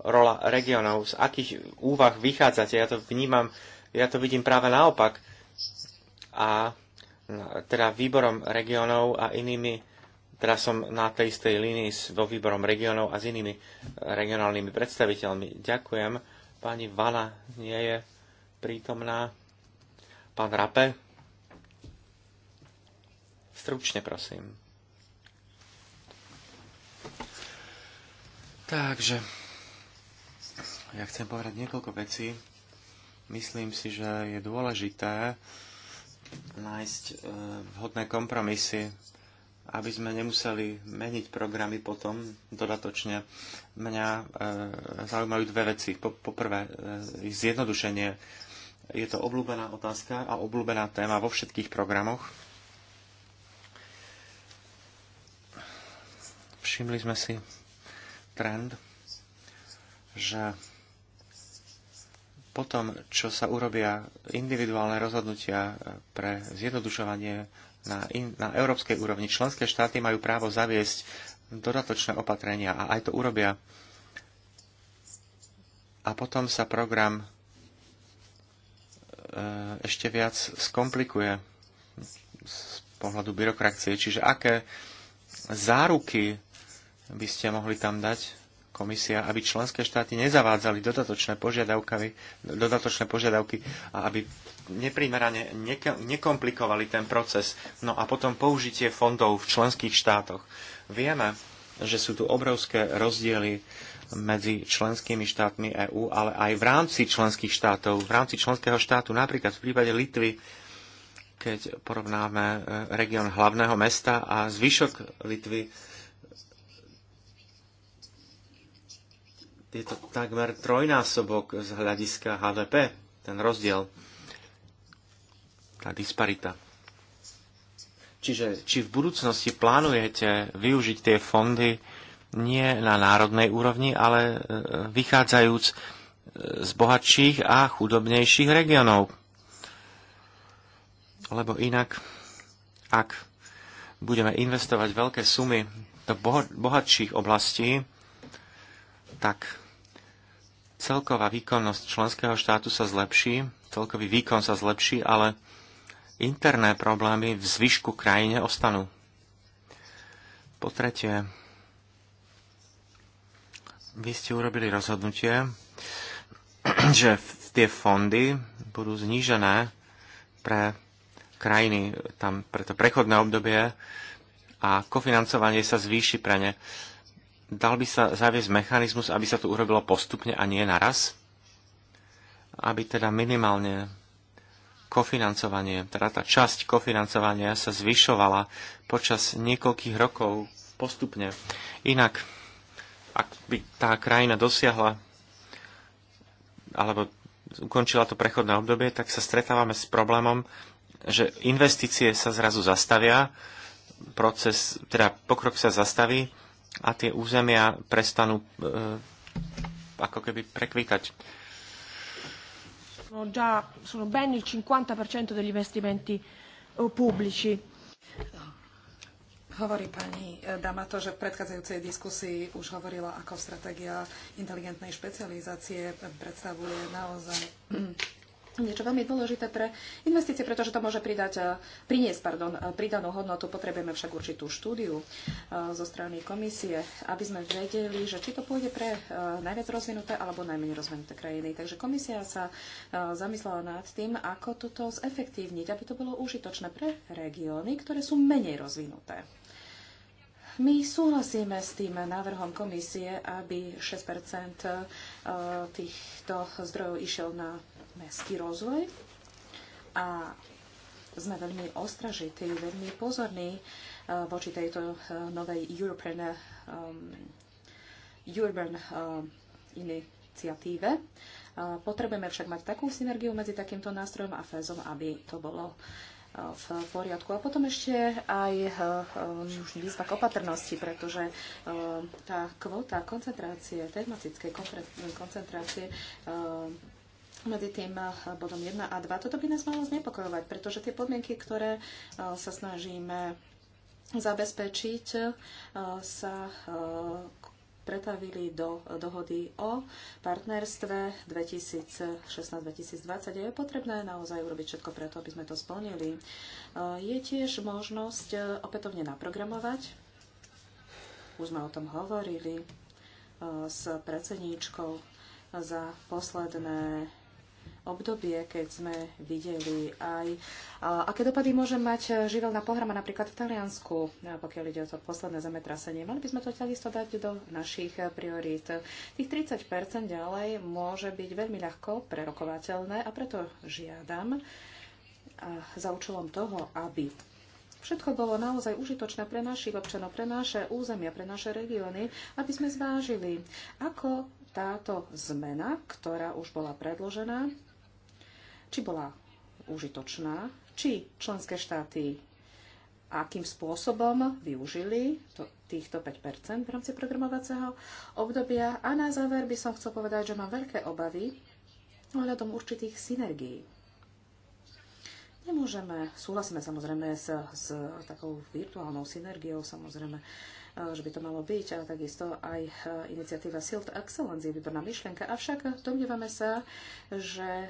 rola regionov. Z akých úvah vychádzate? Ja to vnímam, ja to vidím práve naopak. A teda výborom regionov a inými teraz som na tej istej línii s, vo výborom regionov a s inými eh, regionálnymi predstaviteľmi. Ďakujem. Pani Vana nie je prítomná. Pán Rape? Stručne, prosím. Takže, ja chcem povedať niekoľko vecí. Myslím si, že je dôležité, nájsť e, vhodné kompromisy, aby sme nemuseli meniť programy potom dodatočne. Mňa e, zaujímajú dve veci. Poprvé, e, ich zjednodušenie. Je to obľúbená otázka a obľúbená téma vo všetkých programoch. Všimli sme si trend, že potom, čo sa urobia individuálne rozhodnutia pre zjednodušovanie na, in, na európskej úrovni, členské štáty majú právo zaviesť dodatočné opatrenia a aj to urobia. A potom sa program e, ešte viac skomplikuje z pohľadu byrokracie. Čiže aké záruky by ste mohli tam dať? komisia, aby členské štáty nezavádzali dodatočné požiadavky, dodatočné požiadavky a aby neprimerane nekomplikovali ten proces. No a potom použitie fondov v členských štátoch. Vieme, že sú tu obrovské rozdiely medzi členskými štátmi EÚ, ale aj v rámci členských štátov, v rámci členského štátu, napríklad v prípade Litvy, keď porovnáme eh, región hlavného mesta a zvyšok Litvy, je to takmer trojnásobok z hľadiska HDP, ten rozdiel, tá disparita. Čiže či v budúcnosti plánujete využiť tie fondy nie na národnej úrovni, ale e, vychádzajúc e, z bohatších a chudobnejších regionov. Lebo inak, ak budeme investovať veľké sumy do bohatších oblastí, tak Celková výkonnosť členského štátu sa zlepší, celkový výkon sa zlepší, ale interné problémy v zvyšku krajine ostanú. Po tretie, vy ste urobili rozhodnutie, že tie fondy budú znížené pre krajiny, tam pre to prechodné obdobie a kofinancovanie sa zvýši pre ne. Dal by sa zaviesť mechanizmus, aby sa to urobilo postupne a nie naraz? Aby teda minimálne kofinancovanie, teda tá časť kofinancovania sa zvyšovala počas niekoľkých rokov postupne. Inak, ak by tá krajina dosiahla alebo ukončila to prechodné obdobie, tak sa stretávame s problémom, že investície sa zrazu zastavia, proces, teda pokrok sa zastaví a tie územia prestanú e, ako keby prekvítať.
Già sono ben il 50% degli investimenti eh, pubblici. Hovorí pani eh, Damato, že v predchádzajúcej diskusii už hovorila, ako stratégia inteligentnej špecializácie predstavuje naozaj niečo veľmi dôležité pre investície, pretože to môže pridať, eh, priniesť pardon, eh, pridanú hodnotu. Potrebujeme však určitú štúdiu eh, zo strany komisie, aby sme vedeli, že či to pôjde pre najviac rozvinuté alebo najmenej rozvinuté krajiny. Takže komisia sa zamyslela nad tým, ako toto zefektívniť, aby to bolo užitočné pre regióny, ktoré sú menej rozvinuté. My súhlasíme s tým návrhom komisie, aby 6 týchto zdrojov išiel na mestský rozvoj a sme veľmi ostražití, veľmi pozorní eh, voči tejto eh, novej European, eh, um, Urban um, iniciatíve. Potrebujeme však mať takú synergiu medzi takýmto nástrojom a fézom, aby to bolo v poriadku. A potom ešte aj um, výzva k opatrnosti, pretože tá kvota koncentrácie, tematické koncentrácie medzi tým eh, bodom 1 a 2. Toto by nás malo znepokojovať, pretože tie podmienky, ktoré eh, sa snažíme zabezpečiť, eh, sa pretavili do dohody o partnerstve 2016-2020 a je potrebné naozaj urobiť všetko preto, aby sme to splnili. Je tiež možnosť opätovne naprogramovať. Už sme o tom hovorili s predsedníčkou za posledné obdobie, keď sme videli aj, aké dopady môže mať eh, živelná pohrama napríklad v Taliansku, eh, pokiaľ ide o to posledné zemetrasenie. Mali by sme to takisto dať do našich eh, priorít. Tých 30 ďalej môže byť veľmi ľahko prerokovateľné a preto žiadam za účelom toho, aby Všetko bolo naozaj užitočné pre našich občanov, pre naše územia, pre naše regióny, aby sme zvážili, ako táto zmena, ktorá už bola predložená, či bola užitočná, či členské štáty akým spôsobom využili to, týchto 5 v rámci programovacieho obdobia. A na záver by som chcel povedať, že mám veľké obavy ohľadom určitých synergií. Nemôžeme, súhlasíme samozrejme s, s takou virtuálnou synergiou, samozrejme, eh, že by to malo byť, ale takisto aj eh, iniciatíva Silt Excellence je výborná myšlienka. Avšak domnievame sa, že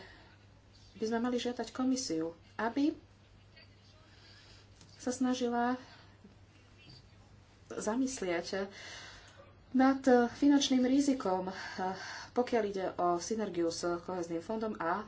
by sme mali žiadať komisiu, aby sa snažila zamyslieť nad finančným rizikom, pokiaľ ide o synergiu s kohezným fondom a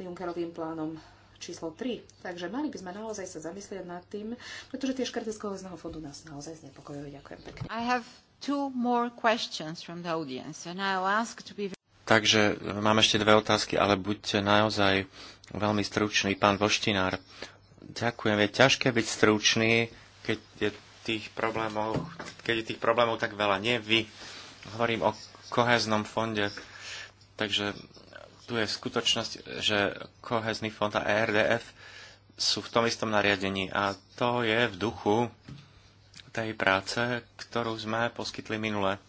Junckerovým plánom číslo 3. Takže mali by sme naozaj sa zamyslieť nad tým, pretože tie škrty z kohezného fondu nás naozaj znepokojujú.
Ďakujem pekne. I have two more questions from the audience and I'll ask to be
Takže mám ešte dve otázky, ale buďte naozaj veľmi stručný, pán Voštinár. Ďakujem. Je ťažké byť stručný, keď je tých problémov, keď je tých problémov tak veľa. Nie vy. Hovorím o koheznom fonde. Takže tu je skutočnosť, že kohezný fond a ERDF sú v tom istom nariadení a to je v duchu tej práce, ktorú sme poskytli minule.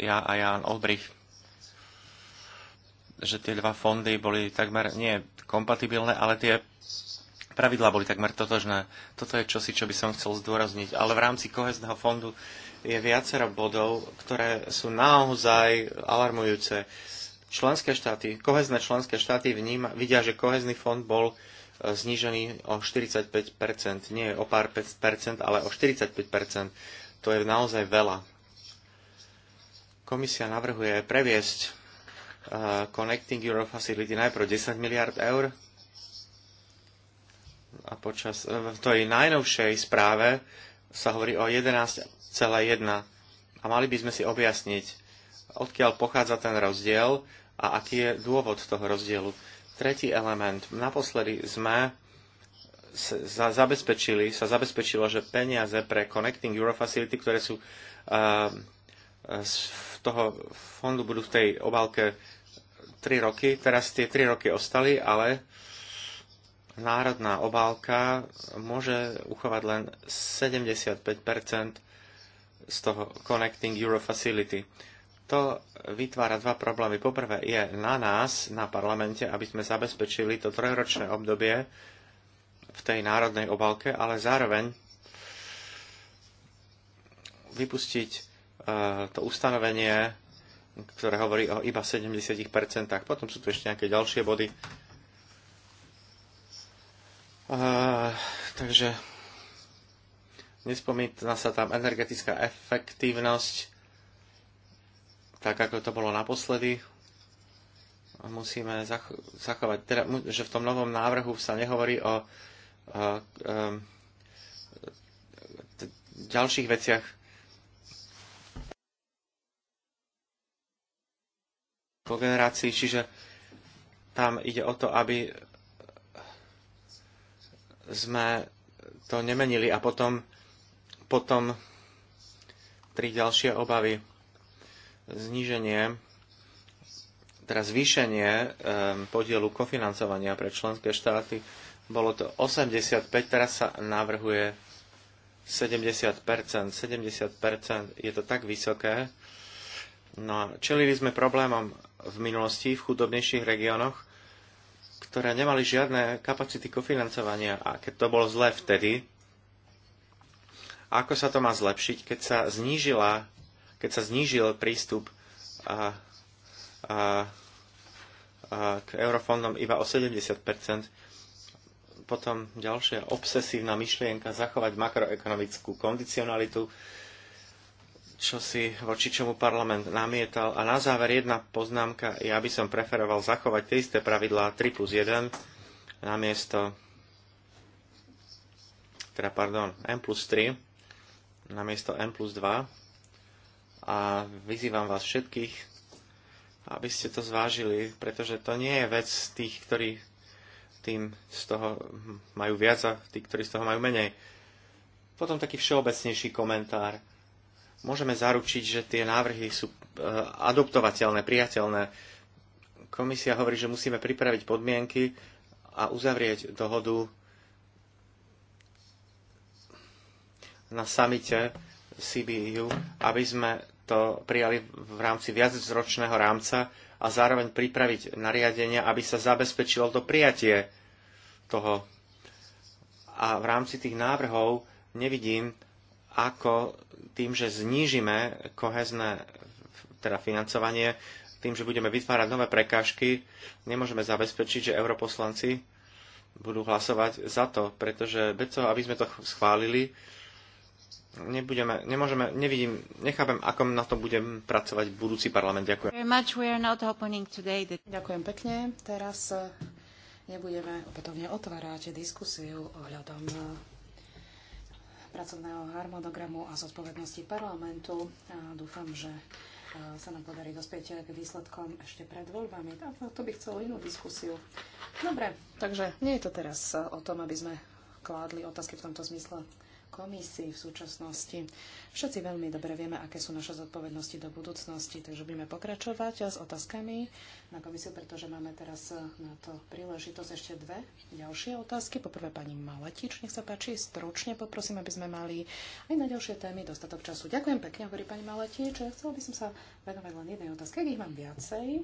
Ja a Jan Olbrich že tie dva fondy boli takmer nie kompatibilné, ale tie pravidlá boli takmer totožné. Toto je čosi, čo by som chcel zdôrazniť. Ale v rámci kohezného fondu je viacero bodov, ktoré sú naozaj alarmujúce. Členské štáty, kohezné členské štáty vníma, vidia, že kohezný fond bol e, znížený o 45%, nie o pár percent, ale o 45%. To je naozaj veľa. Komisia navrhuje previesť Uh, Connecting Europe Facility najprv 10 miliard eur a počas, eh, v tej najnovšej správe sa hovorí o 11,1 a mali by sme si objasniť, odkiaľ pochádza ten rozdiel a aký je dôvod toho rozdielu. Tretí element. Naposledy sme sa zabezpečili, sa zabezpečilo, že peniaze pre Connecting Euro Facility, ktoré sú uh, z toho fondu budú v tej obálke 3 roky, teraz tie 3 roky ostali, ale národná obálka môže uchovať len 75 z toho Connecting Euro Facility. To vytvára dva problémy. Poprvé je na nás, na parlamente, aby sme zabezpečili to trojročné obdobie v tej národnej obálke, ale zároveň vypustiť eh, to ustanovenie ktoré hovorí o iba 70%. Potom sú tu ešte nejaké ďalšie body. Uh, takže nespomína sa tam energetická efektívnosť, tak ako to bolo naposledy. Musíme zach- zachovať, teda, že v tom novom návrhu sa nehovorí o uh, um, ďalších veciach, po generácii, čiže tam ide o to, aby sme to nemenili a potom, potom tri ďalšie obavy. Zníženie, teraz zvýšenie ehm, podielu kofinancovania pre členské štáty bolo to 85, teraz sa navrhuje 70%. 70% je to tak vysoké. No a čelili sme problémom v minulosti v chudobnejších regiónoch, ktoré nemali žiadne kapacity kofinancovania. A keď to bolo zlé vtedy, ako sa to má zlepšiť, keď sa, znížila, keď sa znížil prístup a, a, a k eurofondom iba o 70 potom ďalšia obsesívna myšlienka zachovať makroekonomickú kondicionalitu, čo si voči čomu parlament namietal. A na záver jedna poznámka. Ja by som preferoval zachovať tie isté pravidlá 3 plus 1 namiesto teda pardon, M plus 3 namiesto M plus 2 a vyzývam vás všetkých, aby ste to zvážili, pretože to nie je vec tých, ktorí tým z toho majú viac a tí, ktorí z toho majú menej. Potom taký všeobecnejší komentár môžeme zaručiť, že tie návrhy sú e, adoptovateľné, priateľné. Komisia hovorí, že musíme pripraviť podmienky a uzavrieť dohodu na samite CBU, e aby sme to prijali v rámci viacročného rámca a zároveň pripraviť nariadenia, aby sa zabezpečilo to prijatie toho. A v rámci tých návrhov nevidím ako tým, že znížime kohezné teda financovanie, tým, že budeme vytvárať nové prekážky, nemôžeme zabezpečiť, že europoslanci budú hlasovať za to, pretože bez toho, aby sme to schválili, nebudeme, nemôžeme, nevidím, nechápem, ako na to budem pracovať budúci parlament. Ďakujem.
Ďakujem pekne. Teraz eh, nebudeme opätovne otvárať diskusiu ohľadom eh, pracovného harmonogramu a zodpovednosti parlamentu. A dúfam, že e, sa nám podarí dospieť e, k výsledkom ešte pred voľbami. A to by chcelo inú diskusiu. Dobre, takže nie je to teraz e, o tom, aby sme kládli otázky v tomto zmysle komisii v súčasnosti. Všetci veľmi dobre vieme, aké sú naše zodpovednosti do budúcnosti, takže budeme pokračovať s otázkami na komisiu, pretože máme teraz na to príležitosť ešte dve ďalšie otázky. Poprvé pani Maletič, nech sa páči, stručne poprosím, aby sme mali aj na ďalšie témy dostatok času. Ďakujem pekne, hovorí pani Maletič. Chcela by som sa venovať len jednej otázke, ak ich mám viacej.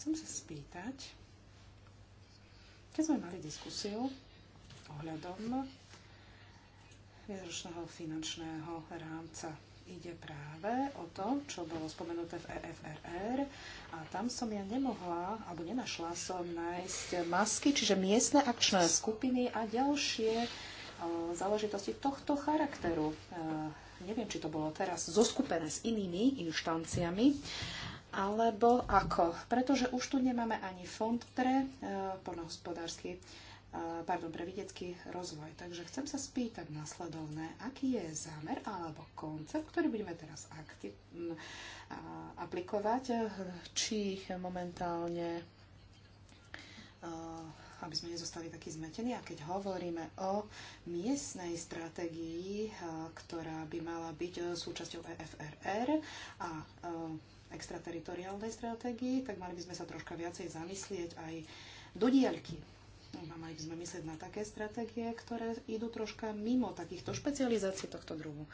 Chcem sa spýtať, keď sme mali diskusiu ohľadom výročného finančného rámca. Ide práve o to, čo bolo spomenuté v EFRR a tam som ja nemohla, alebo nenašla som nájsť masky, čiže miestne akčné skupiny a ďalšie e, záležitosti tohto charakteru. E, neviem, či to bolo teraz zoskupené s inými inštanciami, alebo ako? Pretože už tu nemáme ani fond pre e, poľnohospodársky Eh, pardon, pre vidiecký rozvoj. Takže chcem sa spýtať nasledovné, aký je zámer alebo koncept, ktorý budeme teraz aktiv- aplikovať, či momentálne eh, aby sme nezostali takí zmetení. A keď hovoríme o miestnej stratégii, eh, ktorá by mala byť súčasťou EFRR a extrateritoriálnej stratégii, tak mali by sme sa troška viacej zamyslieť aj do diaľky mali by sme myslieť na také stratégie, ktoré idú troška mimo takýchto špecializácií tohto druhu.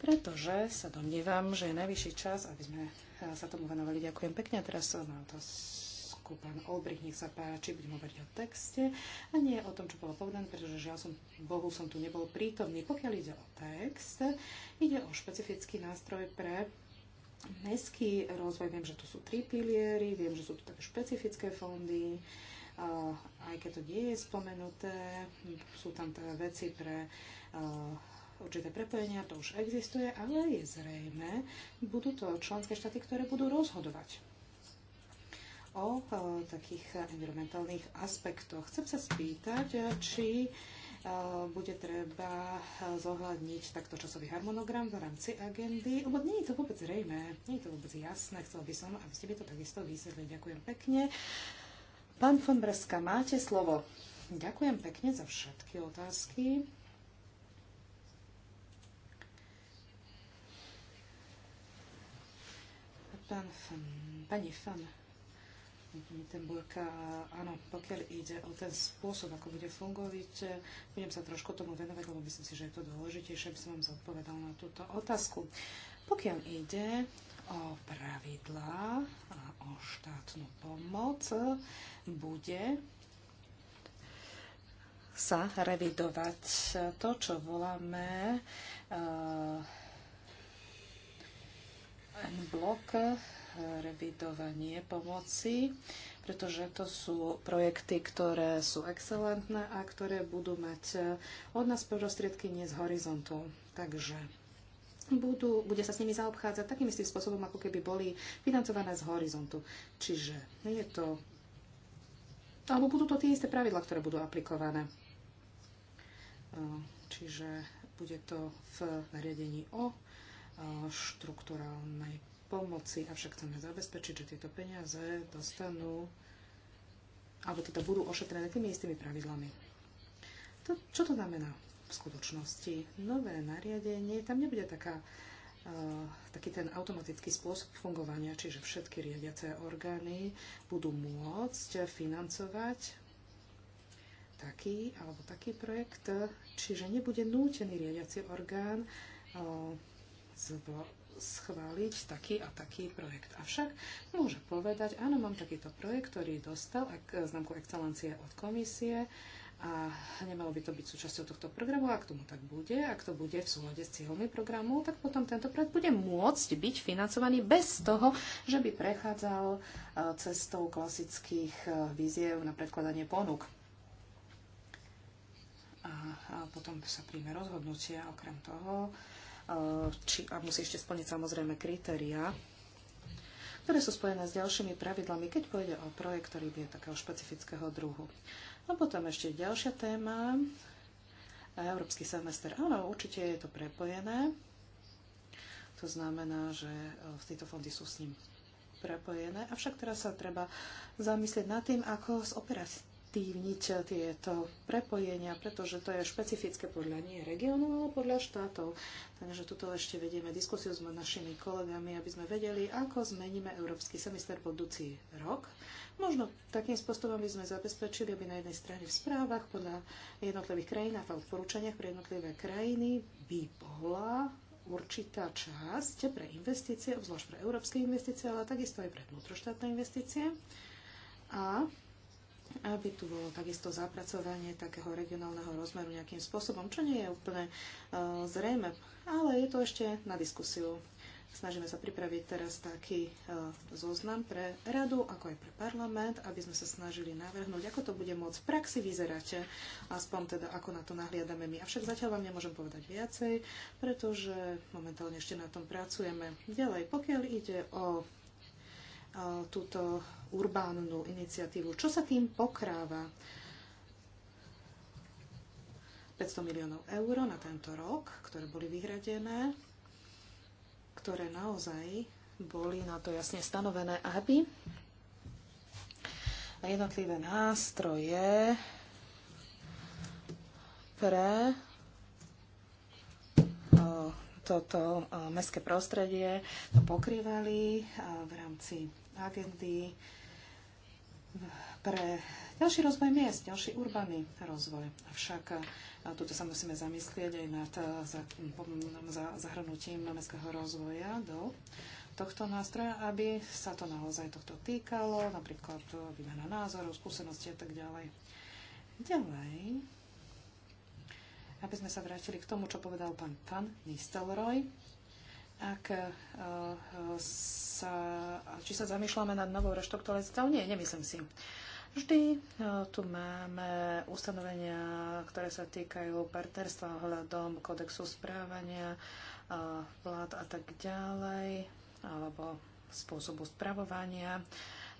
Pretože sa domnievam, že je najvyšší čas, aby sme eh, sa tomu venovali. Ďakujem pekne. A teraz na to otázku pán Olbrich, nech sa páči, budem hovoriť o texte a nie o tom, čo bolo povedané, pretože žiaľ som, Bohu som tu nebol prítomný. Pokiaľ ide o text, ide o špecifický nástroj pre mestský rozvoj. Viem, že tu sú tri piliery, viem, že sú tu také špecifické fondy, aj keď to nie je spomenuté, sú tam teda veci pre určité prepojenia, to už existuje, ale je zrejme, budú to členské štáty, ktoré budú rozhodovať o, takých environmentálnych aspektoch. Chcem sa spýtať, či bude treba zohľadniť takto časový harmonogram v rámci agendy, lebo nie je to vôbec zrejme, nie je to vôbec jasné. Chcela by som, aby ste mi to takisto vysvetlili. Ďakujem pekne. Pán von Breska, máte slovo. Ďakujem pekne za všetky otázky. Pán Fan, pani Fan, Mittenburg, áno, pokiaľ ide o ten spôsob, ako bude fungovať, budem sa trošku tomu venovať, lebo myslím si, že je to dôležitejšie, aby som vám zodpovedal na túto otázku. Pokiaľ ide o pravidlá a o štátnu pomoc bude sa revidovať to, čo voláme uh, eh, blok revidovanie pomoci, pretože to sú projekty, ktoré sú excelentné a ktoré budú mať od nás prostriedky nie z horizontu. Takže budú, bude sa s nimi zaobchádzať takým istým spôsobom, ako keby boli financované z horizontu. Čiže je to... Alebo budú to tie isté pravidla, ktoré budú aplikované. E, čiže bude to v nariadení o e, štruktúralnej pomoci, avšak chceme zabezpečiť, že tieto peniaze dostanú alebo teda budú ošetrené tými istými pravidlami. To, čo to znamená? v skutočnosti nové nariadenie, tam nebude taká, uh, taký ten automatický spôsob fungovania, čiže všetky riadiace orgány budú môcť financovať taký alebo taký projekt, čiže nebude nútený riadiaci orgán uh, schváliť taký a taký projekt. Avšak môže povedať, áno, mám takýto projekt, ktorý dostal ak, známku excelencie od komisie, a nemalo by to byť súčasťou tohto programu. Ak tomu tak bude, ak to bude v súhode s cieľmi programu, tak potom tento projekt bude môcť byť financovaný bez toho, že by prechádzal e, cestou klasických e, víziev na predkladanie ponúk. A, a potom sa príjme rozhodnutie, okrem toho, e, či, a musí ešte splniť samozrejme kritéria, ktoré sú spojené s ďalšími pravidlami, keď pôjde o projekt, ktorý je takého špecifického druhu. A potom ešte ďalšia téma, Európsky semester. Áno, určite je to prepojené. To znamená, že e, tieto fondy sú s ním prepojené. Avšak teraz sa treba zamyslieť nad tým, ako z aktívniť tieto prepojenia, pretože to je špecifické podľa nie regionu, ale podľa štátov. Takže tuto ešte vedieme diskusiu s našimi kolegami, aby sme vedeli, ako zmeníme európsky semester budúci rok. Možno takým spôsobom by sme zabezpečili, aby na jednej strane v správach podľa jednotlivých krajín a v odporúčaniach pre jednotlivé krajiny by bola určitá časť pre investície, obzvlášť pre európske investície, ale takisto aj pre vnútroštátne investície. A aby tu bolo takisto zapracovanie takého regionálneho rozmeru nejakým spôsobom, čo nie je úplne e, zrejme, ale je to ešte na diskusiu. Snažíme sa pripraviť teraz taký e, zoznam pre radu, ako aj pre parlament, aby sme sa snažili navrhnúť, ako to bude môcť v praxi vyzerať, aspoň teda ako na to nahliadame my. Avšak zatiaľ vám nemôžem povedať viacej, pretože momentálne ešte na tom pracujeme. Ďalej, pokiaľ ide o Eh, túto urbánnu iniciatívu. Čo sa tým pokráva? 500 miliónov eur na tento rok, ktoré boli vyhradené, ktoré naozaj boli na to jasne stanovené, aby jednotlivé nástroje pre eh, toto eh, mestské prostredie to pokrývali v rámci agendy pre ďalší rozvoj miest, ďalší urbaný rozvoj. Avšak e, tuto sa musíme zamyslieť aj nad e, zahrnutím mestského rozvoja do tohto nástroja, aby sa to naozaj tohto týkalo, napríklad e, výmena názorov, skúsenosti a tak ďalej. Ďalej, aby sme sa vrátili k tomu, čo povedal pán pán Nistelroj, ak eh, sa, či sa zamýšľame nad novou reštrukturalizáciou. Nie, nemyslím si. Vždy eh, tu máme ustanovenia, ktoré sa týkajú partnerstva ohľadom kodexu správania eh, vlád a tak ďalej, alebo spôsobu spravovania,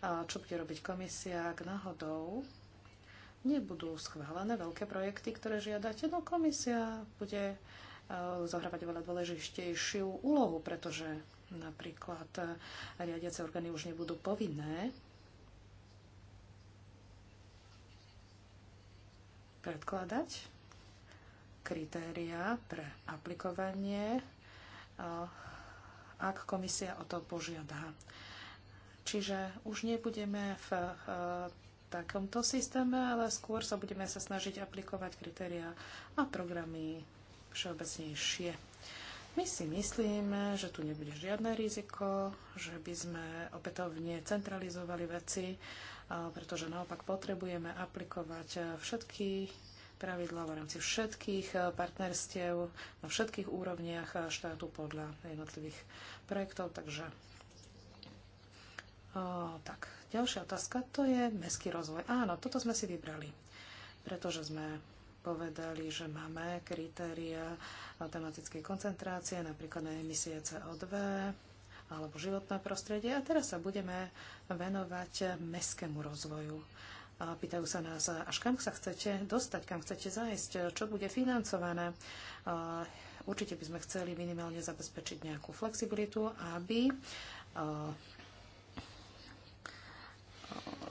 čo bude robiť komisia, ak náhodou nebudú schválené veľké projekty, ktoré žiadate, no komisia bude Eh, zohrávať oveľa dôležitejšiu úlohu, pretože napríklad eh, riadiace orgány už nebudú povinné predkladať kritéria pre aplikovanie, eh, ak komisia o to požiada. Čiže už nebudeme v takomto systéme, ale skôr sa budeme sa snažiť aplikovať kritéria a programy všeobecnejšie. My si myslíme, že tu nebude žiadne riziko, že by sme opätovne centralizovali veci, pretože naopak potrebujeme aplikovať všetky pravidla v rámci všetkých partnerstiev na všetkých úrovniach štátu podľa jednotlivých projektov. Takže o, tak, ďalšia otázka to je mestský rozvoj. Áno, toto sme si vybrali, pretože sme povedali, že máme kritéria tematickej koncentrácie, napríklad na emisie CO2 alebo životné prostredie. A teraz sa budeme venovať mestskému rozvoju. A pýtajú sa nás, až kam sa chcete dostať, kam chcete zájsť, čo bude financované. A určite by sme chceli minimálne zabezpečiť nejakú flexibilitu, aby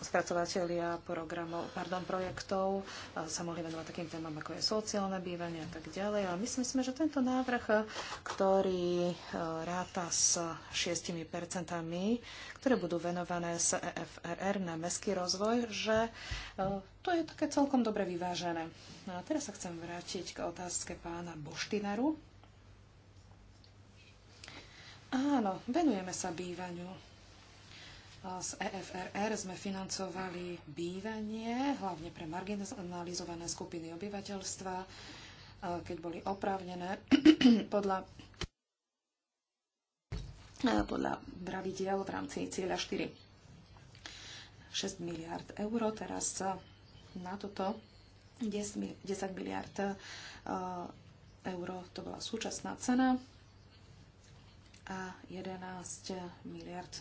spracovateľia programov, pardon, projektov e, sa mohli venovať takým témam, ako je sociálne bývanie a tak ďalej. A my si myslíme, že tento návrh, e, ktorý e, ráta s 6 percentami, ktoré budú venované z EFRR na mestský rozvoj, že to je také celkom dobre vyvážené. No a teraz sa chcem vrátiť k otázke pána Boštinaru. Áno, venujeme sa bývaniu z EFRR sme financovali bývanie, hlavne pre marginalizované skupiny obyvateľstva, keď boli oprávnené podľa podľa pravidiel v rámci cieľa 4. 6 miliard eur, teraz na toto 10, 10 miliard eur, to bola súčasná cena a 11 miliard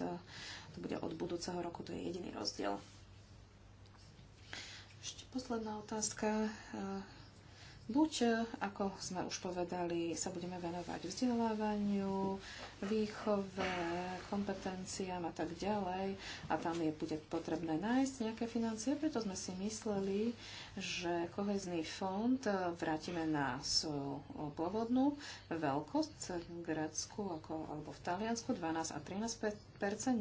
to bude od budúceho roku, to je jediný rozdiel. Ešte posledná otázka. E, buď, e, ako sme už povedali, sa budeme venovať vzdelávaniu, výchove, kompetenciám a tak ďalej a tam je bude potrebné nájsť nejaké financie, preto sme si mysleli, že kohezný fond e, vrátime na svoju e, pôvodnú veľkosť e, v Grécku ako, alebo v Taliansku 12 a 13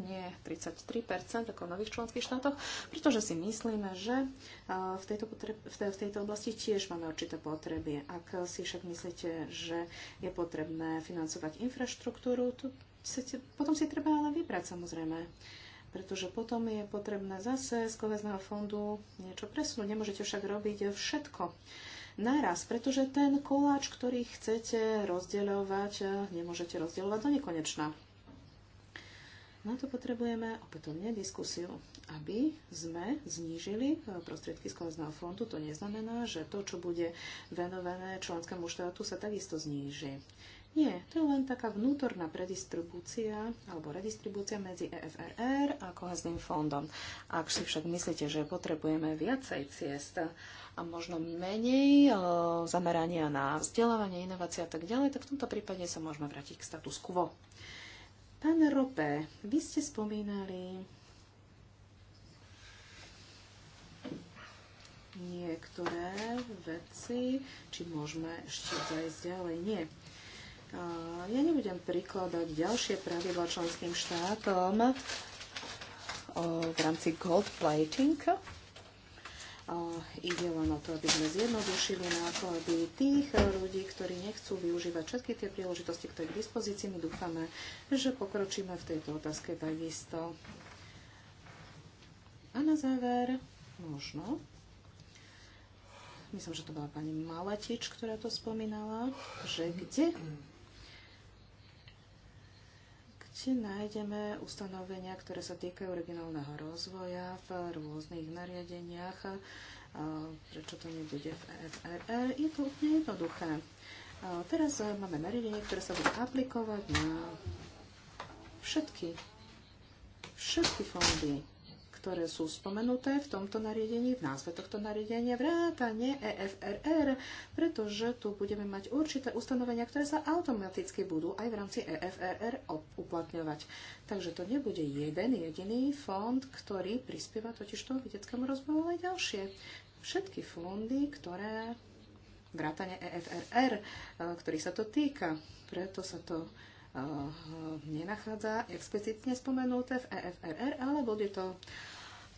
nie 33 ako v nových členských štátoch, pretože si myslíme, že v tejto, potreb, v, tej, v tejto oblasti tiež máme určité potreby. Ak si však myslíte, že je potrebné financovať infraštruktúru, tu si, potom si treba ale vybrať samozrejme pretože potom je potrebné zase z kohezného fondu niečo presunúť. Nemôžete však robiť všetko naraz, pretože ten koláč, ktorý chcete rozdeľovať, nemôžete rozdeľovať do nekonečna. Na to potrebujeme opätovne diskusiu, aby sme znížili e, prostriedky z kohezného fondu. To neznamená, že to, čo bude venované členskému štátu, sa takisto zníži. Nie, to je len taká vnútorná predistribúcia alebo redistribúcia medzi EFRR a kohezným fondom. Ak si však myslíte, že potrebujeme viacej ciest a možno menej e, zamerania na vzdelávanie, inovácie a tak ďalej, tak v tomto prípade sa môžeme vrátiť k status quo. Pán Rope, vy ste spomínali niektoré veci, či môžeme ešte zajsť ďalej. Nie. Ja nebudem prikladať ďalšie pravidla členským štátom v rámci gold plating. Ide len o to, aby sme zjednodušili náklady tých ľudí, ktorí nechcú využívať všetky tie príležitosti, ktoré k dispozícii. My dúfame, že pokročíme v tejto otázke takisto. A na záver, možno, myslím, že to bola pani Malatič, ktorá to spomínala, že kde si nájdeme ustanovenia, ktoré sa týkajú regionálneho rozvoja v rôznych nariadeniach. Prečo to nebude v e FRR? E? Je to úplne jednoduché. Teraz e, máme nariadenie, ktoré sa bude aplikovať na všetky, všetky fondy ktoré sú spomenuté v tomto nariadení, v názve tohto nariadenia, vrátane EFRR, pretože tu budeme mať určité ustanovenia, ktoré sa automaticky budú aj v rámci EFRR uplatňovať. Takže to nebude jeden jediný fond, ktorý prispieva totiž totižto vedeckému rozvoju aj ďalšie. Všetky fondy, ktoré vrátane EFRR, e, ktorý sa to týka. Preto sa to nenachádza explicitne spomenuté v EFRR, ale bude to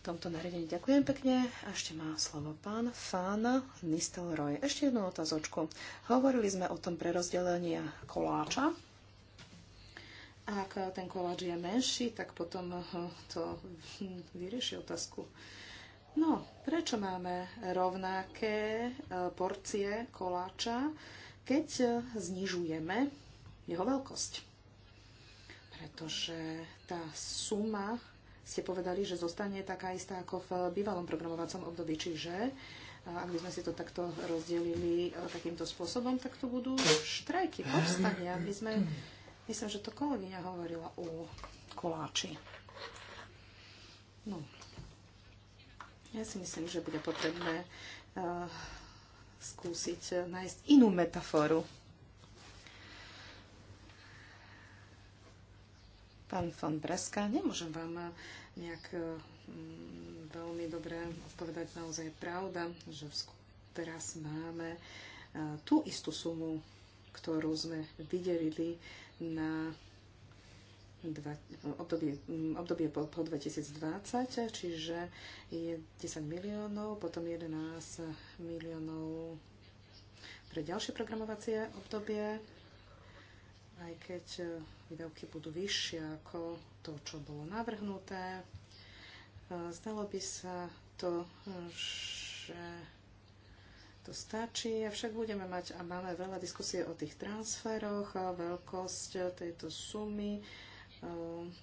v tomto nariadení. Ďakujem pekne. ešte má slovo pán Fán Nistelroj. Ešte jednu otázočku. Hovorili sme o tom prerozdelení koláča. Ak ten koláč je menší, tak potom eh, to vyrieši otázku. No, prečo máme rovnaké eh, porcie koláča, keď eh, znižujeme jeho veľkosť. Pretože tá suma, ste povedali, že zostane taká istá ako v bývalom programovacom období, čiže ak by sme si to takto rozdelili e, takýmto spôsobom, tak to budú štrajky, povstania. My sme, myslím, že to kolegyňa hovorila o koláči. No. Ja si myslím, že bude potrebné uh, skúsiť e, nájsť inú metaforu Pán von Breska, nemôžem vám nejak e, mm, veľmi dobre odpovedať. Naozaj je pravda, že teraz máme e, tú istú sumu, ktorú sme vydelili na dva, obdobie, mm, obdobie po, po 2020, čiže je 10 miliónov, potom 11 miliónov pre ďalšie programovacie obdobie, aj keď e, výdavky budú vyššie ako to, čo bolo navrhnuté. E, zdalo by sa to, e, že to stačí, avšak budeme mať a máme veľa diskusie o tých transferoch, a veľkosť tejto sumy e,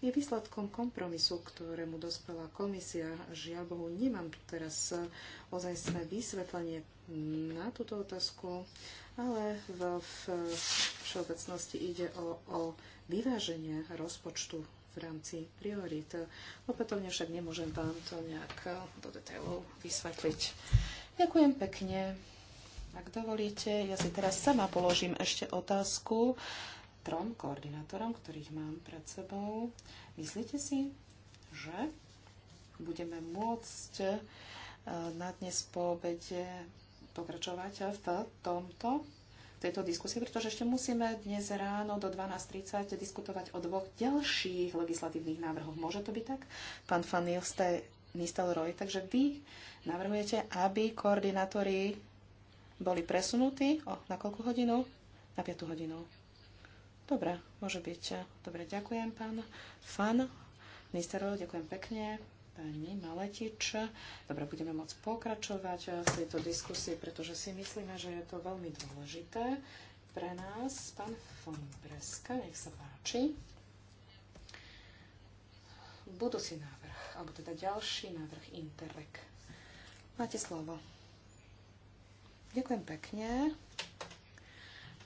je výsledkom kompromisu, ktorému dospela komisia. Žiaľ Bohu, nemám tu teraz ozajstné vysvetlenie na túto otázku ale v, všeobecnosti ide o, o vyváženie rozpočtu v rámci priorít. Opätovne však nemôžem vám to nejak do detailov vysvetliť. Ďakujem pekne. Ak dovolíte, ja si teraz sama položím ešte otázku trom koordinátorom, ktorých mám pred sebou. Myslíte si, že budeme môcť eh, na dnes po obede pokračovať v tomto v tejto diskusie, pretože ešte musíme dnes ráno do 12.30 diskutovať o dvoch ďalších legislatívnych návrhoch. Môže to byť tak? Pán Nistel Roy, takže vy navrhujete, aby koordinátori boli presunutí o, na koľku hodinu? Na 5 hodinu. Dobre, môže byť. Dobre, ďakujem, pán Fan Roy, ďakujem pekne pani Maletič. Dobre, budeme môcť pokračovať v tejto diskusii, pretože si myslíme, že je to veľmi dôležité pre nás. Pán von Breska, nech sa páči. Budúci návrh, alebo teda ďalší návrh Interreg. Máte slovo. Ďakujem pekne.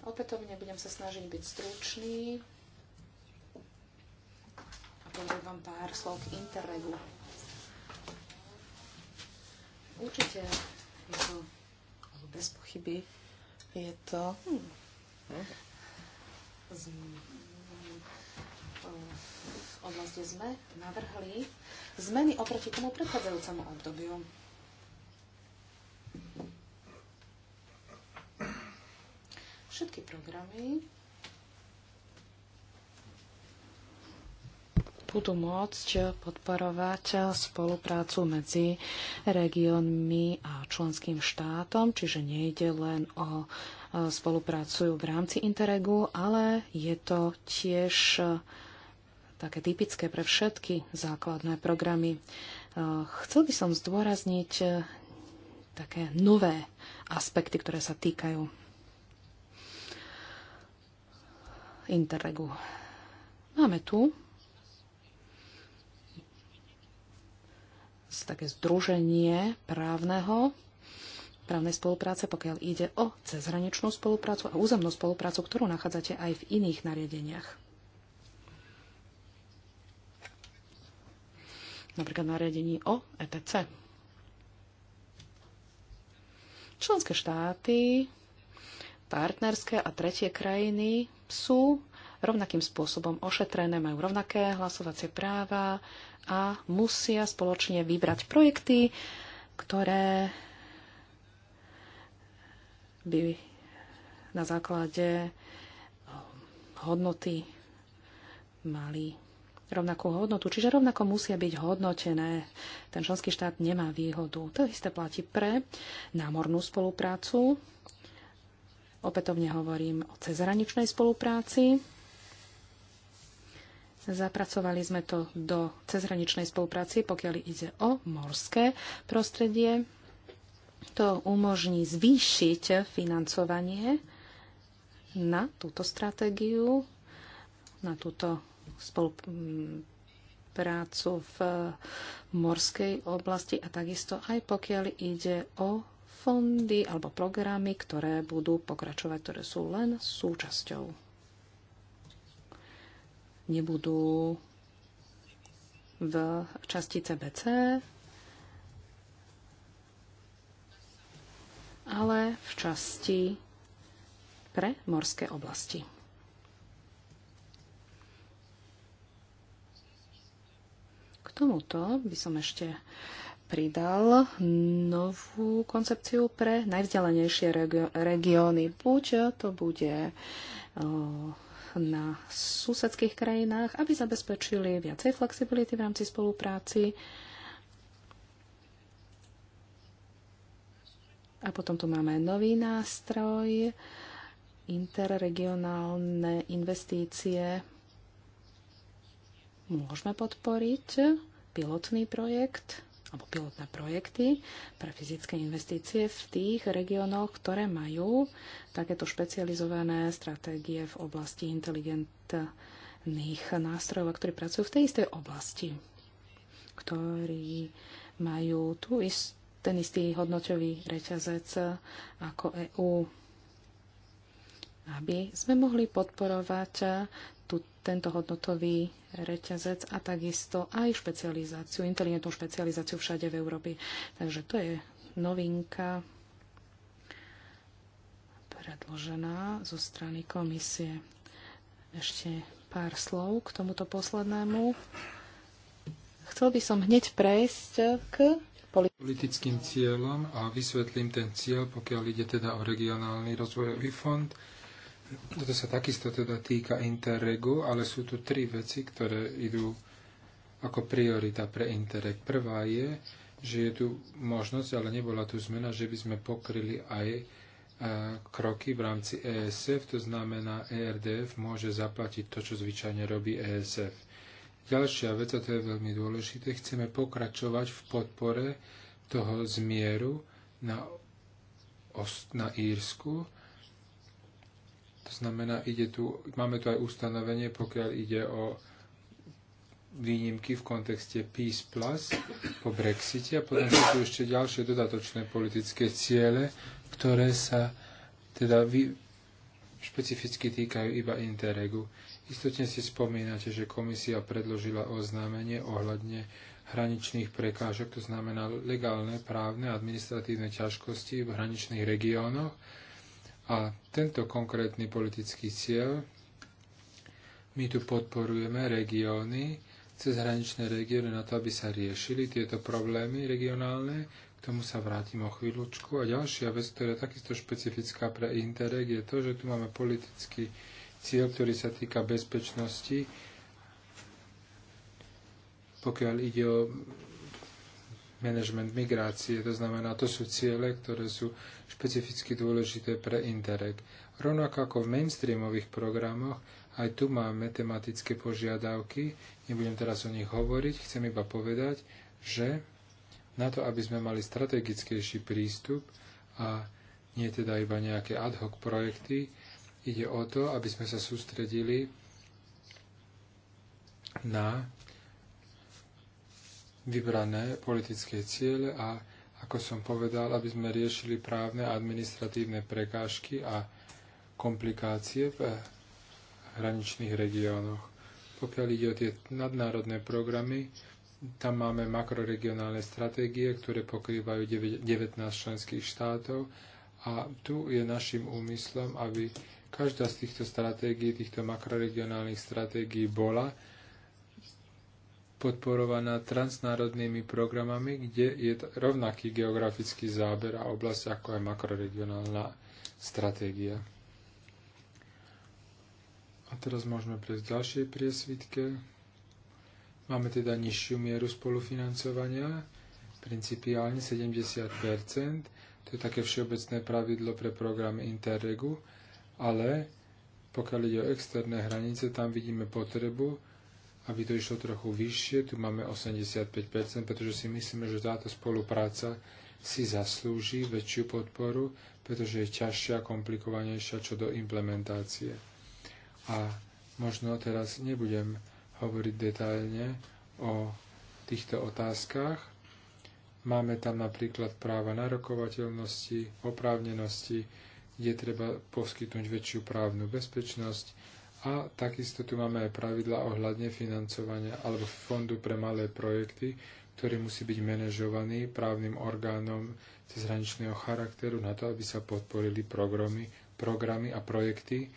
Opätovne budem sa snažiť byť stručný povedať vám pár slov k Interregu. Určite je to bez pochyby. Je to... Hmm. Hm. kde eh, sme navrhli zmeny oproti tomu predchádzajúcemu obdobiu. Všetky programy budú môcť podporovať spoluprácu medzi regiónmi a členským štátom, čiže nejde len o e, spoluprácu v rámci Interregu, ale je to tiež e, také typické pre všetky základné programy. E, chcel by som zdôrazniť také nové aspekty, ktoré sa týkajú Interregu. Máme tu také združenie právneho, právnej spolupráce, pokiaľ ide o cezhraničnú spoluprácu a územnú spoluprácu, ktorú nachádzate aj v iných nariadeniach. Napríklad nariadení o ETC. Členské štáty, partnerské a tretie krajiny sú rovnakým spôsobom ošetrené, majú rovnaké hlasovacie práva a musia spoločne vybrať projekty, ktoré by na základe um, hodnoty mali rovnakú hodnotu, čiže rovnako musia byť hodnotené. Ten členský štát nemá výhodu. To isté platí pre námornú spoluprácu. Opätovne hovorím o cezhraničnej spolupráci. Zapracovali sme to do cezhraničnej spolupráci, pokiaľ ide o morské prostredie. To umožní zvýšiť financovanie na túto stratégiu, na túto spoluprácu v morskej oblasti a takisto aj pokiaľ ide o fondy alebo programy, ktoré budú pokračovať, ktoré sú len súčasťou nebudú v časti CBC, ale v časti pre morské oblasti. K tomuto by som ešte pridal novú koncepciu pre najvzdialenejšie regióny. Buď to bude na susedských krajinách, aby zabezpečili viacej flexibility v rámci spolupráci. A potom tu máme nový nástroj, interregionálne investície môžeme podporiť, pilotný projekt alebo pilotné projekty pre fyzické investície v tých regiónoch, ktoré majú takéto špecializované stratégie v oblasti inteligentných nástrojov, ktorí pracujú v tej istej oblasti, ktorí majú tu ist, ten istý hodnoťový reťazec ako EÚ aby sme mohli podporovať tu tento hodnotový reťazec a takisto aj špecializáciu, inteligentnú špecializáciu všade v Európe. Takže to je novinka predložená zo strany komisie. Ešte pár slov k tomuto poslednému. Chcel by som hneď prejsť k
politickým cieľom a vysvetlím ten cieľ, pokiaľ ide teda o regionálny rozvojový fond. Toto sa takisto teda týka Interregu, ale sú tu tri veci, ktoré idú ako priorita pre Interreg. Prvá je, že je tu možnosť, ale nebola tu zmena, že by sme pokryli aj e, kroky v rámci ESF, to znamená ERDF môže zaplatiť to, čo zvyčajne robí ESF. Ďalšia vec, a to je veľmi dôležité, chceme pokračovať v podpore toho zmieru na, na Írsku, to znamená, ide tu, máme tu aj ustanovenie, pokiaľ ide o výnimky v kontexte Peace Plus po Brexite a potom sú tu ešte ďalšie dodatočné politické ciele, ktoré sa teda vy, špecificky týkajú iba Interregu. Istotne si spomínate, že komisia predložila oznámenie ohľadne hraničných prekážok, to znamená legálne, právne a administratívne ťažkosti v hraničných regiónoch a tento konkrétny politický cieľ my tu podporujeme regióny, cezhraničné regióny na to, aby sa riešili tieto problémy regionálne. K tomu sa vrátim o chvíľočku. A ďalšia vec, ktorá je takisto špecifická pre Interreg, je to, že tu máme politický cieľ, ktorý sa týka bezpečnosti, pokiaľ ide o management migrácie. To znamená, to sú ciele, ktoré sú špecificky dôležité pre Interreg. Rovnako ako v mainstreamových programoch, aj tu máme tematické požiadavky. Nebudem teraz o nich hovoriť, chcem iba povedať, že na to, aby sme mali strategickejší prístup a nie teda iba nejaké ad hoc projekty, ide o to, aby sme sa sústredili na vybrané politické ciele a, ako som povedal, aby sme riešili právne a administratívne prekážky a komplikácie v hraničných regiónoch. Pokiaľ ide o tie nadnárodné programy, tam máme makroregionálne stratégie, ktoré pokrývajú 19 členských štátov a tu je našim úmyslom, aby každá z týchto stratégií, týchto makroregionálnych stratégií bola podporovaná transnárodnými programami, kde je rovnaký geografický záber a oblasť ako aj makroregionálna stratégia. A teraz môžeme prejsť k ďalšej priesvitke. Máme teda nižšiu mieru spolufinancovania, principiálne 70 to je také všeobecné pravidlo pre programy Interregu, ale pokiaľ ide o externé hranice, tam vidíme potrebu aby to išlo trochu vyššie. Tu máme 85%, pretože si myslíme, že táto spolupráca si zaslúži väčšiu podporu, pretože je ťažšia, komplikovanejšia čo do implementácie. A možno teraz nebudem hovoriť detailne o týchto otázkach. Máme tam napríklad práva narokovateľnosti, oprávnenosti, kde treba poskytnúť väčšiu právnu bezpečnosť, a takisto tu máme aj pravidla ohľadne financovania alebo fondu pre malé projekty, ktorý musí byť manažovaný právnym orgánom cezhraničného charakteru na to, aby sa podporili programy, programy a projekty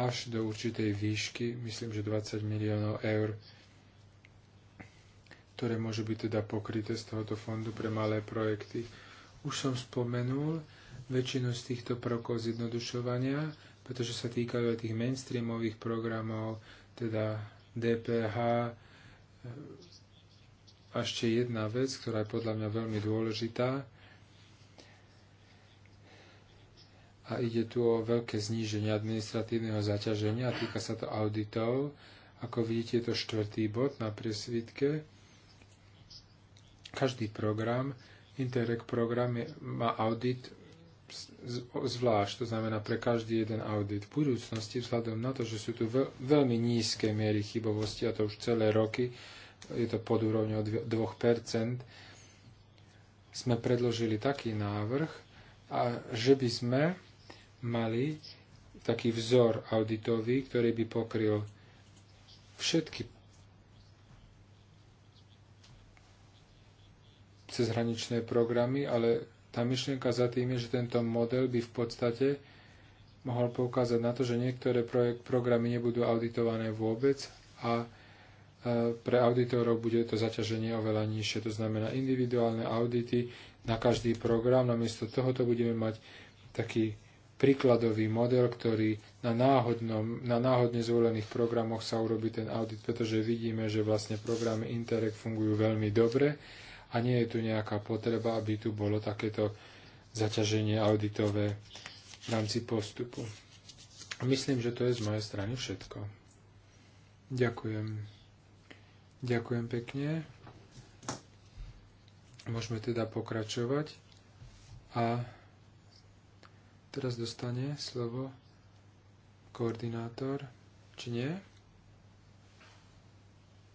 až do určitej výšky, myslím, že 20 miliónov eur, ktoré môžu byť teda pokryté z tohoto fondu pre malé projekty. Už som spomenul väčšinu z týchto prokov zjednodušovania, pretože sa týkajú aj tých mainstreamových programov, teda DPH. A ešte jedna vec, ktorá je podľa mňa veľmi dôležitá, a ide tu o veľké zníženie administratívneho zaťaženia a týka sa to auditov. Ako vidíte, je to štvrtý bod na presvitke. Každý program, Interreg program je, má audit zvlášť, to znamená pre každý jeden audit. V budúcnosti, vzhľadom na to, že sú tu veľmi nízke miery chybovosti, a to už celé roky, je to pod úrovňou 2%, sme predložili taký návrh, a že by sme mali taký vzor auditový, ktorý by pokryl všetky cezhraničné programy, ale tá myšlienka za tým je, že tento model by v podstate mohol poukázať na to, že niektoré projekt, programy nebudú auditované vôbec a e, pre auditorov bude to zaťaženie oveľa nižšie. To znamená individuálne audity na každý program. Namiesto tohoto budeme mať taký príkladový model, ktorý na, náhodnom, na náhodne zvolených programoch sa urobí ten audit, pretože vidíme, že vlastne programy Interreg fungujú veľmi dobre a nie je tu nejaká potreba, aby tu bolo takéto zaťaženie auditové v rámci postupu. Myslím, že to je z mojej strany všetko. Ďakujem. Ďakujem pekne. Môžeme teda pokračovať. A teraz dostane slovo koordinátor, či nie?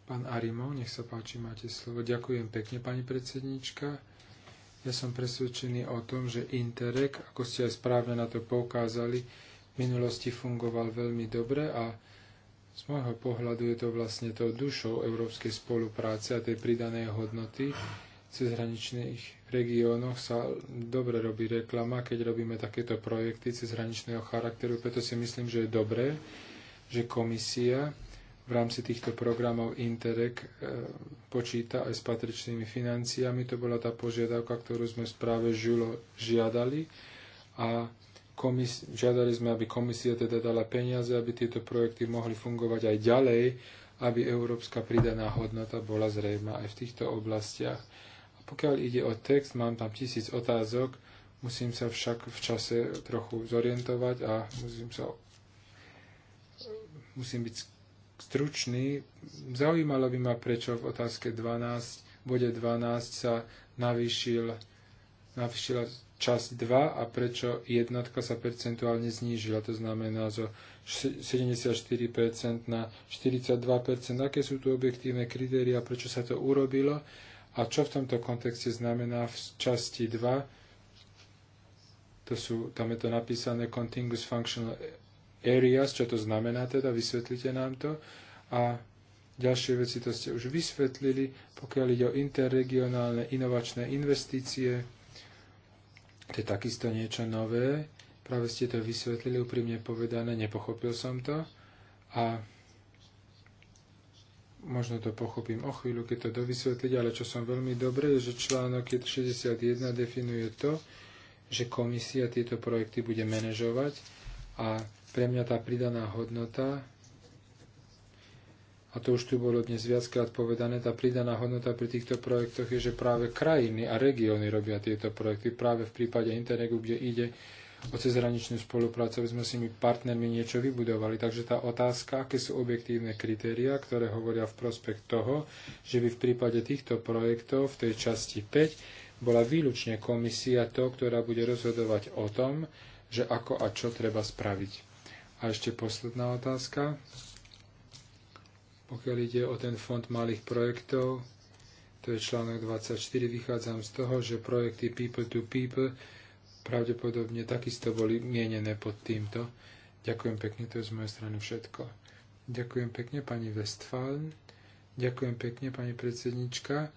Pán Arimo, nech sa páči, máte slovo. Ďakujem pekne, pani predsednička. Ja som presvedčený o tom, že Interreg, ako ste aj správne na to poukázali, v minulosti fungoval veľmi dobre a z môjho pohľadu je to vlastne tou dušou európskej spolupráce a tej pridanej hodnoty. V cezhraničných regiónoch sa dobre robí reklama, keď robíme takéto projekty cezhraničného charakteru, preto si myslím, že je dobré, že komisia v rámci týchto programov Interreg e, počíta aj s patričnými financiami. To bola tá požiadavka, ktorú sme v správe Žulo žiadali a komis- žiadali sme, aby komisia teda dala peniaze, aby tieto projekty mohli fungovať aj ďalej, aby európska pridaná hodnota bola zrejma aj v týchto oblastiach. A pokiaľ ide o text, mám tam tisíc otázok, musím sa však v čase trochu zorientovať a musím sa musím byť stručný. Zaujímalo by ma, prečo v otázke 12, bode 12 sa navýšil, navýšila časť 2 a prečo jednotka sa percentuálne znížila, to znamená zo 74% na 42%. Aké sú tu objektívne kritéria, prečo sa to urobilo a čo v tomto kontexte znamená v časti 2, to sú, tam je to napísané Continuous Functional Erias, čo to znamená teda, vysvetlite nám to. A ďalšie veci to ste už vysvetlili, pokiaľ ide o interregionálne inovačné investície, to je takisto niečo nové, práve ste to vysvetlili, úprimne povedané, nepochopil som to. A možno to pochopím o chvíľu, keď to dovysvetliť, ale čo som veľmi dobre, je, že článok 61 definuje to, že komisia tieto projekty bude manažovať a pre mňa tá pridaná hodnota, a to už tu bolo dnes viackrát povedané, tá pridaná hodnota pri týchto projektoch je, že práve krajiny a regióny robia tieto projekty. Práve v prípade Interregu, kde ide o cezhraničnú spoluprácu, aby sme s tými partnermi niečo vybudovali. Takže tá otázka, aké sú objektívne kritériá, ktoré hovoria v prospekt toho, že by v prípade týchto projektov v tej časti 5 bola výlučne komisia to, ktorá bude rozhodovať o tom, že ako a čo treba spraviť. A ešte posledná otázka. Pokiaľ ide o ten fond malých projektov, to je článok 24, vychádzam z toho, že projekty People to People pravdepodobne takisto boli mienené pod týmto. Ďakujem pekne, to je z mojej strany všetko. Ďakujem pekne pani Westfalen. Ďakujem pekne pani predsednička.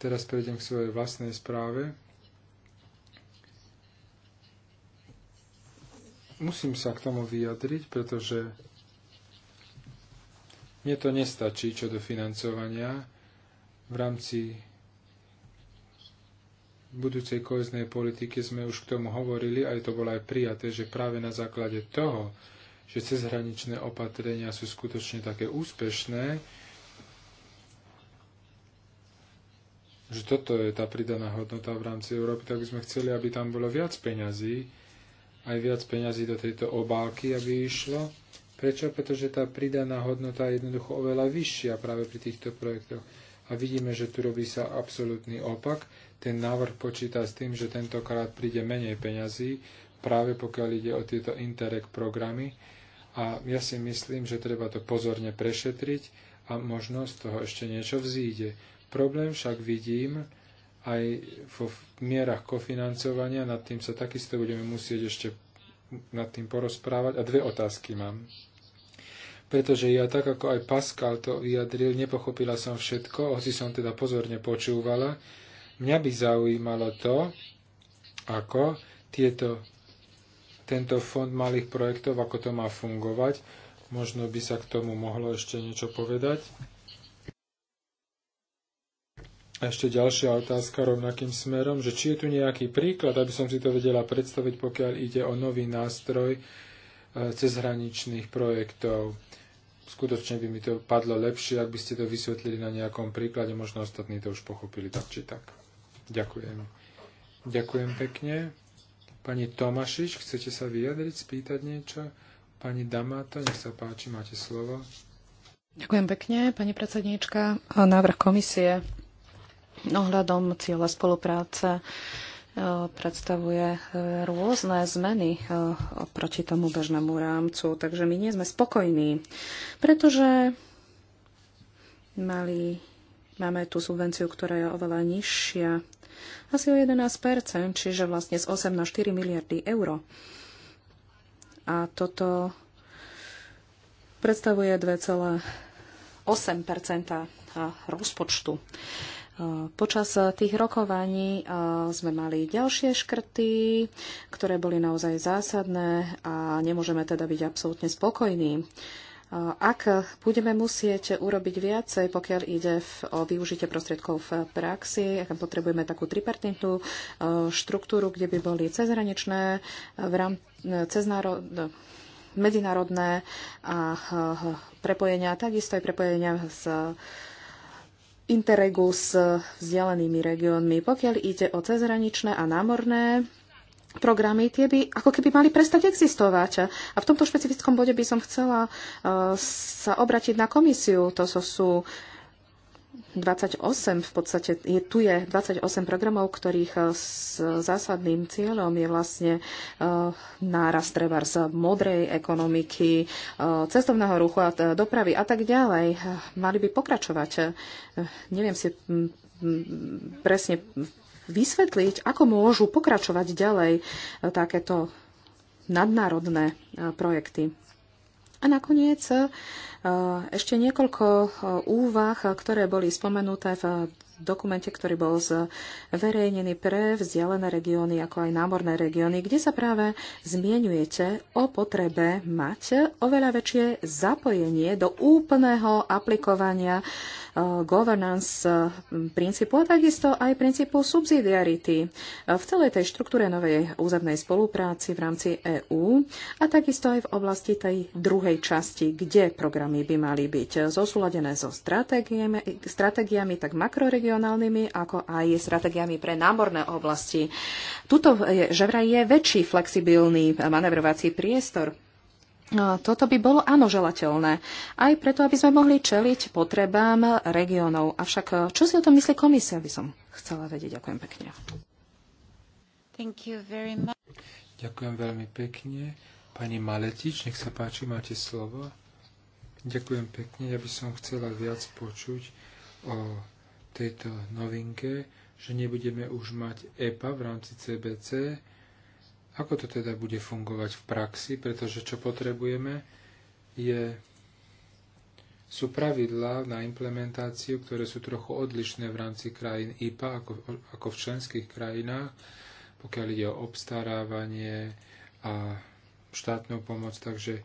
Teraz prejdem k svojej vlastnej správe. musím sa k tomu vyjadriť, pretože mne to nestačí, čo do financovania v rámci budúcej koheznej politiky sme už k tomu hovorili, aj to bolo aj prijaté, že práve na základe toho, že cezhraničné opatrenia sú skutočne také úspešné, že toto je tá pridaná hodnota v rámci Európy, tak by sme chceli, aby tam bolo viac peňazí, aj viac peňazí do tejto obálky, aby išlo. Prečo? Pretože tá pridaná hodnota je jednoducho oveľa vyššia práve pri týchto projektoch. A vidíme, že tu robí sa absolútny opak. Ten návrh počíta s tým, že tentokrát príde menej peňazí, práve pokiaľ ide o tieto Interreg programy. A ja si myslím, že treba to pozorne prešetriť a možno z toho ešte niečo vzíde. Problém však vidím aj vo mierach kofinancovania, nad tým sa takisto budeme musieť ešte nad tým porozprávať. A dve otázky mám. Pretože ja tak, ako aj Pascal to vyjadril, nepochopila som všetko, hoci som teda pozorne počúvala. Mňa by zaujímalo to, ako tieto, tento fond malých projektov, ako to má fungovať. Možno by sa k tomu mohlo ešte niečo povedať ešte ďalšia otázka rovnakým smerom, že či je tu nejaký príklad, aby som si to vedela predstaviť, pokiaľ ide o nový nástroj e, cezhraničných projektov. Skutočne by mi to padlo lepšie, ak by ste to vysvetlili na nejakom príklade, možno ostatní to už pochopili tak či tak. Ďakujem. Ďakujem pekne. Pani Tomašič, chcete sa vyjadriť, spýtať niečo? Pani Damato, nech sa páči, máte slovo.
Ďakujem pekne, pani predsedníčka. Návrh komisie ohľadom cieľa spolupráce e, predstavuje e, rôzne zmeny e, oproti tomu bežnému rámcu. Takže my nie sme spokojní, pretože mali, máme tú subvenciu, ktorá je oveľa nižšia, asi o 11%, čiže vlastne z 8 na 4 miliardy eur. A toto predstavuje 2,8% rozpočtu. Uh, Počas eh, tých rokovaní eh, sme mali ďalšie škrty, ktoré boli naozaj zásadné a nemôžeme teda byť absolútne spokojní. Eh, ak budeme musieť urobiť viacej, pokiaľ ide o využitie prostriedkov v praxi, ak potrebujeme takú tripartitnú štruktúru, kde by boli cezhraničné, ceznárod, no, medzinárodné a prepojenia, takisto aj prepojenia s Interregu s vzdialenými regiónmi. Pokiaľ ide o cezhraničné a námorné programy, tie by ako keby mali prestať existovať. A v tomto špecifickom bode by som chcela uh, sa obratiť na komisiu. To sú 28 v podstate, je, tu je 28 programov, ktorých eh, s zásadným cieľom je vlastne uh, nárast treba z modrej ekonomiky, uh, cestovného ruchu a dopravy a tak ďalej. Mali by pokračovať. Uh, neviem si m, mm, m, mm, presne vysvetliť, ako môžu pokračovať ďalej takéto nadnárodné projekty. A nakoniec e, ešte niekoľko e, úvah, ktoré boli spomenuté v dokumente, ktorý bol zverejnený pre vzdialené regióny, ako aj námorné regióny, kde sa práve zmienujete o potrebe mať oveľa väčšie zapojenie do úplného aplikovania Eh, governance eh, princípu a takisto aj princípu subsidiarity eh, v celej tej štruktúre novej územnej spolupráci v rámci EÚ a takisto aj v oblasti tej druhej časti, kde programy by mali byť zosúladené so stratégiami, stratégiami tak makroregionálnymi, ako aj stratégiami pre námorné oblasti. Tuto že vraj je väčší flexibilný manevrovací priestor toto by bolo áno želateľné, aj preto, aby sme mohli čeliť potrebám regiónov. Avšak eh, čo si o tom myslí komisia, by som chcela vedieť. Ďakujem pekne.
Ďakujem veľmi pekne. Pani Maletič, nech sa páči, máte slovo. Ďakujem pekne. Ja by som chcela viac počuť o tejto novinke, že nebudeme už mať EPA v rámci CBC, ako to teda bude fungovať v praxi, pretože čo potrebujeme je, sú pravidlá na implementáciu, ktoré sú trochu odlišné v rámci krajín IPA ako, ako v členských krajinách, pokiaľ ide o obstarávanie a štátnu pomoc, takže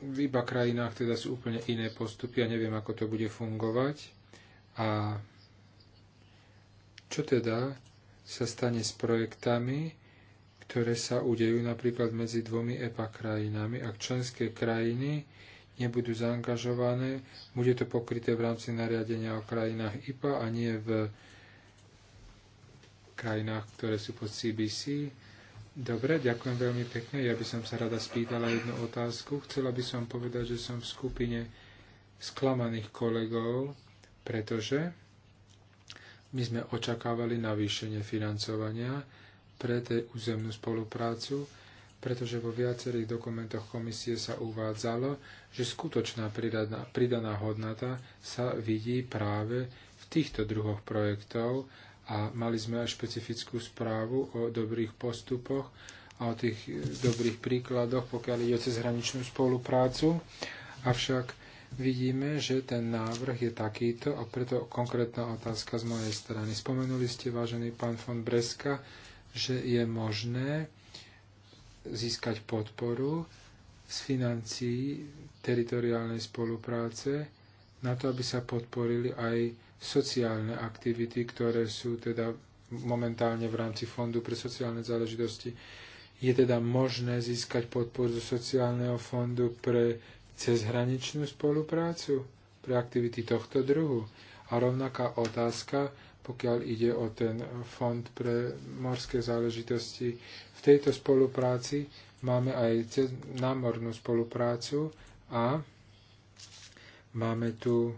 v iba krajinách teda sú úplne iné postupy a neviem, ako to bude fungovať. A čo teda sa stane s projektami, ktoré sa udejú napríklad medzi dvomi EPA krajinami? Ak členské krajiny nebudú zaangažované, bude to pokryté v rámci nariadenia o krajinách IPA a nie v krajinách, ktoré sú pod CBC. Dobre, ďakujem veľmi pekne. Ja by som sa rada spýtala jednu otázku. Chcela by som povedať, že som v skupine sklamaných kolegov, pretože my sme očakávali navýšenie financovania pre tej územnú spoluprácu, pretože vo viacerých dokumentoch komisie sa uvádzalo, že skutočná pridaná, pridaná hodnota sa vidí práve v týchto druhoch projektov a mali sme aj špecifickú správu o dobrých postupoch a o tých dobrých príkladoch, pokiaľ ide o cezhraničnú spoluprácu. Avšak vidíme, že ten návrh je takýto a preto konkrétna otázka z mojej strany. Spomenuli ste, vážený pán von Breska, že je možné získať podporu z financií teritoriálnej spolupráce na to, aby sa podporili aj sociálne aktivity, ktoré sú teda momentálne v rámci Fondu pre sociálne záležitosti. Je teda možné získať podporu zo sociálneho fondu pre cez hraničnú spoluprácu pre aktivity tohto druhu. A rovnaká otázka, pokiaľ ide o ten fond pre morské záležitosti. V tejto spolupráci máme aj cez námornú spoluprácu a máme tu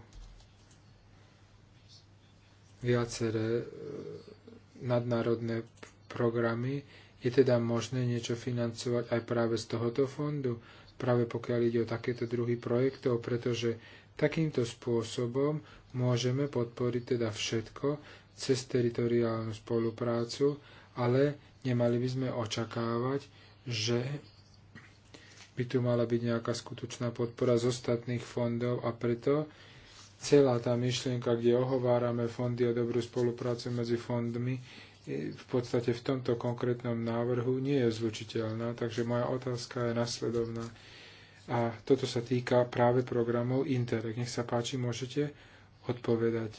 viaceré e, nadnárodné programy, je teda možné niečo financovať aj práve z tohoto fondu práve pokiaľ ide o takéto druhy projektov, pretože takýmto spôsobom môžeme podporiť teda všetko cez teritoriálnu spoluprácu, ale nemali by sme očakávať, že by tu mala byť nejaká skutočná podpora z ostatných fondov a preto celá tá myšlienka, kde ohovárame fondy a dobrú spoluprácu medzi fondmi, v podstate v tomto konkrétnom návrhu nie je zlučiteľná, takže moja otázka je nasledovná. A toto sa týka práve programov Interreg. Nech sa páči, môžete odpovedať.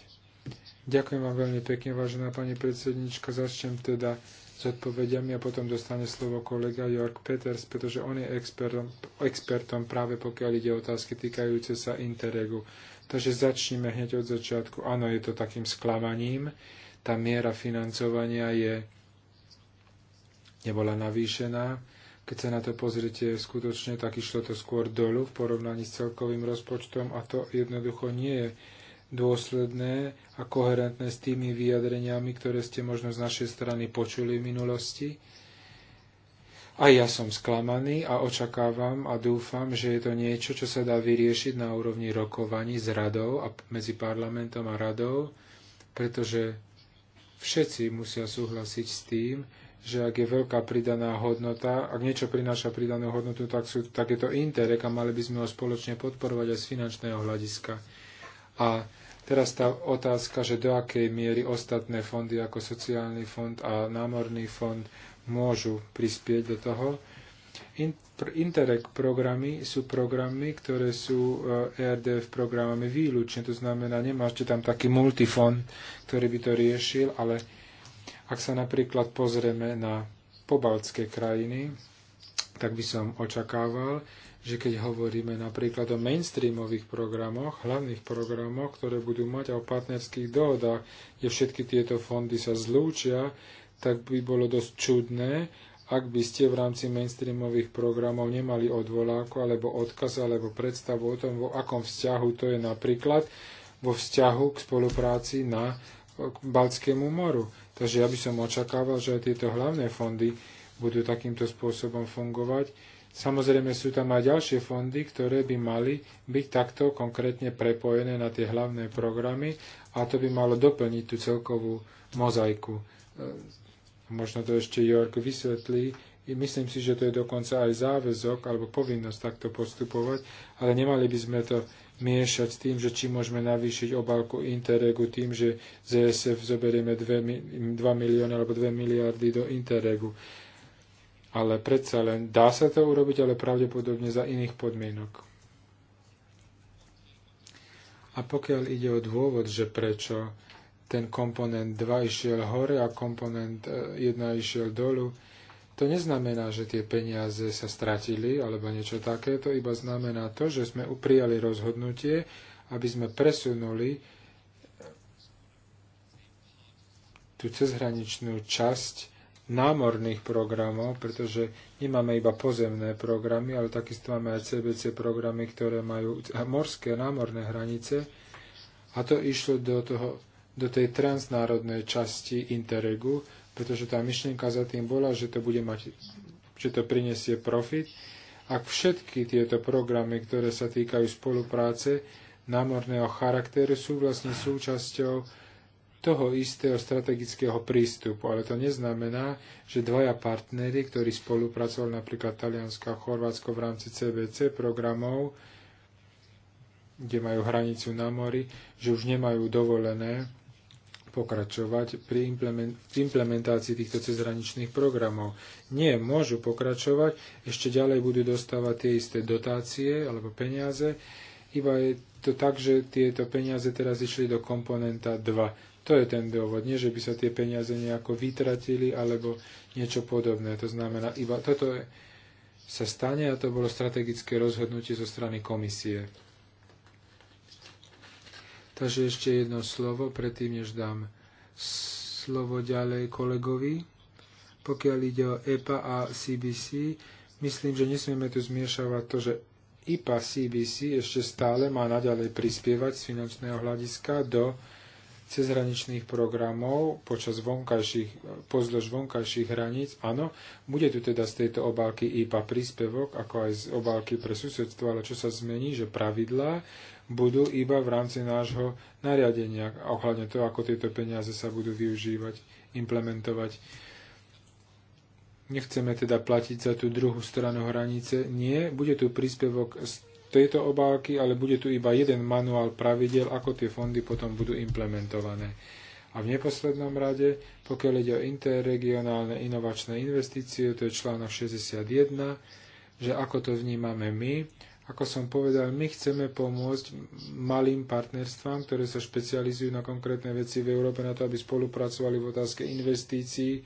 Ďakujem vám veľmi pekne, vážená pani predsednička. Začnem teda s odpovediami a potom dostane slovo kolega Jörg Peters, pretože on je expertom, expertom práve pokiaľ ide o otázky týkajúce sa Interregu. Takže začneme hneď od začiatku. Áno, je to takým sklamaním, tá miera financovania je, nebola navýšená. Keď sa na to pozrite skutočne, tak išlo to skôr dolu v porovnaní s celkovým rozpočtom a to jednoducho nie je dôsledné a koherentné s tými vyjadreniami, ktoré ste možno z našej strany počuli v minulosti. A ja som sklamaný a očakávam a dúfam, že je to niečo, čo sa dá vyriešiť na úrovni rokovaní s radou a medzi parlamentom a radou, pretože všetci musia súhlasiť s tým, že ak je veľká pridaná hodnota, ak niečo prináša pridanú hodnotu, tak, sú, tak je to interek a mali by sme ho spoločne podporovať aj z finančného hľadiska. A teraz tá otázka, že do akej miery ostatné fondy ako sociálny fond a námorný fond môžu prispieť do toho, Interreg programy sú programy, ktoré sú eh, e RDF programami výlučne, to znamená, nemáte tam taký multifond, ktorý by to riešil, ale ak sa napríklad pozrieme na pobaltské krajiny, tak by som očakával, že keď hovoríme napríklad o mainstreamových programoch, hlavných programoch, ktoré budú mať a o partnerských dohodách, kde všetky tieto fondy sa zlúčia, tak by bolo dosť čudné, ak by ste v rámci mainstreamových programov nemali odvolávku alebo odkaz alebo predstavu o tom, v akom vzťahu to je napríklad vo vzťahu k spolupráci na k Baltskému moru. Takže ja by som očakával, že aj tieto hlavné fondy budú takýmto spôsobom fungovať. Samozrejme sú tam aj ďalšie fondy, ktoré by mali byť takto konkrétne prepojené na tie hlavné programy a to by malo doplniť tú celkovú mozaiku e, Možno to ešte Jorg vysvetlí. I myslím si, že to je dokonca aj záväzok alebo povinnosť takto postupovať, ale nemali by sme to miešať s tým, že či môžeme navýšiť obálku Interregu tým, že ZSF e zoberieme 2, 2 milióny alebo 2 miliardy do Interregu. Ale predsa len dá sa to urobiť, ale pravdepodobne za iných podmienok. A pokiaľ ide o dôvod, že prečo ten komponent 2 išiel hore a komponent 1 e, išiel dolu. To neznamená, že tie peniaze sa stratili alebo niečo také, to iba znamená to, že sme uprijali rozhodnutie, aby sme presunuli e, tú cezhraničnú časť námorných programov, pretože nemáme iba pozemné programy, ale takisto máme aj CBC programy, ktoré majú morské námorné hranice. A to išlo do toho do tej transnárodnej časti Interregu, pretože tá myšlienka za tým bola, že to, bude mať, že to prinesie profit. Ak všetky tieto programy, ktoré sa týkajú spolupráce námorného charakteru, sú vlastne súčasťou toho istého strategického prístupu. Ale to neznamená, že dvaja partnery, ktorí spolupracovali napríklad Taliansko a Chorvátsko v rámci CBC programov, kde majú hranicu na mori, že už nemajú dovolené pokračovať pri implement, implementácii týchto cezhraničných programov. Nie, môžu pokračovať, ešte ďalej budú dostávať tie isté dotácie alebo peniaze, iba je to tak, že tieto peniaze teraz išli do komponenta 2. To je ten dôvod, nie že by sa tie peniaze nejako vytratili alebo niečo podobné. To znamená, iba toto sa stane a to bolo strategické rozhodnutie zo strany komisie. Takže ešte jedno slovo, predtým než dám slovo ďalej kolegovi. Pokiaľ ide o EPA a CBC, myslím, že nesmieme tu zmiešavať to, že IPA CBC ešte stále má naďalej prispievať z finančného hľadiska do cezhraničných programov počas vonkajších, pozdĺž vonkajších hraníc. Áno, bude tu teda z tejto obálky IPA príspevok, ako aj z obálky pre susedstvo, ale čo sa zmení, že pravidlá budú iba v rámci nášho nariadenia ohľadne toho, ako tieto peniaze sa budú využívať, implementovať. Nechceme teda platiť za tú druhú stranu hranice. Nie, bude tu príspevok z tejto obálky, ale bude tu iba jeden manuál pravidel, ako tie fondy potom budú implementované. A v neposlednom rade, pokiaľ ide o interregionálne inovačné investície, to je článok 61, že ako to vnímame my, ako som povedal, my chceme pomôcť malým partnerstvám, ktoré sa špecializujú na konkrétne veci v Európe, na to, aby spolupracovali v otázke investícií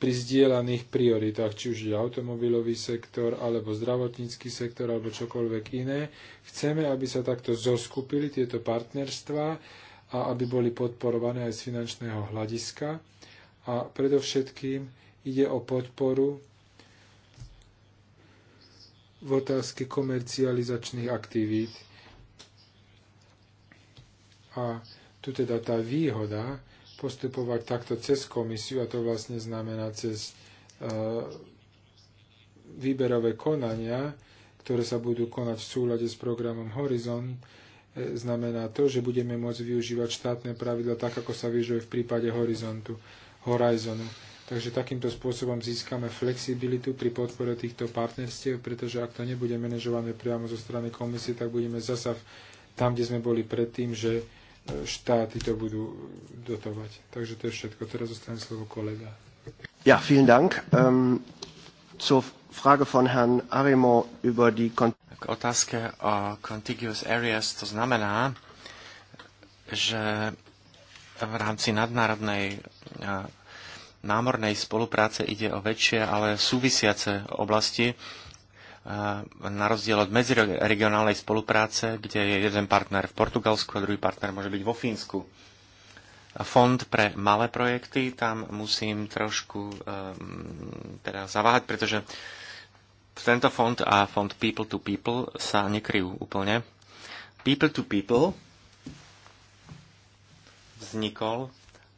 pri zdieľaných prioritách, či už je automobilový sektor, alebo zdravotnícky sektor, alebo čokoľvek iné. Chceme, aby sa takto zoskupili tieto partnerstvá a aby boli podporované aj z finančného hľadiska. A predovšetkým ide o podporu v otázke komercializačných aktivít. A tu teda tá výhoda postupovať takto cez komisiu, a to vlastne znamená cez uh, výberové konania, ktoré sa budú konať v súlade s programom Horizon, e, znamená to, že budeme môcť využívať štátne pravidla tak, ako sa využuje v prípade horizontu, Horizonu. Takže takýmto spôsobom získame flexibilitu pri podpore týchto partnerstiev, pretože ak to nebude manažované priamo zo strany komisie, tak budeme zasa tam, kde sme boli predtým, že e, štáty to budú dotovať. Takže to je všetko. Teraz zostane slovo kolega.
Ja, vielen Dank. Um, zur Frage von Herrn Arimo über die... K otázke o contiguous areas, to znamená, že v rámci nadnárodnej e, námornej spolupráce ide o väčšie, ale súvisiace oblasti, e, na rozdiel od medziregionálnej spolupráce, kde je jeden partner v Portugalsku a druhý partner môže byť vo Fínsku. Fond pre malé projekty, tam musím trošku ehm, teda zaváhať, pretože tento fond a fond People to People sa nekryjú úplne. People to People vznikol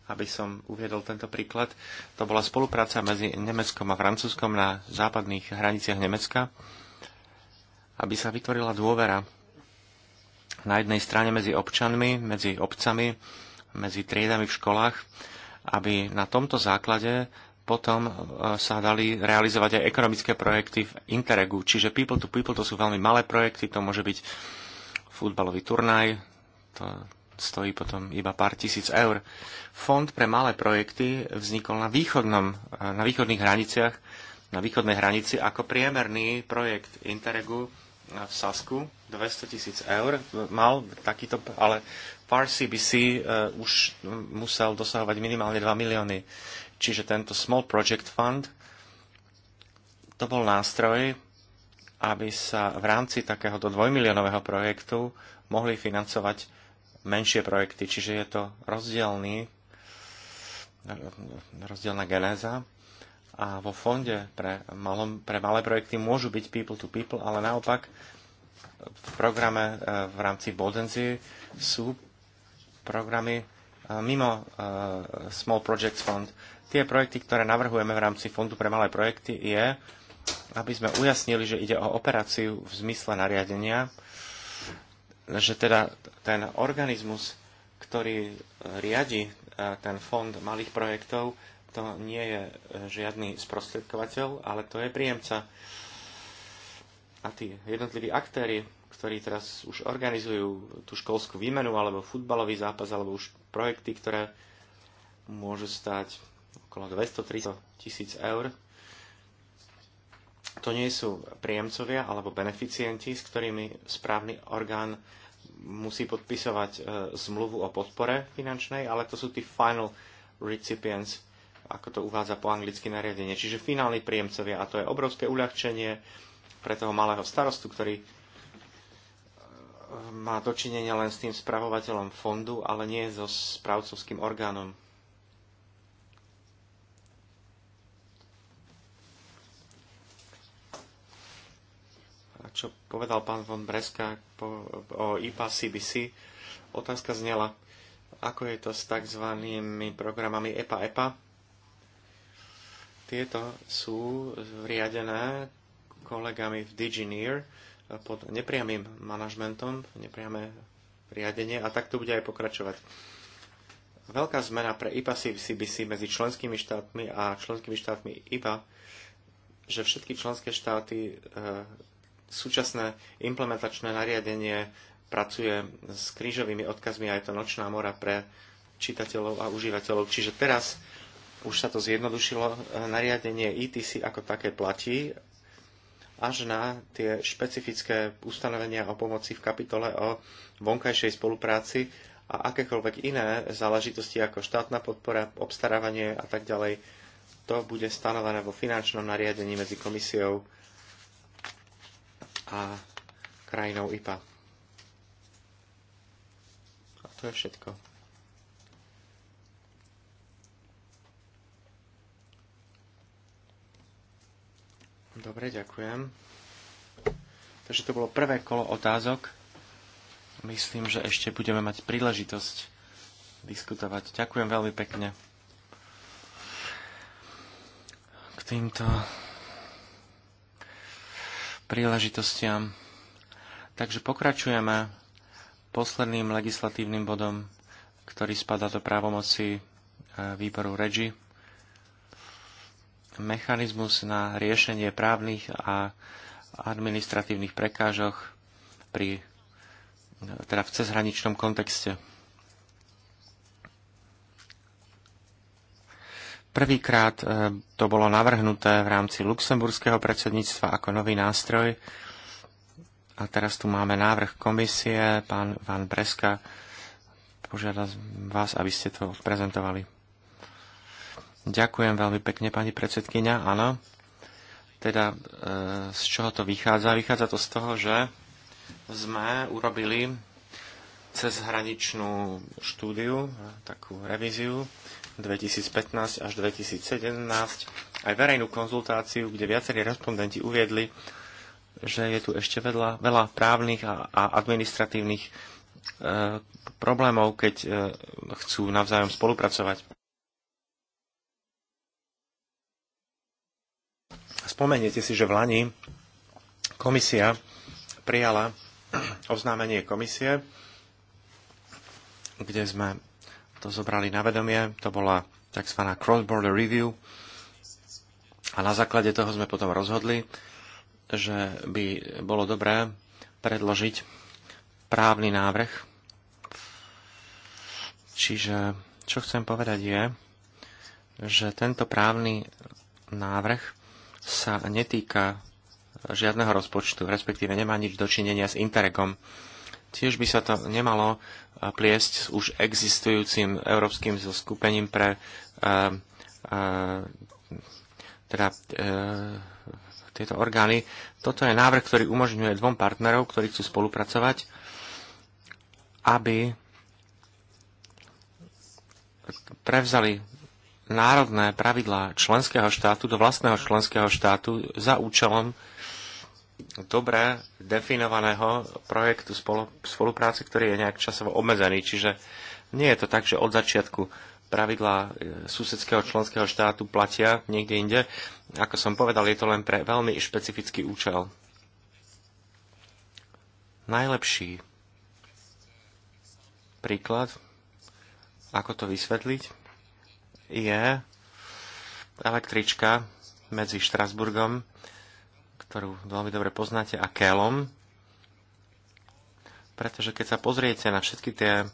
aby som uviedol tento príklad. To bola spolupráca medzi Nemeckom a Francúzskom na západných hraniciach Nemecka, aby sa vytvorila dôvera na jednej strane medzi občanmi, medzi obcami, medzi triedami v školách, aby na tomto základe potom e, sa dali realizovať aj ekonomické projekty v Interregu. Čiže people to people to sú veľmi malé projekty, to môže byť futbalový turnaj, to stojí potom iba pár tisíc eur. Fond pre malé projekty vznikol na, východnom, eh, na východných hraniciach, na východnej hranici ako priemerný projekt Interregu eh, v Sasku 200 tisíc eur. Mal takýto, ale Par CBC eh, už musel dosahovať minimálne 2 milióny. Čiže tento Small Project Fund to bol nástroj, aby sa v rámci takéhoto dvojmiliónového projektu mohli financovať menšie projekty, čiže je to rozdielný, rozdielna genéza. A vo fonde pre, malom, pre malé projekty môžu byť people to people, ale naopak v programe e, v rámci Bodenzy sú programy e, mimo e, Small Projects Fund. Tie projekty, ktoré navrhujeme v rámci Fondu pre malé projekty, je, aby sme ujasnili, že ide o operáciu v zmysle nariadenia, že teda ten organizmus, ktorý e, riadi e, ten fond malých projektov, to nie je e, žiadny sprostredkovateľ, ale to je príjemca. A tí jednotliví aktéry, ktorí teraz už organizujú tú školskú výmenu alebo futbalový zápas alebo už projekty, ktoré môžu stať okolo 200-300 tisíc eur, to nie sú príjemcovia alebo beneficienti, s ktorými správny orgán musí podpisovať e, zmluvu o podpore finančnej, ale to sú tí final recipients, ako to uvádza po anglicky nariadenie. Čiže finálni príjemcovia a to je obrovské uľahčenie pre toho malého starostu, ktorý e, má dočinenia len s tým spravovateľom fondu, ale nie so správcovským orgánom. čo povedal pán von Breska o IPA CBC. Otázka znela, ako je to s tzv. programami EPA-EPA. E Tieto sú riadené kolegami v Digineer pod nepriamým manažmentom, nepriame riadenie a tak to bude aj pokračovať. Veľká zmena pre IPA CBC medzi členskými štátmi a členskými štátmi IPA, že všetky členské štáty e, Súčasné implementačné nariadenie pracuje s krížovými odkazmi a je to nočná mora pre čitateľov a užívateľov. Čiže teraz už sa to zjednodušilo. Nariadenie ETC ako také platí až na tie špecifické ustanovenia o pomoci v kapitole o vonkajšej spolupráci a akékoľvek iné záležitosti ako štátna podpora, obstarávanie a tak ďalej. To bude stanovené vo finančnom nariadení medzi komisiou a krajinou IPA. A to je všetko. Dobre, ďakujem. Takže to bolo prvé kolo otázok. Myslím, že ešte budeme mať príležitosť diskutovať. Ďakujem veľmi pekne. K týmto príležitostiam. Takže pokračujeme posledným legislatívnym bodom, ktorý spadá do právomoci e, výboru REGI. Mechanizmus na riešenie právnych a administratívnych prekážok pri, e, teda v cezhraničnom kontexte. Prvýkrát e, to bolo navrhnuté v rámci luxemburského predsedníctva ako nový nástroj. A teraz tu máme návrh komisie. Pán Van Breska požiada vás, aby ste to prezentovali. Ďakujem veľmi pekne, pani predsedkynia. Áno. Teda e, z čoho to vychádza? Vychádza to z toho, že sme urobili cezhraničnú štúdiu, e, takú revíziu 2015 až 2017 aj verejnú konzultáciu, kde viacerí respondenti uviedli, že je tu ešte vedľa, veľa právnych a, a administratívnych e, problémov, keď e, chcú navzájom spolupracovať. Spomeniete si, že v Lani komisia prijala oznámenie komisie, kde sme to zobrali na vedomie. To bola tzv. cross-border review. A na základe toho sme potom rozhodli, že by bolo dobré predložiť právny návrh. Čiže čo chcem povedať je, že tento právny návrh sa netýka žiadneho rozpočtu, respektíve nemá nič dočinenia s Interregom. Tiež by sa to nemalo eh, pliesť s už existujúcim európskym zoskupením pre uh, uh, teda, uh, tieto orgány. Toto je návrh, ktorý umožňuje dvom partnerov, ktorí chcú spolupracovať, aby prevzali národné pravidlá členského štátu do vlastného členského štátu za účelom dobre definovaného projektu spolu, spolupráce, ktorý je nejak časovo obmedzený. Čiže nie je to tak, že od začiatku pravidlá e, susedského členského štátu platia niekde inde. Ako som povedal, je to len pre veľmi špecifický účel. Najlepší príklad, ako to vysvetliť, je električka medzi Štrasburgom ktorú veľmi dobre poznáte, a Kelom. Pretože keď sa pozriete na všetky tie e,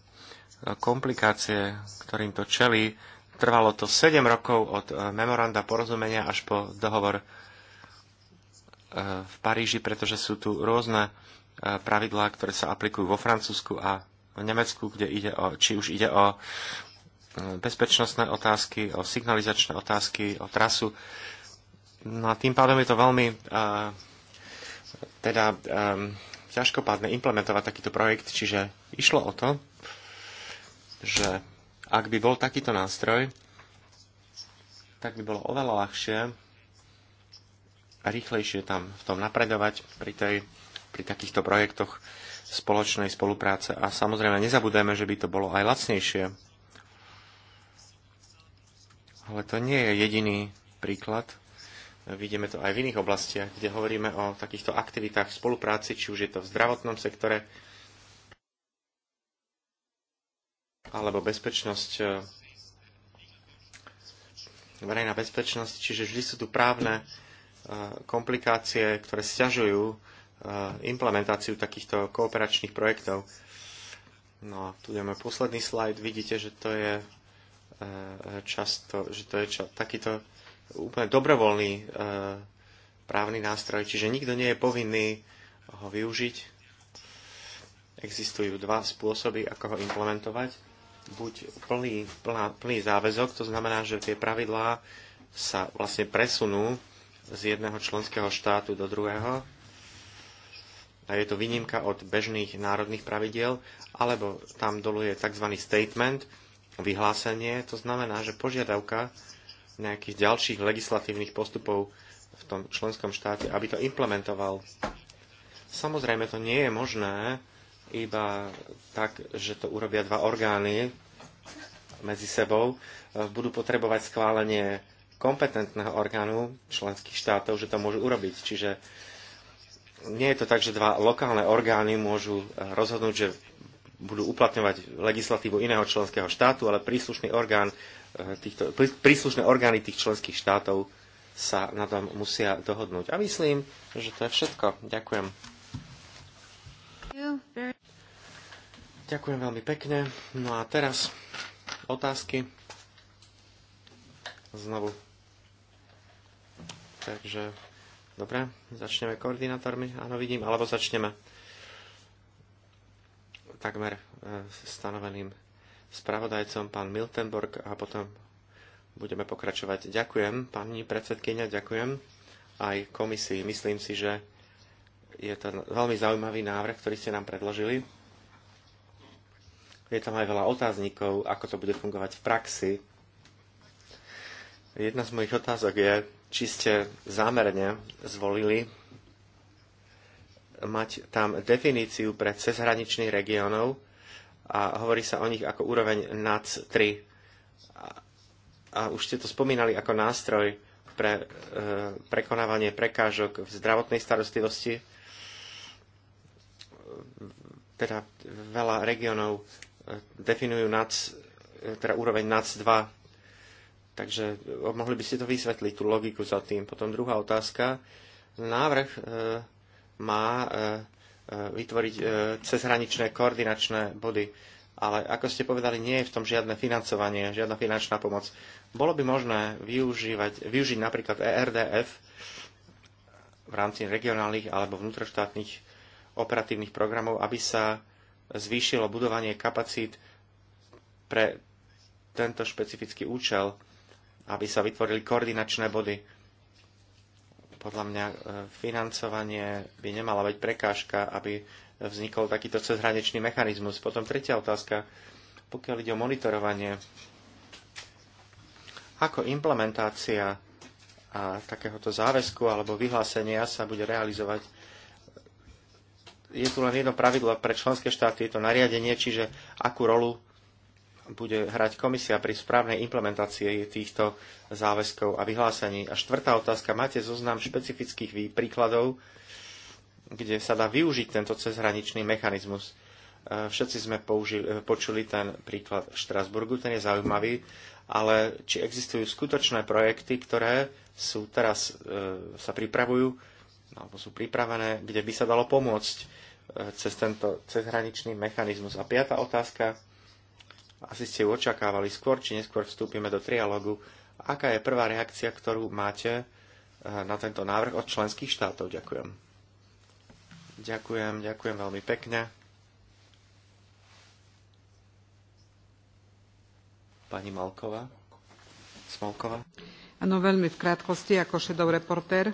komplikácie, ktorým to čelí, trvalo to 7 rokov od e, memoranda porozumenia až po dohovor e, v Paríži, pretože sú tu rôzne pravidlá, ktoré sa aplikujú vo Francúzsku a v Nemecku, kde ide o, či už ide o bezpečnostné otázky, o signalizačné otázky, o trasu. No a tým pádom je to veľmi uh, teda um, ťažkopádne implementovať takýto projekt, čiže išlo o to, že ak by bol takýto nástroj, tak by bolo oveľa ľahšie a rýchlejšie tam v tom napredovať pri, tej, pri takýchto projektoch spoločnej spolupráce. A samozrejme nezabudajme, že by to bolo aj lacnejšie. Ale to nie je jediný príklad Vidíme to aj v iných oblastiach, kde hovoríme o takýchto aktivitách v spolupráci, či už je to v zdravotnom sektore, alebo bezpečnosť, e, verejná bezpečnosť, čiže vždy sú tu právne e, komplikácie, ktoré sťažujú e, implementáciu takýchto kooperačných projektov. No a tu ideme posledný slajd. Vidíte, že to je často, že to je ča, takýto úplne dobrovoľný e, právny nástroj, čiže nikto nie je povinný ho využiť. Existujú dva spôsoby, ako ho implementovať. Buď plný, plná, plný záväzok, to znamená, že tie pravidlá sa vlastne presunú z jedného členského štátu do druhého a je to výnimka od bežných národných pravidiel, alebo tam doluje tzv. statement, vyhlásenie, to znamená, že požiadavka nejakých ďalších legislatívnych postupov v tom členskom štáte, aby to implementoval. Samozrejme, to nie je možné iba tak, že to urobia dva orgány medzi sebou. Budú potrebovať schválenie kompetentného orgánu členských štátov, že to môžu urobiť. Čiže nie je to tak, že dva lokálne orgány môžu eh, rozhodnúť, že budú uplatňovať legislatívu iného členského štátu, ale príslušný orgán Eh, týchto, príslušné orgány tých členských štátov sa na tom musia dohodnúť. A myslím, že to je všetko. Ďakujem. Ďakujem veľmi pekne. No a teraz otázky. Znovu. Takže, dobre, začneme koordinátormi. Áno, vidím, alebo začneme takmer eh, stanoveným spravodajcom, pán Miltenborg, a potom budeme pokračovať. Ďakujem, pani predsedkynia, ďakujem aj komisii. Myslím si, že je to veľmi zaujímavý návrh, ktorý ste nám predložili. Je tam aj veľa otáznikov, ako to bude fungovať v praxi. Jedna z mojich otázok je, či ste zámerne zvolili mať tam definíciu pre cezhraničných regiónov, a hovorí sa o nich ako úroveň NAC 3. A, a už ste to spomínali ako nástroj pre e, prekonávanie prekážok v zdravotnej starostlivosti. Teda veľa regionov e, definujú NAC, e, teda úroveň NAC 2 Takže mohli by ste to vysvetliť, tú logiku za tým. Potom druhá otázka. Návrh e, má e, E, vytvoriť e, cezhraničné koordinačné body. Ale ako ste povedali, nie je v tom žiadne financovanie, žiadna finančná pomoc. Bolo by možné využívať, využiť napríklad ERDF v rámci regionálnych alebo vnútroštátnych operatívnych programov, aby sa zvýšilo budovanie kapacít pre tento špecifický účel, aby sa vytvorili koordinačné body podľa mňa e, financovanie by nemala byť prekážka, aby vznikol takýto cezhraničný mechanizmus. Potom tretia otázka, pokiaľ ide o monitorovanie, ako implementácia a takéhoto záväzku alebo vyhlásenia sa bude realizovať. Je tu len jedno pravidlo pre členské štáty, je to nariadenie, čiže akú rolu bude hrať komisia pri správnej implementácii týchto záväzkov a vyhlásení? A štvrtá otázka, máte zoznam špecifických príkladov, kde sa dá využiť tento cezhraničný mechanizmus? E, všetci sme použili, e, počuli ten príklad v Štrasburgu, ten je zaujímavý, ale či existujú skutočné projekty, ktoré sú teraz, e, sa pripravujú, alebo sú pripravené, kde by sa dalo pomôcť cez tento cezhraničný mechanizmus. A piata otázka, asi ste ju očakávali. Skôr či neskôr vstúpime do trialogu. Aká je prvá reakcia, ktorú máte eh, na tento návrh od členských štátov? Ďakujem. Ďakujem, ďakujem veľmi pekne. Pani Malková.
Smolková. Áno, veľmi v krátkosti, ako šedov reportér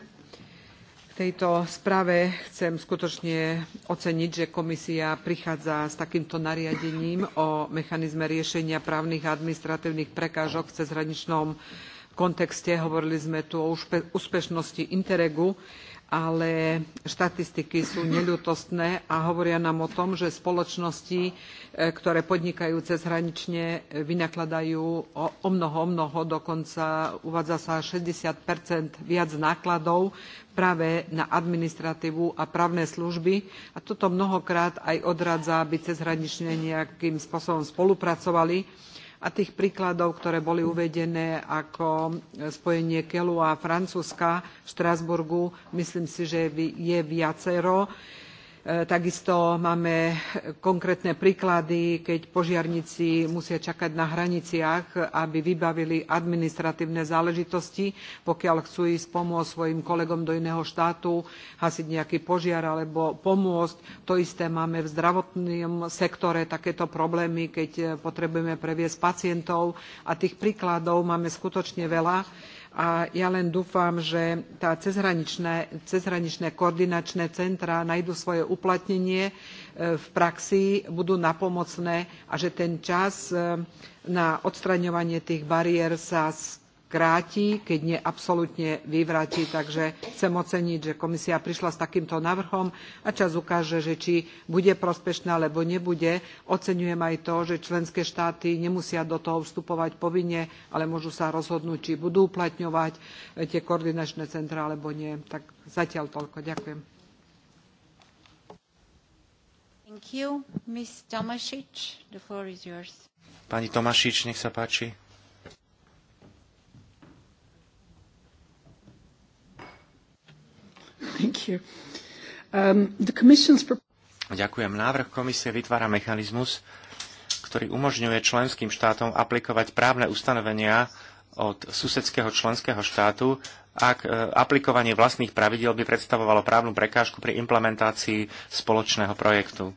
tejto správe chcem skutočne oceniť, že komisia prichádza s takýmto nariadením o mechanizme riešenia právnych a administratívnych prekážok v cezhraničnom kontexte. Hovorili sme tu o úspešnosti Interregu ale štatistiky sú neľútostné a hovoria nám o tom, že spoločnosti, e, ktoré podnikajú cezhranične, vynakladajú o mnoho, o mnoho, dokonca uvádza sa 60 viac nákladov práve na administratívu a právne služby. A toto mnohokrát aj odrádza, aby cezhranične nejakým spôsobom spolupracovali a tých príkladov, ktoré boli uvedené ako e, spojenie Keľu a Francúzska v Štrasburgu, myslím si, že je viacero. E, takisto máme konkrétne príklady, keď požiarníci musia čakať na hraniciach, aby vybavili administratívne záležitosti, pokiaľ chcú ísť pomôcť svojim kolegom do iného štátu, hasiť nejaký požiar alebo pomôcť. To isté máme v zdravotnom sektore takéto problémy, keď potrebujeme previesť pacientov a tých príkladov máme skutočne veľa a ja len dúfam, že tá cezhraničné, cezhraničné koordinačné centra nájdu svoje uplatnenie e, v praxi, budú napomocné a že ten čas e, na odstraňovanie tých bariér sa kráti, keď nie absolútne vyvráti. Takže chcem oceniť, že komisia prišla s takýmto návrhom a čas ukáže, že či bude prospešná, alebo nebude. Oceňujem aj to, že členské štáty nemusia do toho vstupovať povinne, ale môžu sa rozhodnúť, či budú uplatňovať eh, tie koordinačné centra, alebo nie. Tak zatiaľ toľko. Ďakujem.
Pani Tomašič, nech sa páči. Um, Ďakujem. Návrh komisie vytvára mechanizmus, ktorý umožňuje členským štátom aplikovať právne ustanovenia od susedského členského štátu, ak e, aplikovanie vlastných pravidiel by predstavovalo právnu prekážku pri implementácii spoločného projektu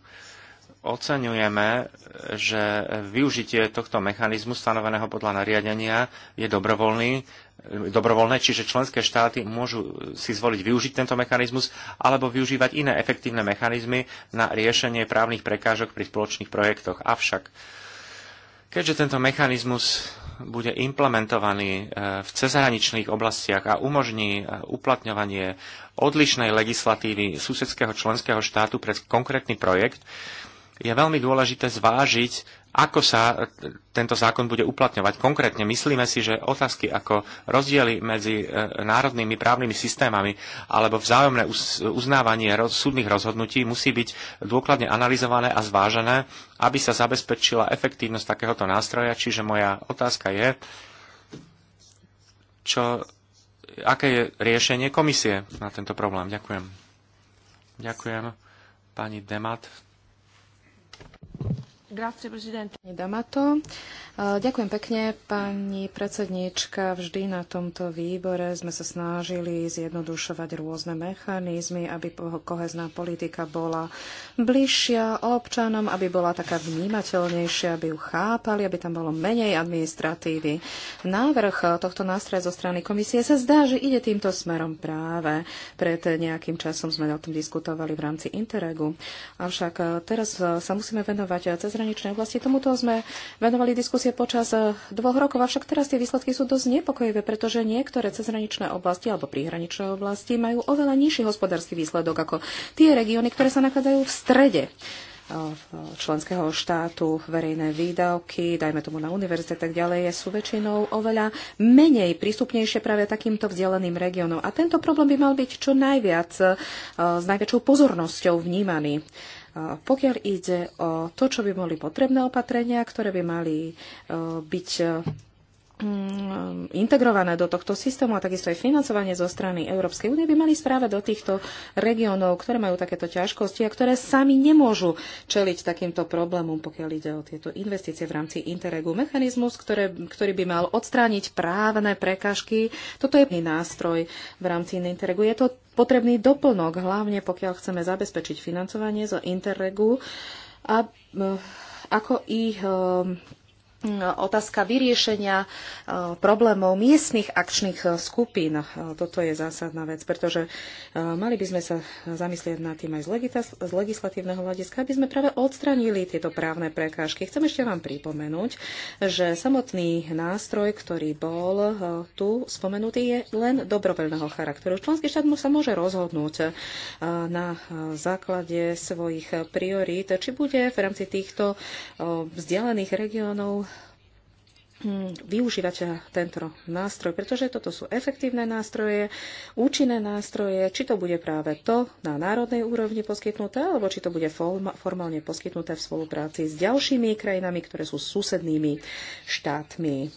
oceňujeme, že využitie tohto mechanizmu stanoveného podľa nariadenia je dobrovoľný dobrovoľné, čiže členské štáty môžu si zvoliť využiť tento mechanizmus alebo využívať iné efektívne mechanizmy na riešenie právnych prekážok pri spoločných projektoch. Avšak, keďže tento mechanizmus bude implementovaný e, v cezhraničných oblastiach a umožní e, uplatňovanie odlišnej legislatívy susedského členského štátu pre konkrétny projekt, je veľmi dôležité zvážiť ako sa tento zákon bude uplatňovať. Konkrétne myslíme si, že otázky ako rozdiely medzi e, národnými právnymi systémami alebo vzájomné uznávanie súdnych rozhodnutí musí byť dôkladne analyzované a zvážené, aby sa zabezpečila efektívnosť takéhoto nástroja. Čiže moja otázka je, čo, aké je riešenie komisie na tento problém. Ďakujem. Ďakujem. Pani Demat.
Damato. E, ďakujem pekne, pani predsedníčka. Vždy na tomto výbore sme sa snažili zjednodušovať rôzne mechanizmy, aby kohezná politika bola bližšia občanom, aby bola taká vnímateľnejšia, aby ju chápali, aby tam bolo menej administratívy. Návrh tohto nástroja zo strany komisie sa zdá, že ide týmto smerom práve. Pred nejakým časom sme o tom diskutovali v rámci Interregu. Avšak e, teraz e, sa musíme venovať cez cezhraničnej oblasti. Tomuto sme venovali diskusie počas eh, dvoch rokov, avšak teraz tie výsledky sú dosť nepokojivé, pretože niektoré cezhraničné oblasti alebo príhraničné oblasti majú oveľa nižší hospodársky výsledok ako tie regióny, ktoré sa nachádzajú v strede eh, členského štátu, verejné výdavky, dajme tomu na univerzite tak ďalej, sú väčšinou oveľa menej prístupnejšie práve takýmto vzdeleným regiónom. A tento problém by mal byť čo najviac eh, s najväčšou pozornosťou vnímaný. Pokiaľ ide o to, čo by boli potrebné opatrenia, ktoré by mali e, byť e, Mm, integrované do tohto systému a takisto aj financovanie zo strany Európskej únie by mali správať do týchto regiónov, ktoré majú takéto ťažkosti a ktoré sami nemôžu čeliť takýmto problémom, pokiaľ ide o tieto investície v rámci Interregu. Mechanizmus, ktoré, ktorý by mal odstrániť právne prekažky, toto je nástroj v rámci Interregu. Je to potrebný doplnok, hlavne pokiaľ chceme zabezpečiť financovanie zo Interregu a eh, ako ich eh, otázka vyriešenia e, problémov miestnych akčných e, skupín. E, toto je zásadná vec, pretože mali by sme sa zamyslieť nad tým aj z legislatívneho hľadiska, aby sme práve odstranili tieto právne prekážky. Chcem ešte vám pripomenúť, že samotný nástroj, ktorý bol tu spomenutý, je len dobrovoľného charakteru. Členský štát mu sa môže rozhodnúť na základe svojich priorít, či bude v rámci týchto vzdialených regiónov Hm, využívať tento nástroj, pretože toto sú efektívne nástroje, účinné nástroje, či to bude práve to na národnej úrovni poskytnuté, alebo či to bude formálne poskytnuté v spolupráci s ďalšími krajinami, ktoré sú susednými štátmi.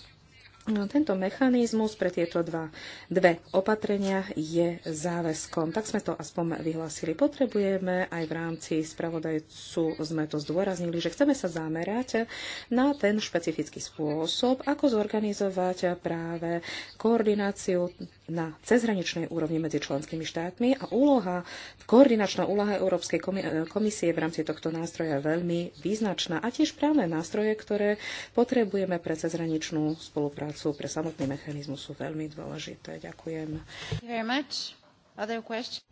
No, tento mechanizmus pre tieto dva, dve opatrenia je záväzkom. Tak sme to aspoň vyhlásili. Potrebujeme aj v rámci spravodajcu sme to zdôraznili, že chceme sa zamerať na ten špecifický spôsob, ako zorganizovať práve koordináciu na cezhraničnej úrovni medzi členskými štátmi a úloha, koordinačná úloha Európskej komisie v rámci tohto nástroja je veľmi význačná a tiež právne nástroje, ktoré potrebujeme pre cezhraničnú spoluprácu prácu pre samotný mechanizmus sú veľmi dôležité. Ďakujem.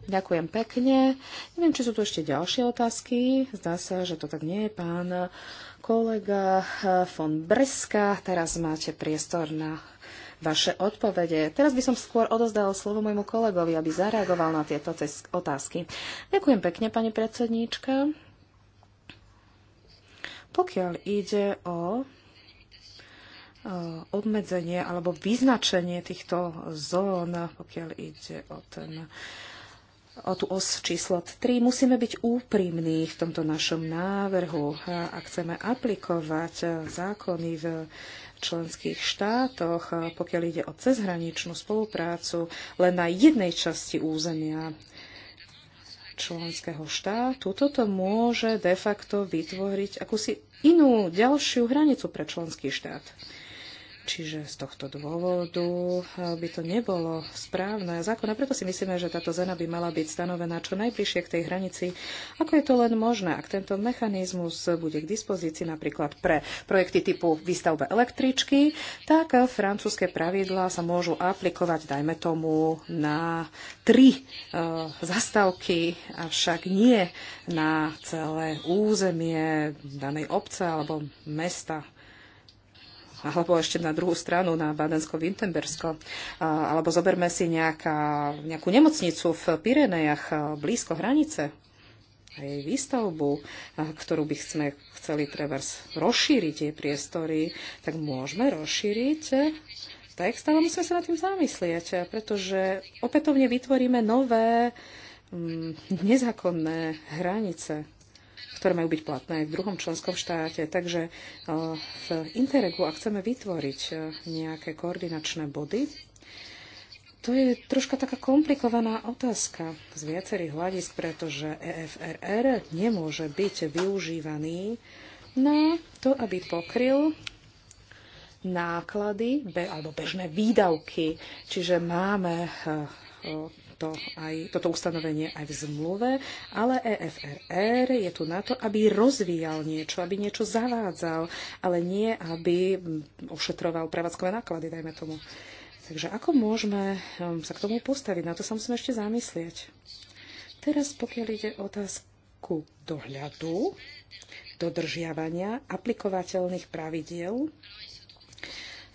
Ďakujem pekne. Neviem, či sú tu ešte ďalšie otázky. Zdá sa, že to tak nie je, pán kolega eh, von Breska. Teraz máte priestor na vaše odpovede. Teraz by som skôr odozdal slovo môjmu kolegovi, aby zareagoval na tieto otázky. Ďakujem pekne, pani predsedníčka. Pokiaľ ide o Eh, obmedzenie alebo vyznačenie týchto zón, pokiaľ ide o ten o tú os číslo 3, musíme byť úprimní v tomto našom návrhu. A chceme aplikovať zákony v členských štátoch, pokiaľ ide o cezhraničnú spoluprácu, len na jednej časti územia členského štátu, toto môže de facto vytvoriť akúsi inú ďalšiu hranicu pre členský štát. Čiže z tohto dôvodu eh, by to nebolo správne a Preto si myslíme, že táto zena by mala byť stanovená čo najbližšie k tej hranici, ako je to len možné. Ak tento mechanizmus bude k dispozícii napríklad pre projekty typu výstavba električky, tak francúzske pravidlá sa môžu aplikovať, dajme tomu, na tri e, eh, zastavky, avšak nie na celé územie danej obce alebo mesta alebo ešte na druhú stranu, na Badensko-Wintembersko. Alebo zoberme si nejaká, nejakú nemocnicu v Pirenejach blízko hranice aj jej výstavbu, ktorú by sme chceli treba rozšíriť jej priestory, tak môžeme rozšíriť text, stále musíme sa nad tým zamyslieť, pretože opätovne vytvoríme nové mm, nezákonné hranice ktoré majú byť platné v druhom členskom štáte. Takže eh, v Interregu, ak chceme vytvoriť eh, nejaké koordinačné body, to je troška taká komplikovaná otázka z viacerých hľadisk, pretože EFRR nemôže byť využívaný na to, aby pokryl náklady alebo bežné výdavky. Čiže máme eh, to aj, toto ustanovenie aj v zmluve, ale EFRR je tu na to, aby rozvíjal niečo, aby niečo zavádzal, ale nie, aby mm, ošetroval prevádzkové náklady, dajme tomu. Takže ako môžeme um, sa k tomu postaviť? Na to sa musíme ešte zamyslieť. Teraz, pokiaľ ide o otázku dohľadu, dodržiavania aplikovateľných pravidiel,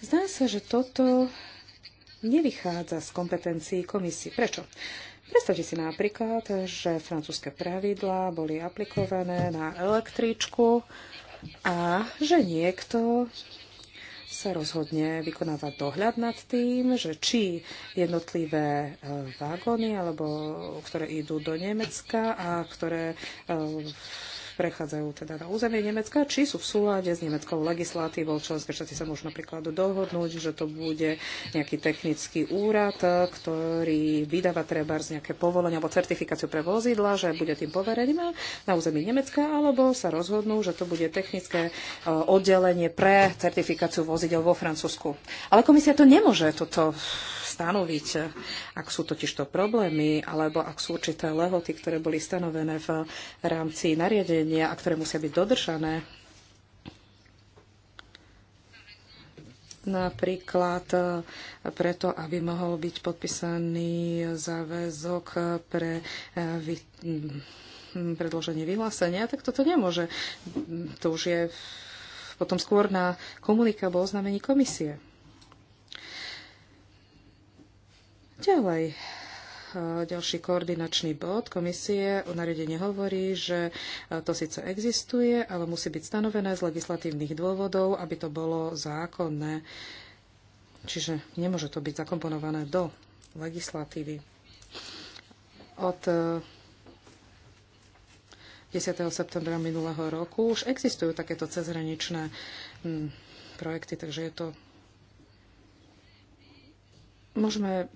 zdá sa, že toto nevychádza z kompetencií komisie. Prečo? Predstavte si napríklad, že francúzske pravidlá boli aplikované na električku a že niekto sa rozhodne vykonávať dohľad nad tým, že či jednotlivé e, vagóny, alebo ktoré idú do Nemecka a ktoré e, prechádzajú teda na územie Nemecka, či sú v súlade s nemeckou legislatívou. Členské štáty sa môžu napríklad dohodnúť, že to bude nejaký technický úrad, ktorý vydáva treba z nejaké povolenie alebo certifikáciu pre vozidla, že bude tým poverením na území Nemecka, alebo sa rozhodnú, že to bude technické e, oddelenie pre certifikáciu vozidel vo Francúzsku. Ale komisia to nemôže toto stanoviť. Ak sú totiž to problémy, alebo ak sú určité lehoty, ktoré boli stanovené v rámci nariadenia a ktoré musia byť dodržané, napríklad eh, preto, aby mohol byť podpísaný záväzok pre eh, hm, predloženie vyhlásenia, tak toto nemôže. To už je potom skôr na komunika alebo oznámení komisie. Ďalej, e, ďalší koordinačný bod komisie o nariadenie hovorí, že e, to síce existuje, ale musí byť stanovené z legislatívnych dôvodov, aby to bolo zákonné. Čiže nemôže to byť zakomponované do legislatívy. Od 10. E, septembra minulého roku už existujú takéto cezhraničné hm, projekty, takže je to... Môžeme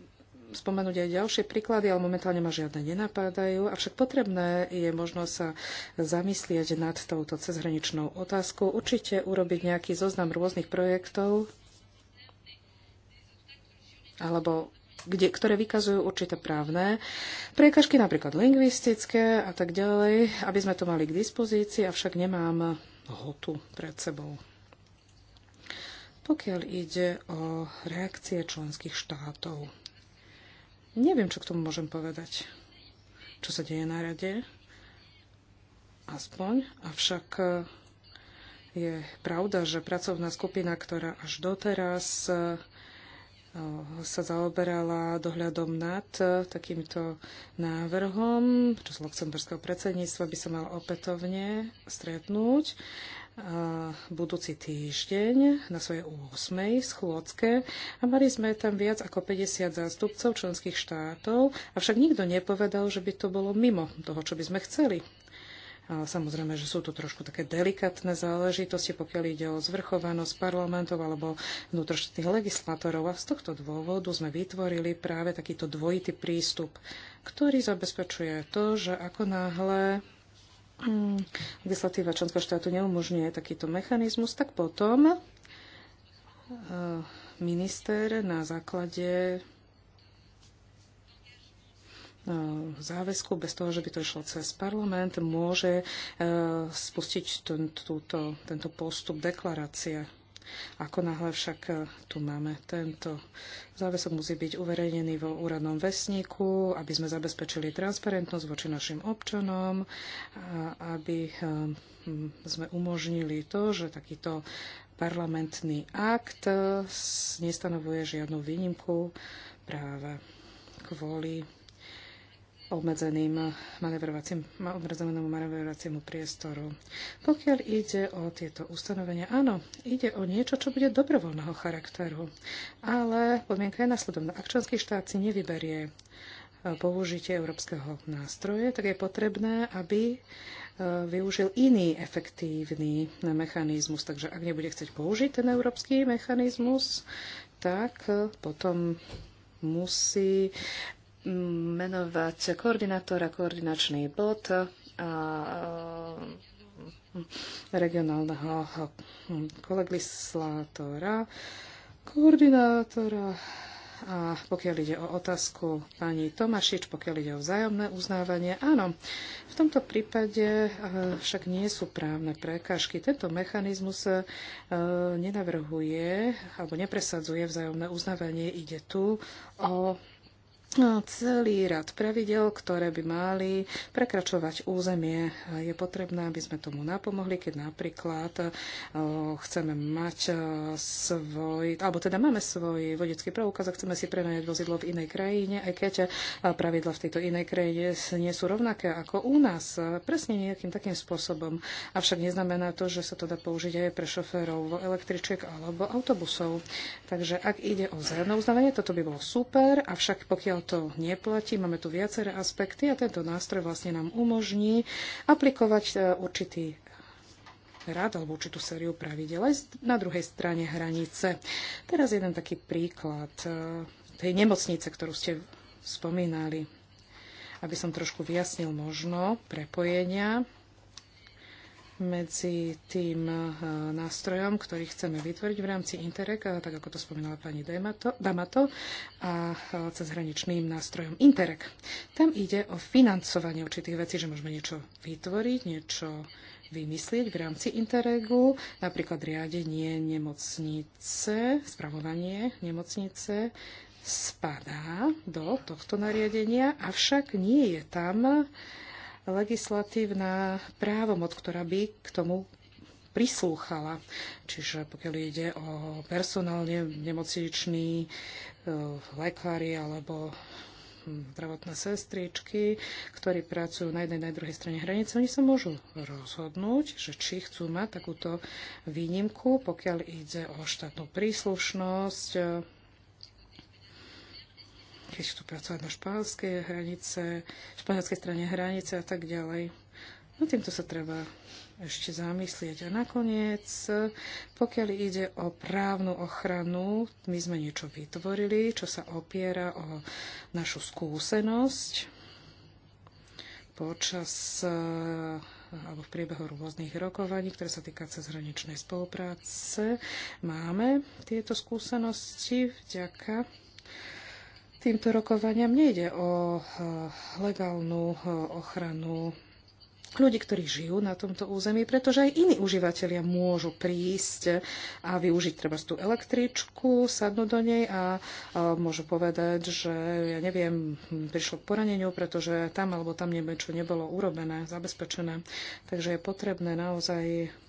spomenúť aj ďalšie príklady, ale momentálne ma žiadne nenapádajú. Avšak potrebné je možno sa zamyslieť nad touto cezhraničnou otázkou. Určite urobiť nejaký zoznam rôznych projektov alebo kde, ktoré vykazujú určité právne priekažky, napríklad lingvistické a tak ďalej, aby sme to mali k dispozícii, avšak nemám hotu pred sebou. Pokiaľ ide o reakcie členských štátov. Neviem, čo k tomu môžem povedať. Čo sa deje na rade? Aspoň. Avšak e, je pravda, že pracovná skupina, ktorá až doteraz e, e, sa zaoberala dohľadom nad takýmto návrhom, čo z luxemburského predsedníctva by sa mal opätovne stretnúť Eh, budúci týždeň na svojej 8. schôdzke a mali sme tam viac ako 50 zástupcov členských štátov, avšak nikto nepovedal, že by to bolo mimo toho, čo by sme chceli. A samozrejme, že sú to trošku také delikatné záležitosti, pokiaľ ide o zvrchovanosť parlamentov alebo vnútroštátnych legislatorov. A z tohto dôvodu sme vytvorili práve takýto dvojitý prístup, ktorý zabezpečuje to, že ako náhle Mm. legislatíva členského štátu neumožňuje takýto mechanizmus, tak potom eh, minister na základe eh, záväzku, bez toho, že by to išlo cez parlament, môže eh, spustiť tento postup deklarácie ako náhle však e, tu máme tento záväzok musí byť uverejnený vo úradnom vesníku, aby sme zabezpečili transparentnosť voči našim občanom, aby e, sme umožnili to, že takýto parlamentný akt e, nestanovuje žiadnu výnimku práve kvôli obmedzeným obmedzenému manevrovaciemu priestoru. Pokiaľ ide o tieto ustanovenia, áno, ide o niečo, čo bude dobrovoľného charakteru, ale podmienka je nasledovná. Ak členský štát si nevyberie e, použitie európskeho nástroje, tak je potrebné, aby e, využil iný efektívny mechanizmus. Takže ak nebude chcieť použiť ten európsky mechanizmus, tak e, potom musí menovať koordinátora, koordinačný bod a regionálneho kolegislátora, koordinátora a pokiaľ ide o otázku pani Tomašič, pokiaľ ide o vzájomné uznávanie, áno, v tomto prípade e, však nie sú právne prekážky. Tento mechanizmus e, nenavrhuje alebo nepresadzuje vzájomné uznávanie. Ide tu o No, celý rad pravidel, ktoré by mali prekračovať územie. Je potrebné, aby sme tomu napomohli, keď napríklad eh, chceme mať eh, svoj, alebo teda máme svoj vodický preukaz a chceme si prenajať vozidlo v inej krajine, aj keď eh, pravidla v tejto inej krajine nie sú rovnaké ako u nás. Presne nejakým takým spôsobom. Avšak neznamená to, že sa to dá použiť aj pre šoférov električiek alebo autobusov. Takže ak ide o zelené uznávanie, toto by bolo super, avšak pokiaľ to neplatí. Máme tu viaceré aspekty a tento nástroj vlastne nám umožní aplikovať e, určitý rád alebo určitú sériu pravidel aj na druhej strane hranice. Teraz jeden taký príklad e, tej nemocnice, ktorú ste spomínali, aby som trošku vyjasnil možno prepojenia medzi tým e, nástrojom, ktorý chceme vytvoriť v rámci Interreg, e, tak ako to spomínala pani Damato, a e, cezhraničným nástrojom Interreg. Tam ide o financovanie určitých vecí, že môžeme niečo vytvoriť, niečo vymyslieť v rámci Interregu, napríklad riadenie nemocnice, spravovanie nemocnice spadá do tohto nariadenia, avšak nie je tam legislatívna právomoc, ktorá by k tomu prislúchala. Čiže pokiaľ ide o personálne nemocničný e, lekári alebo hm, zdravotné sestričky, ktorí pracujú na jednej, na druhej strane hranice, oni sa môžu rozhodnúť, že či chcú mať takúto výnimku, pokiaľ ide o štátnu príslušnosť, prišli tu pracovať na španielskej hranice, španielskej strane hranice a tak ďalej. No týmto sa treba ešte zamyslieť. A nakoniec, pokiaľ ide o právnu ochranu, my sme niečo vytvorili, čo sa opiera o našu skúsenosť počas eh, alebo v priebehu rôznych rokovaní, ktoré sa týka cezhraničnej spolupráce. Máme tieto skúsenosti vďaka týmto rokovaniam nejde o e, legálnu e, ochranu ľudí, ktorí žijú na tomto území, pretože aj iní užívateľia môžu prísť a využiť treba tú električku, sadnú do nej a, a e, môžu povedať, že ja neviem, prišlo k poraneniu, pretože tam alebo tam niečo nebolo urobené, zabezpečené. Takže je potrebné naozaj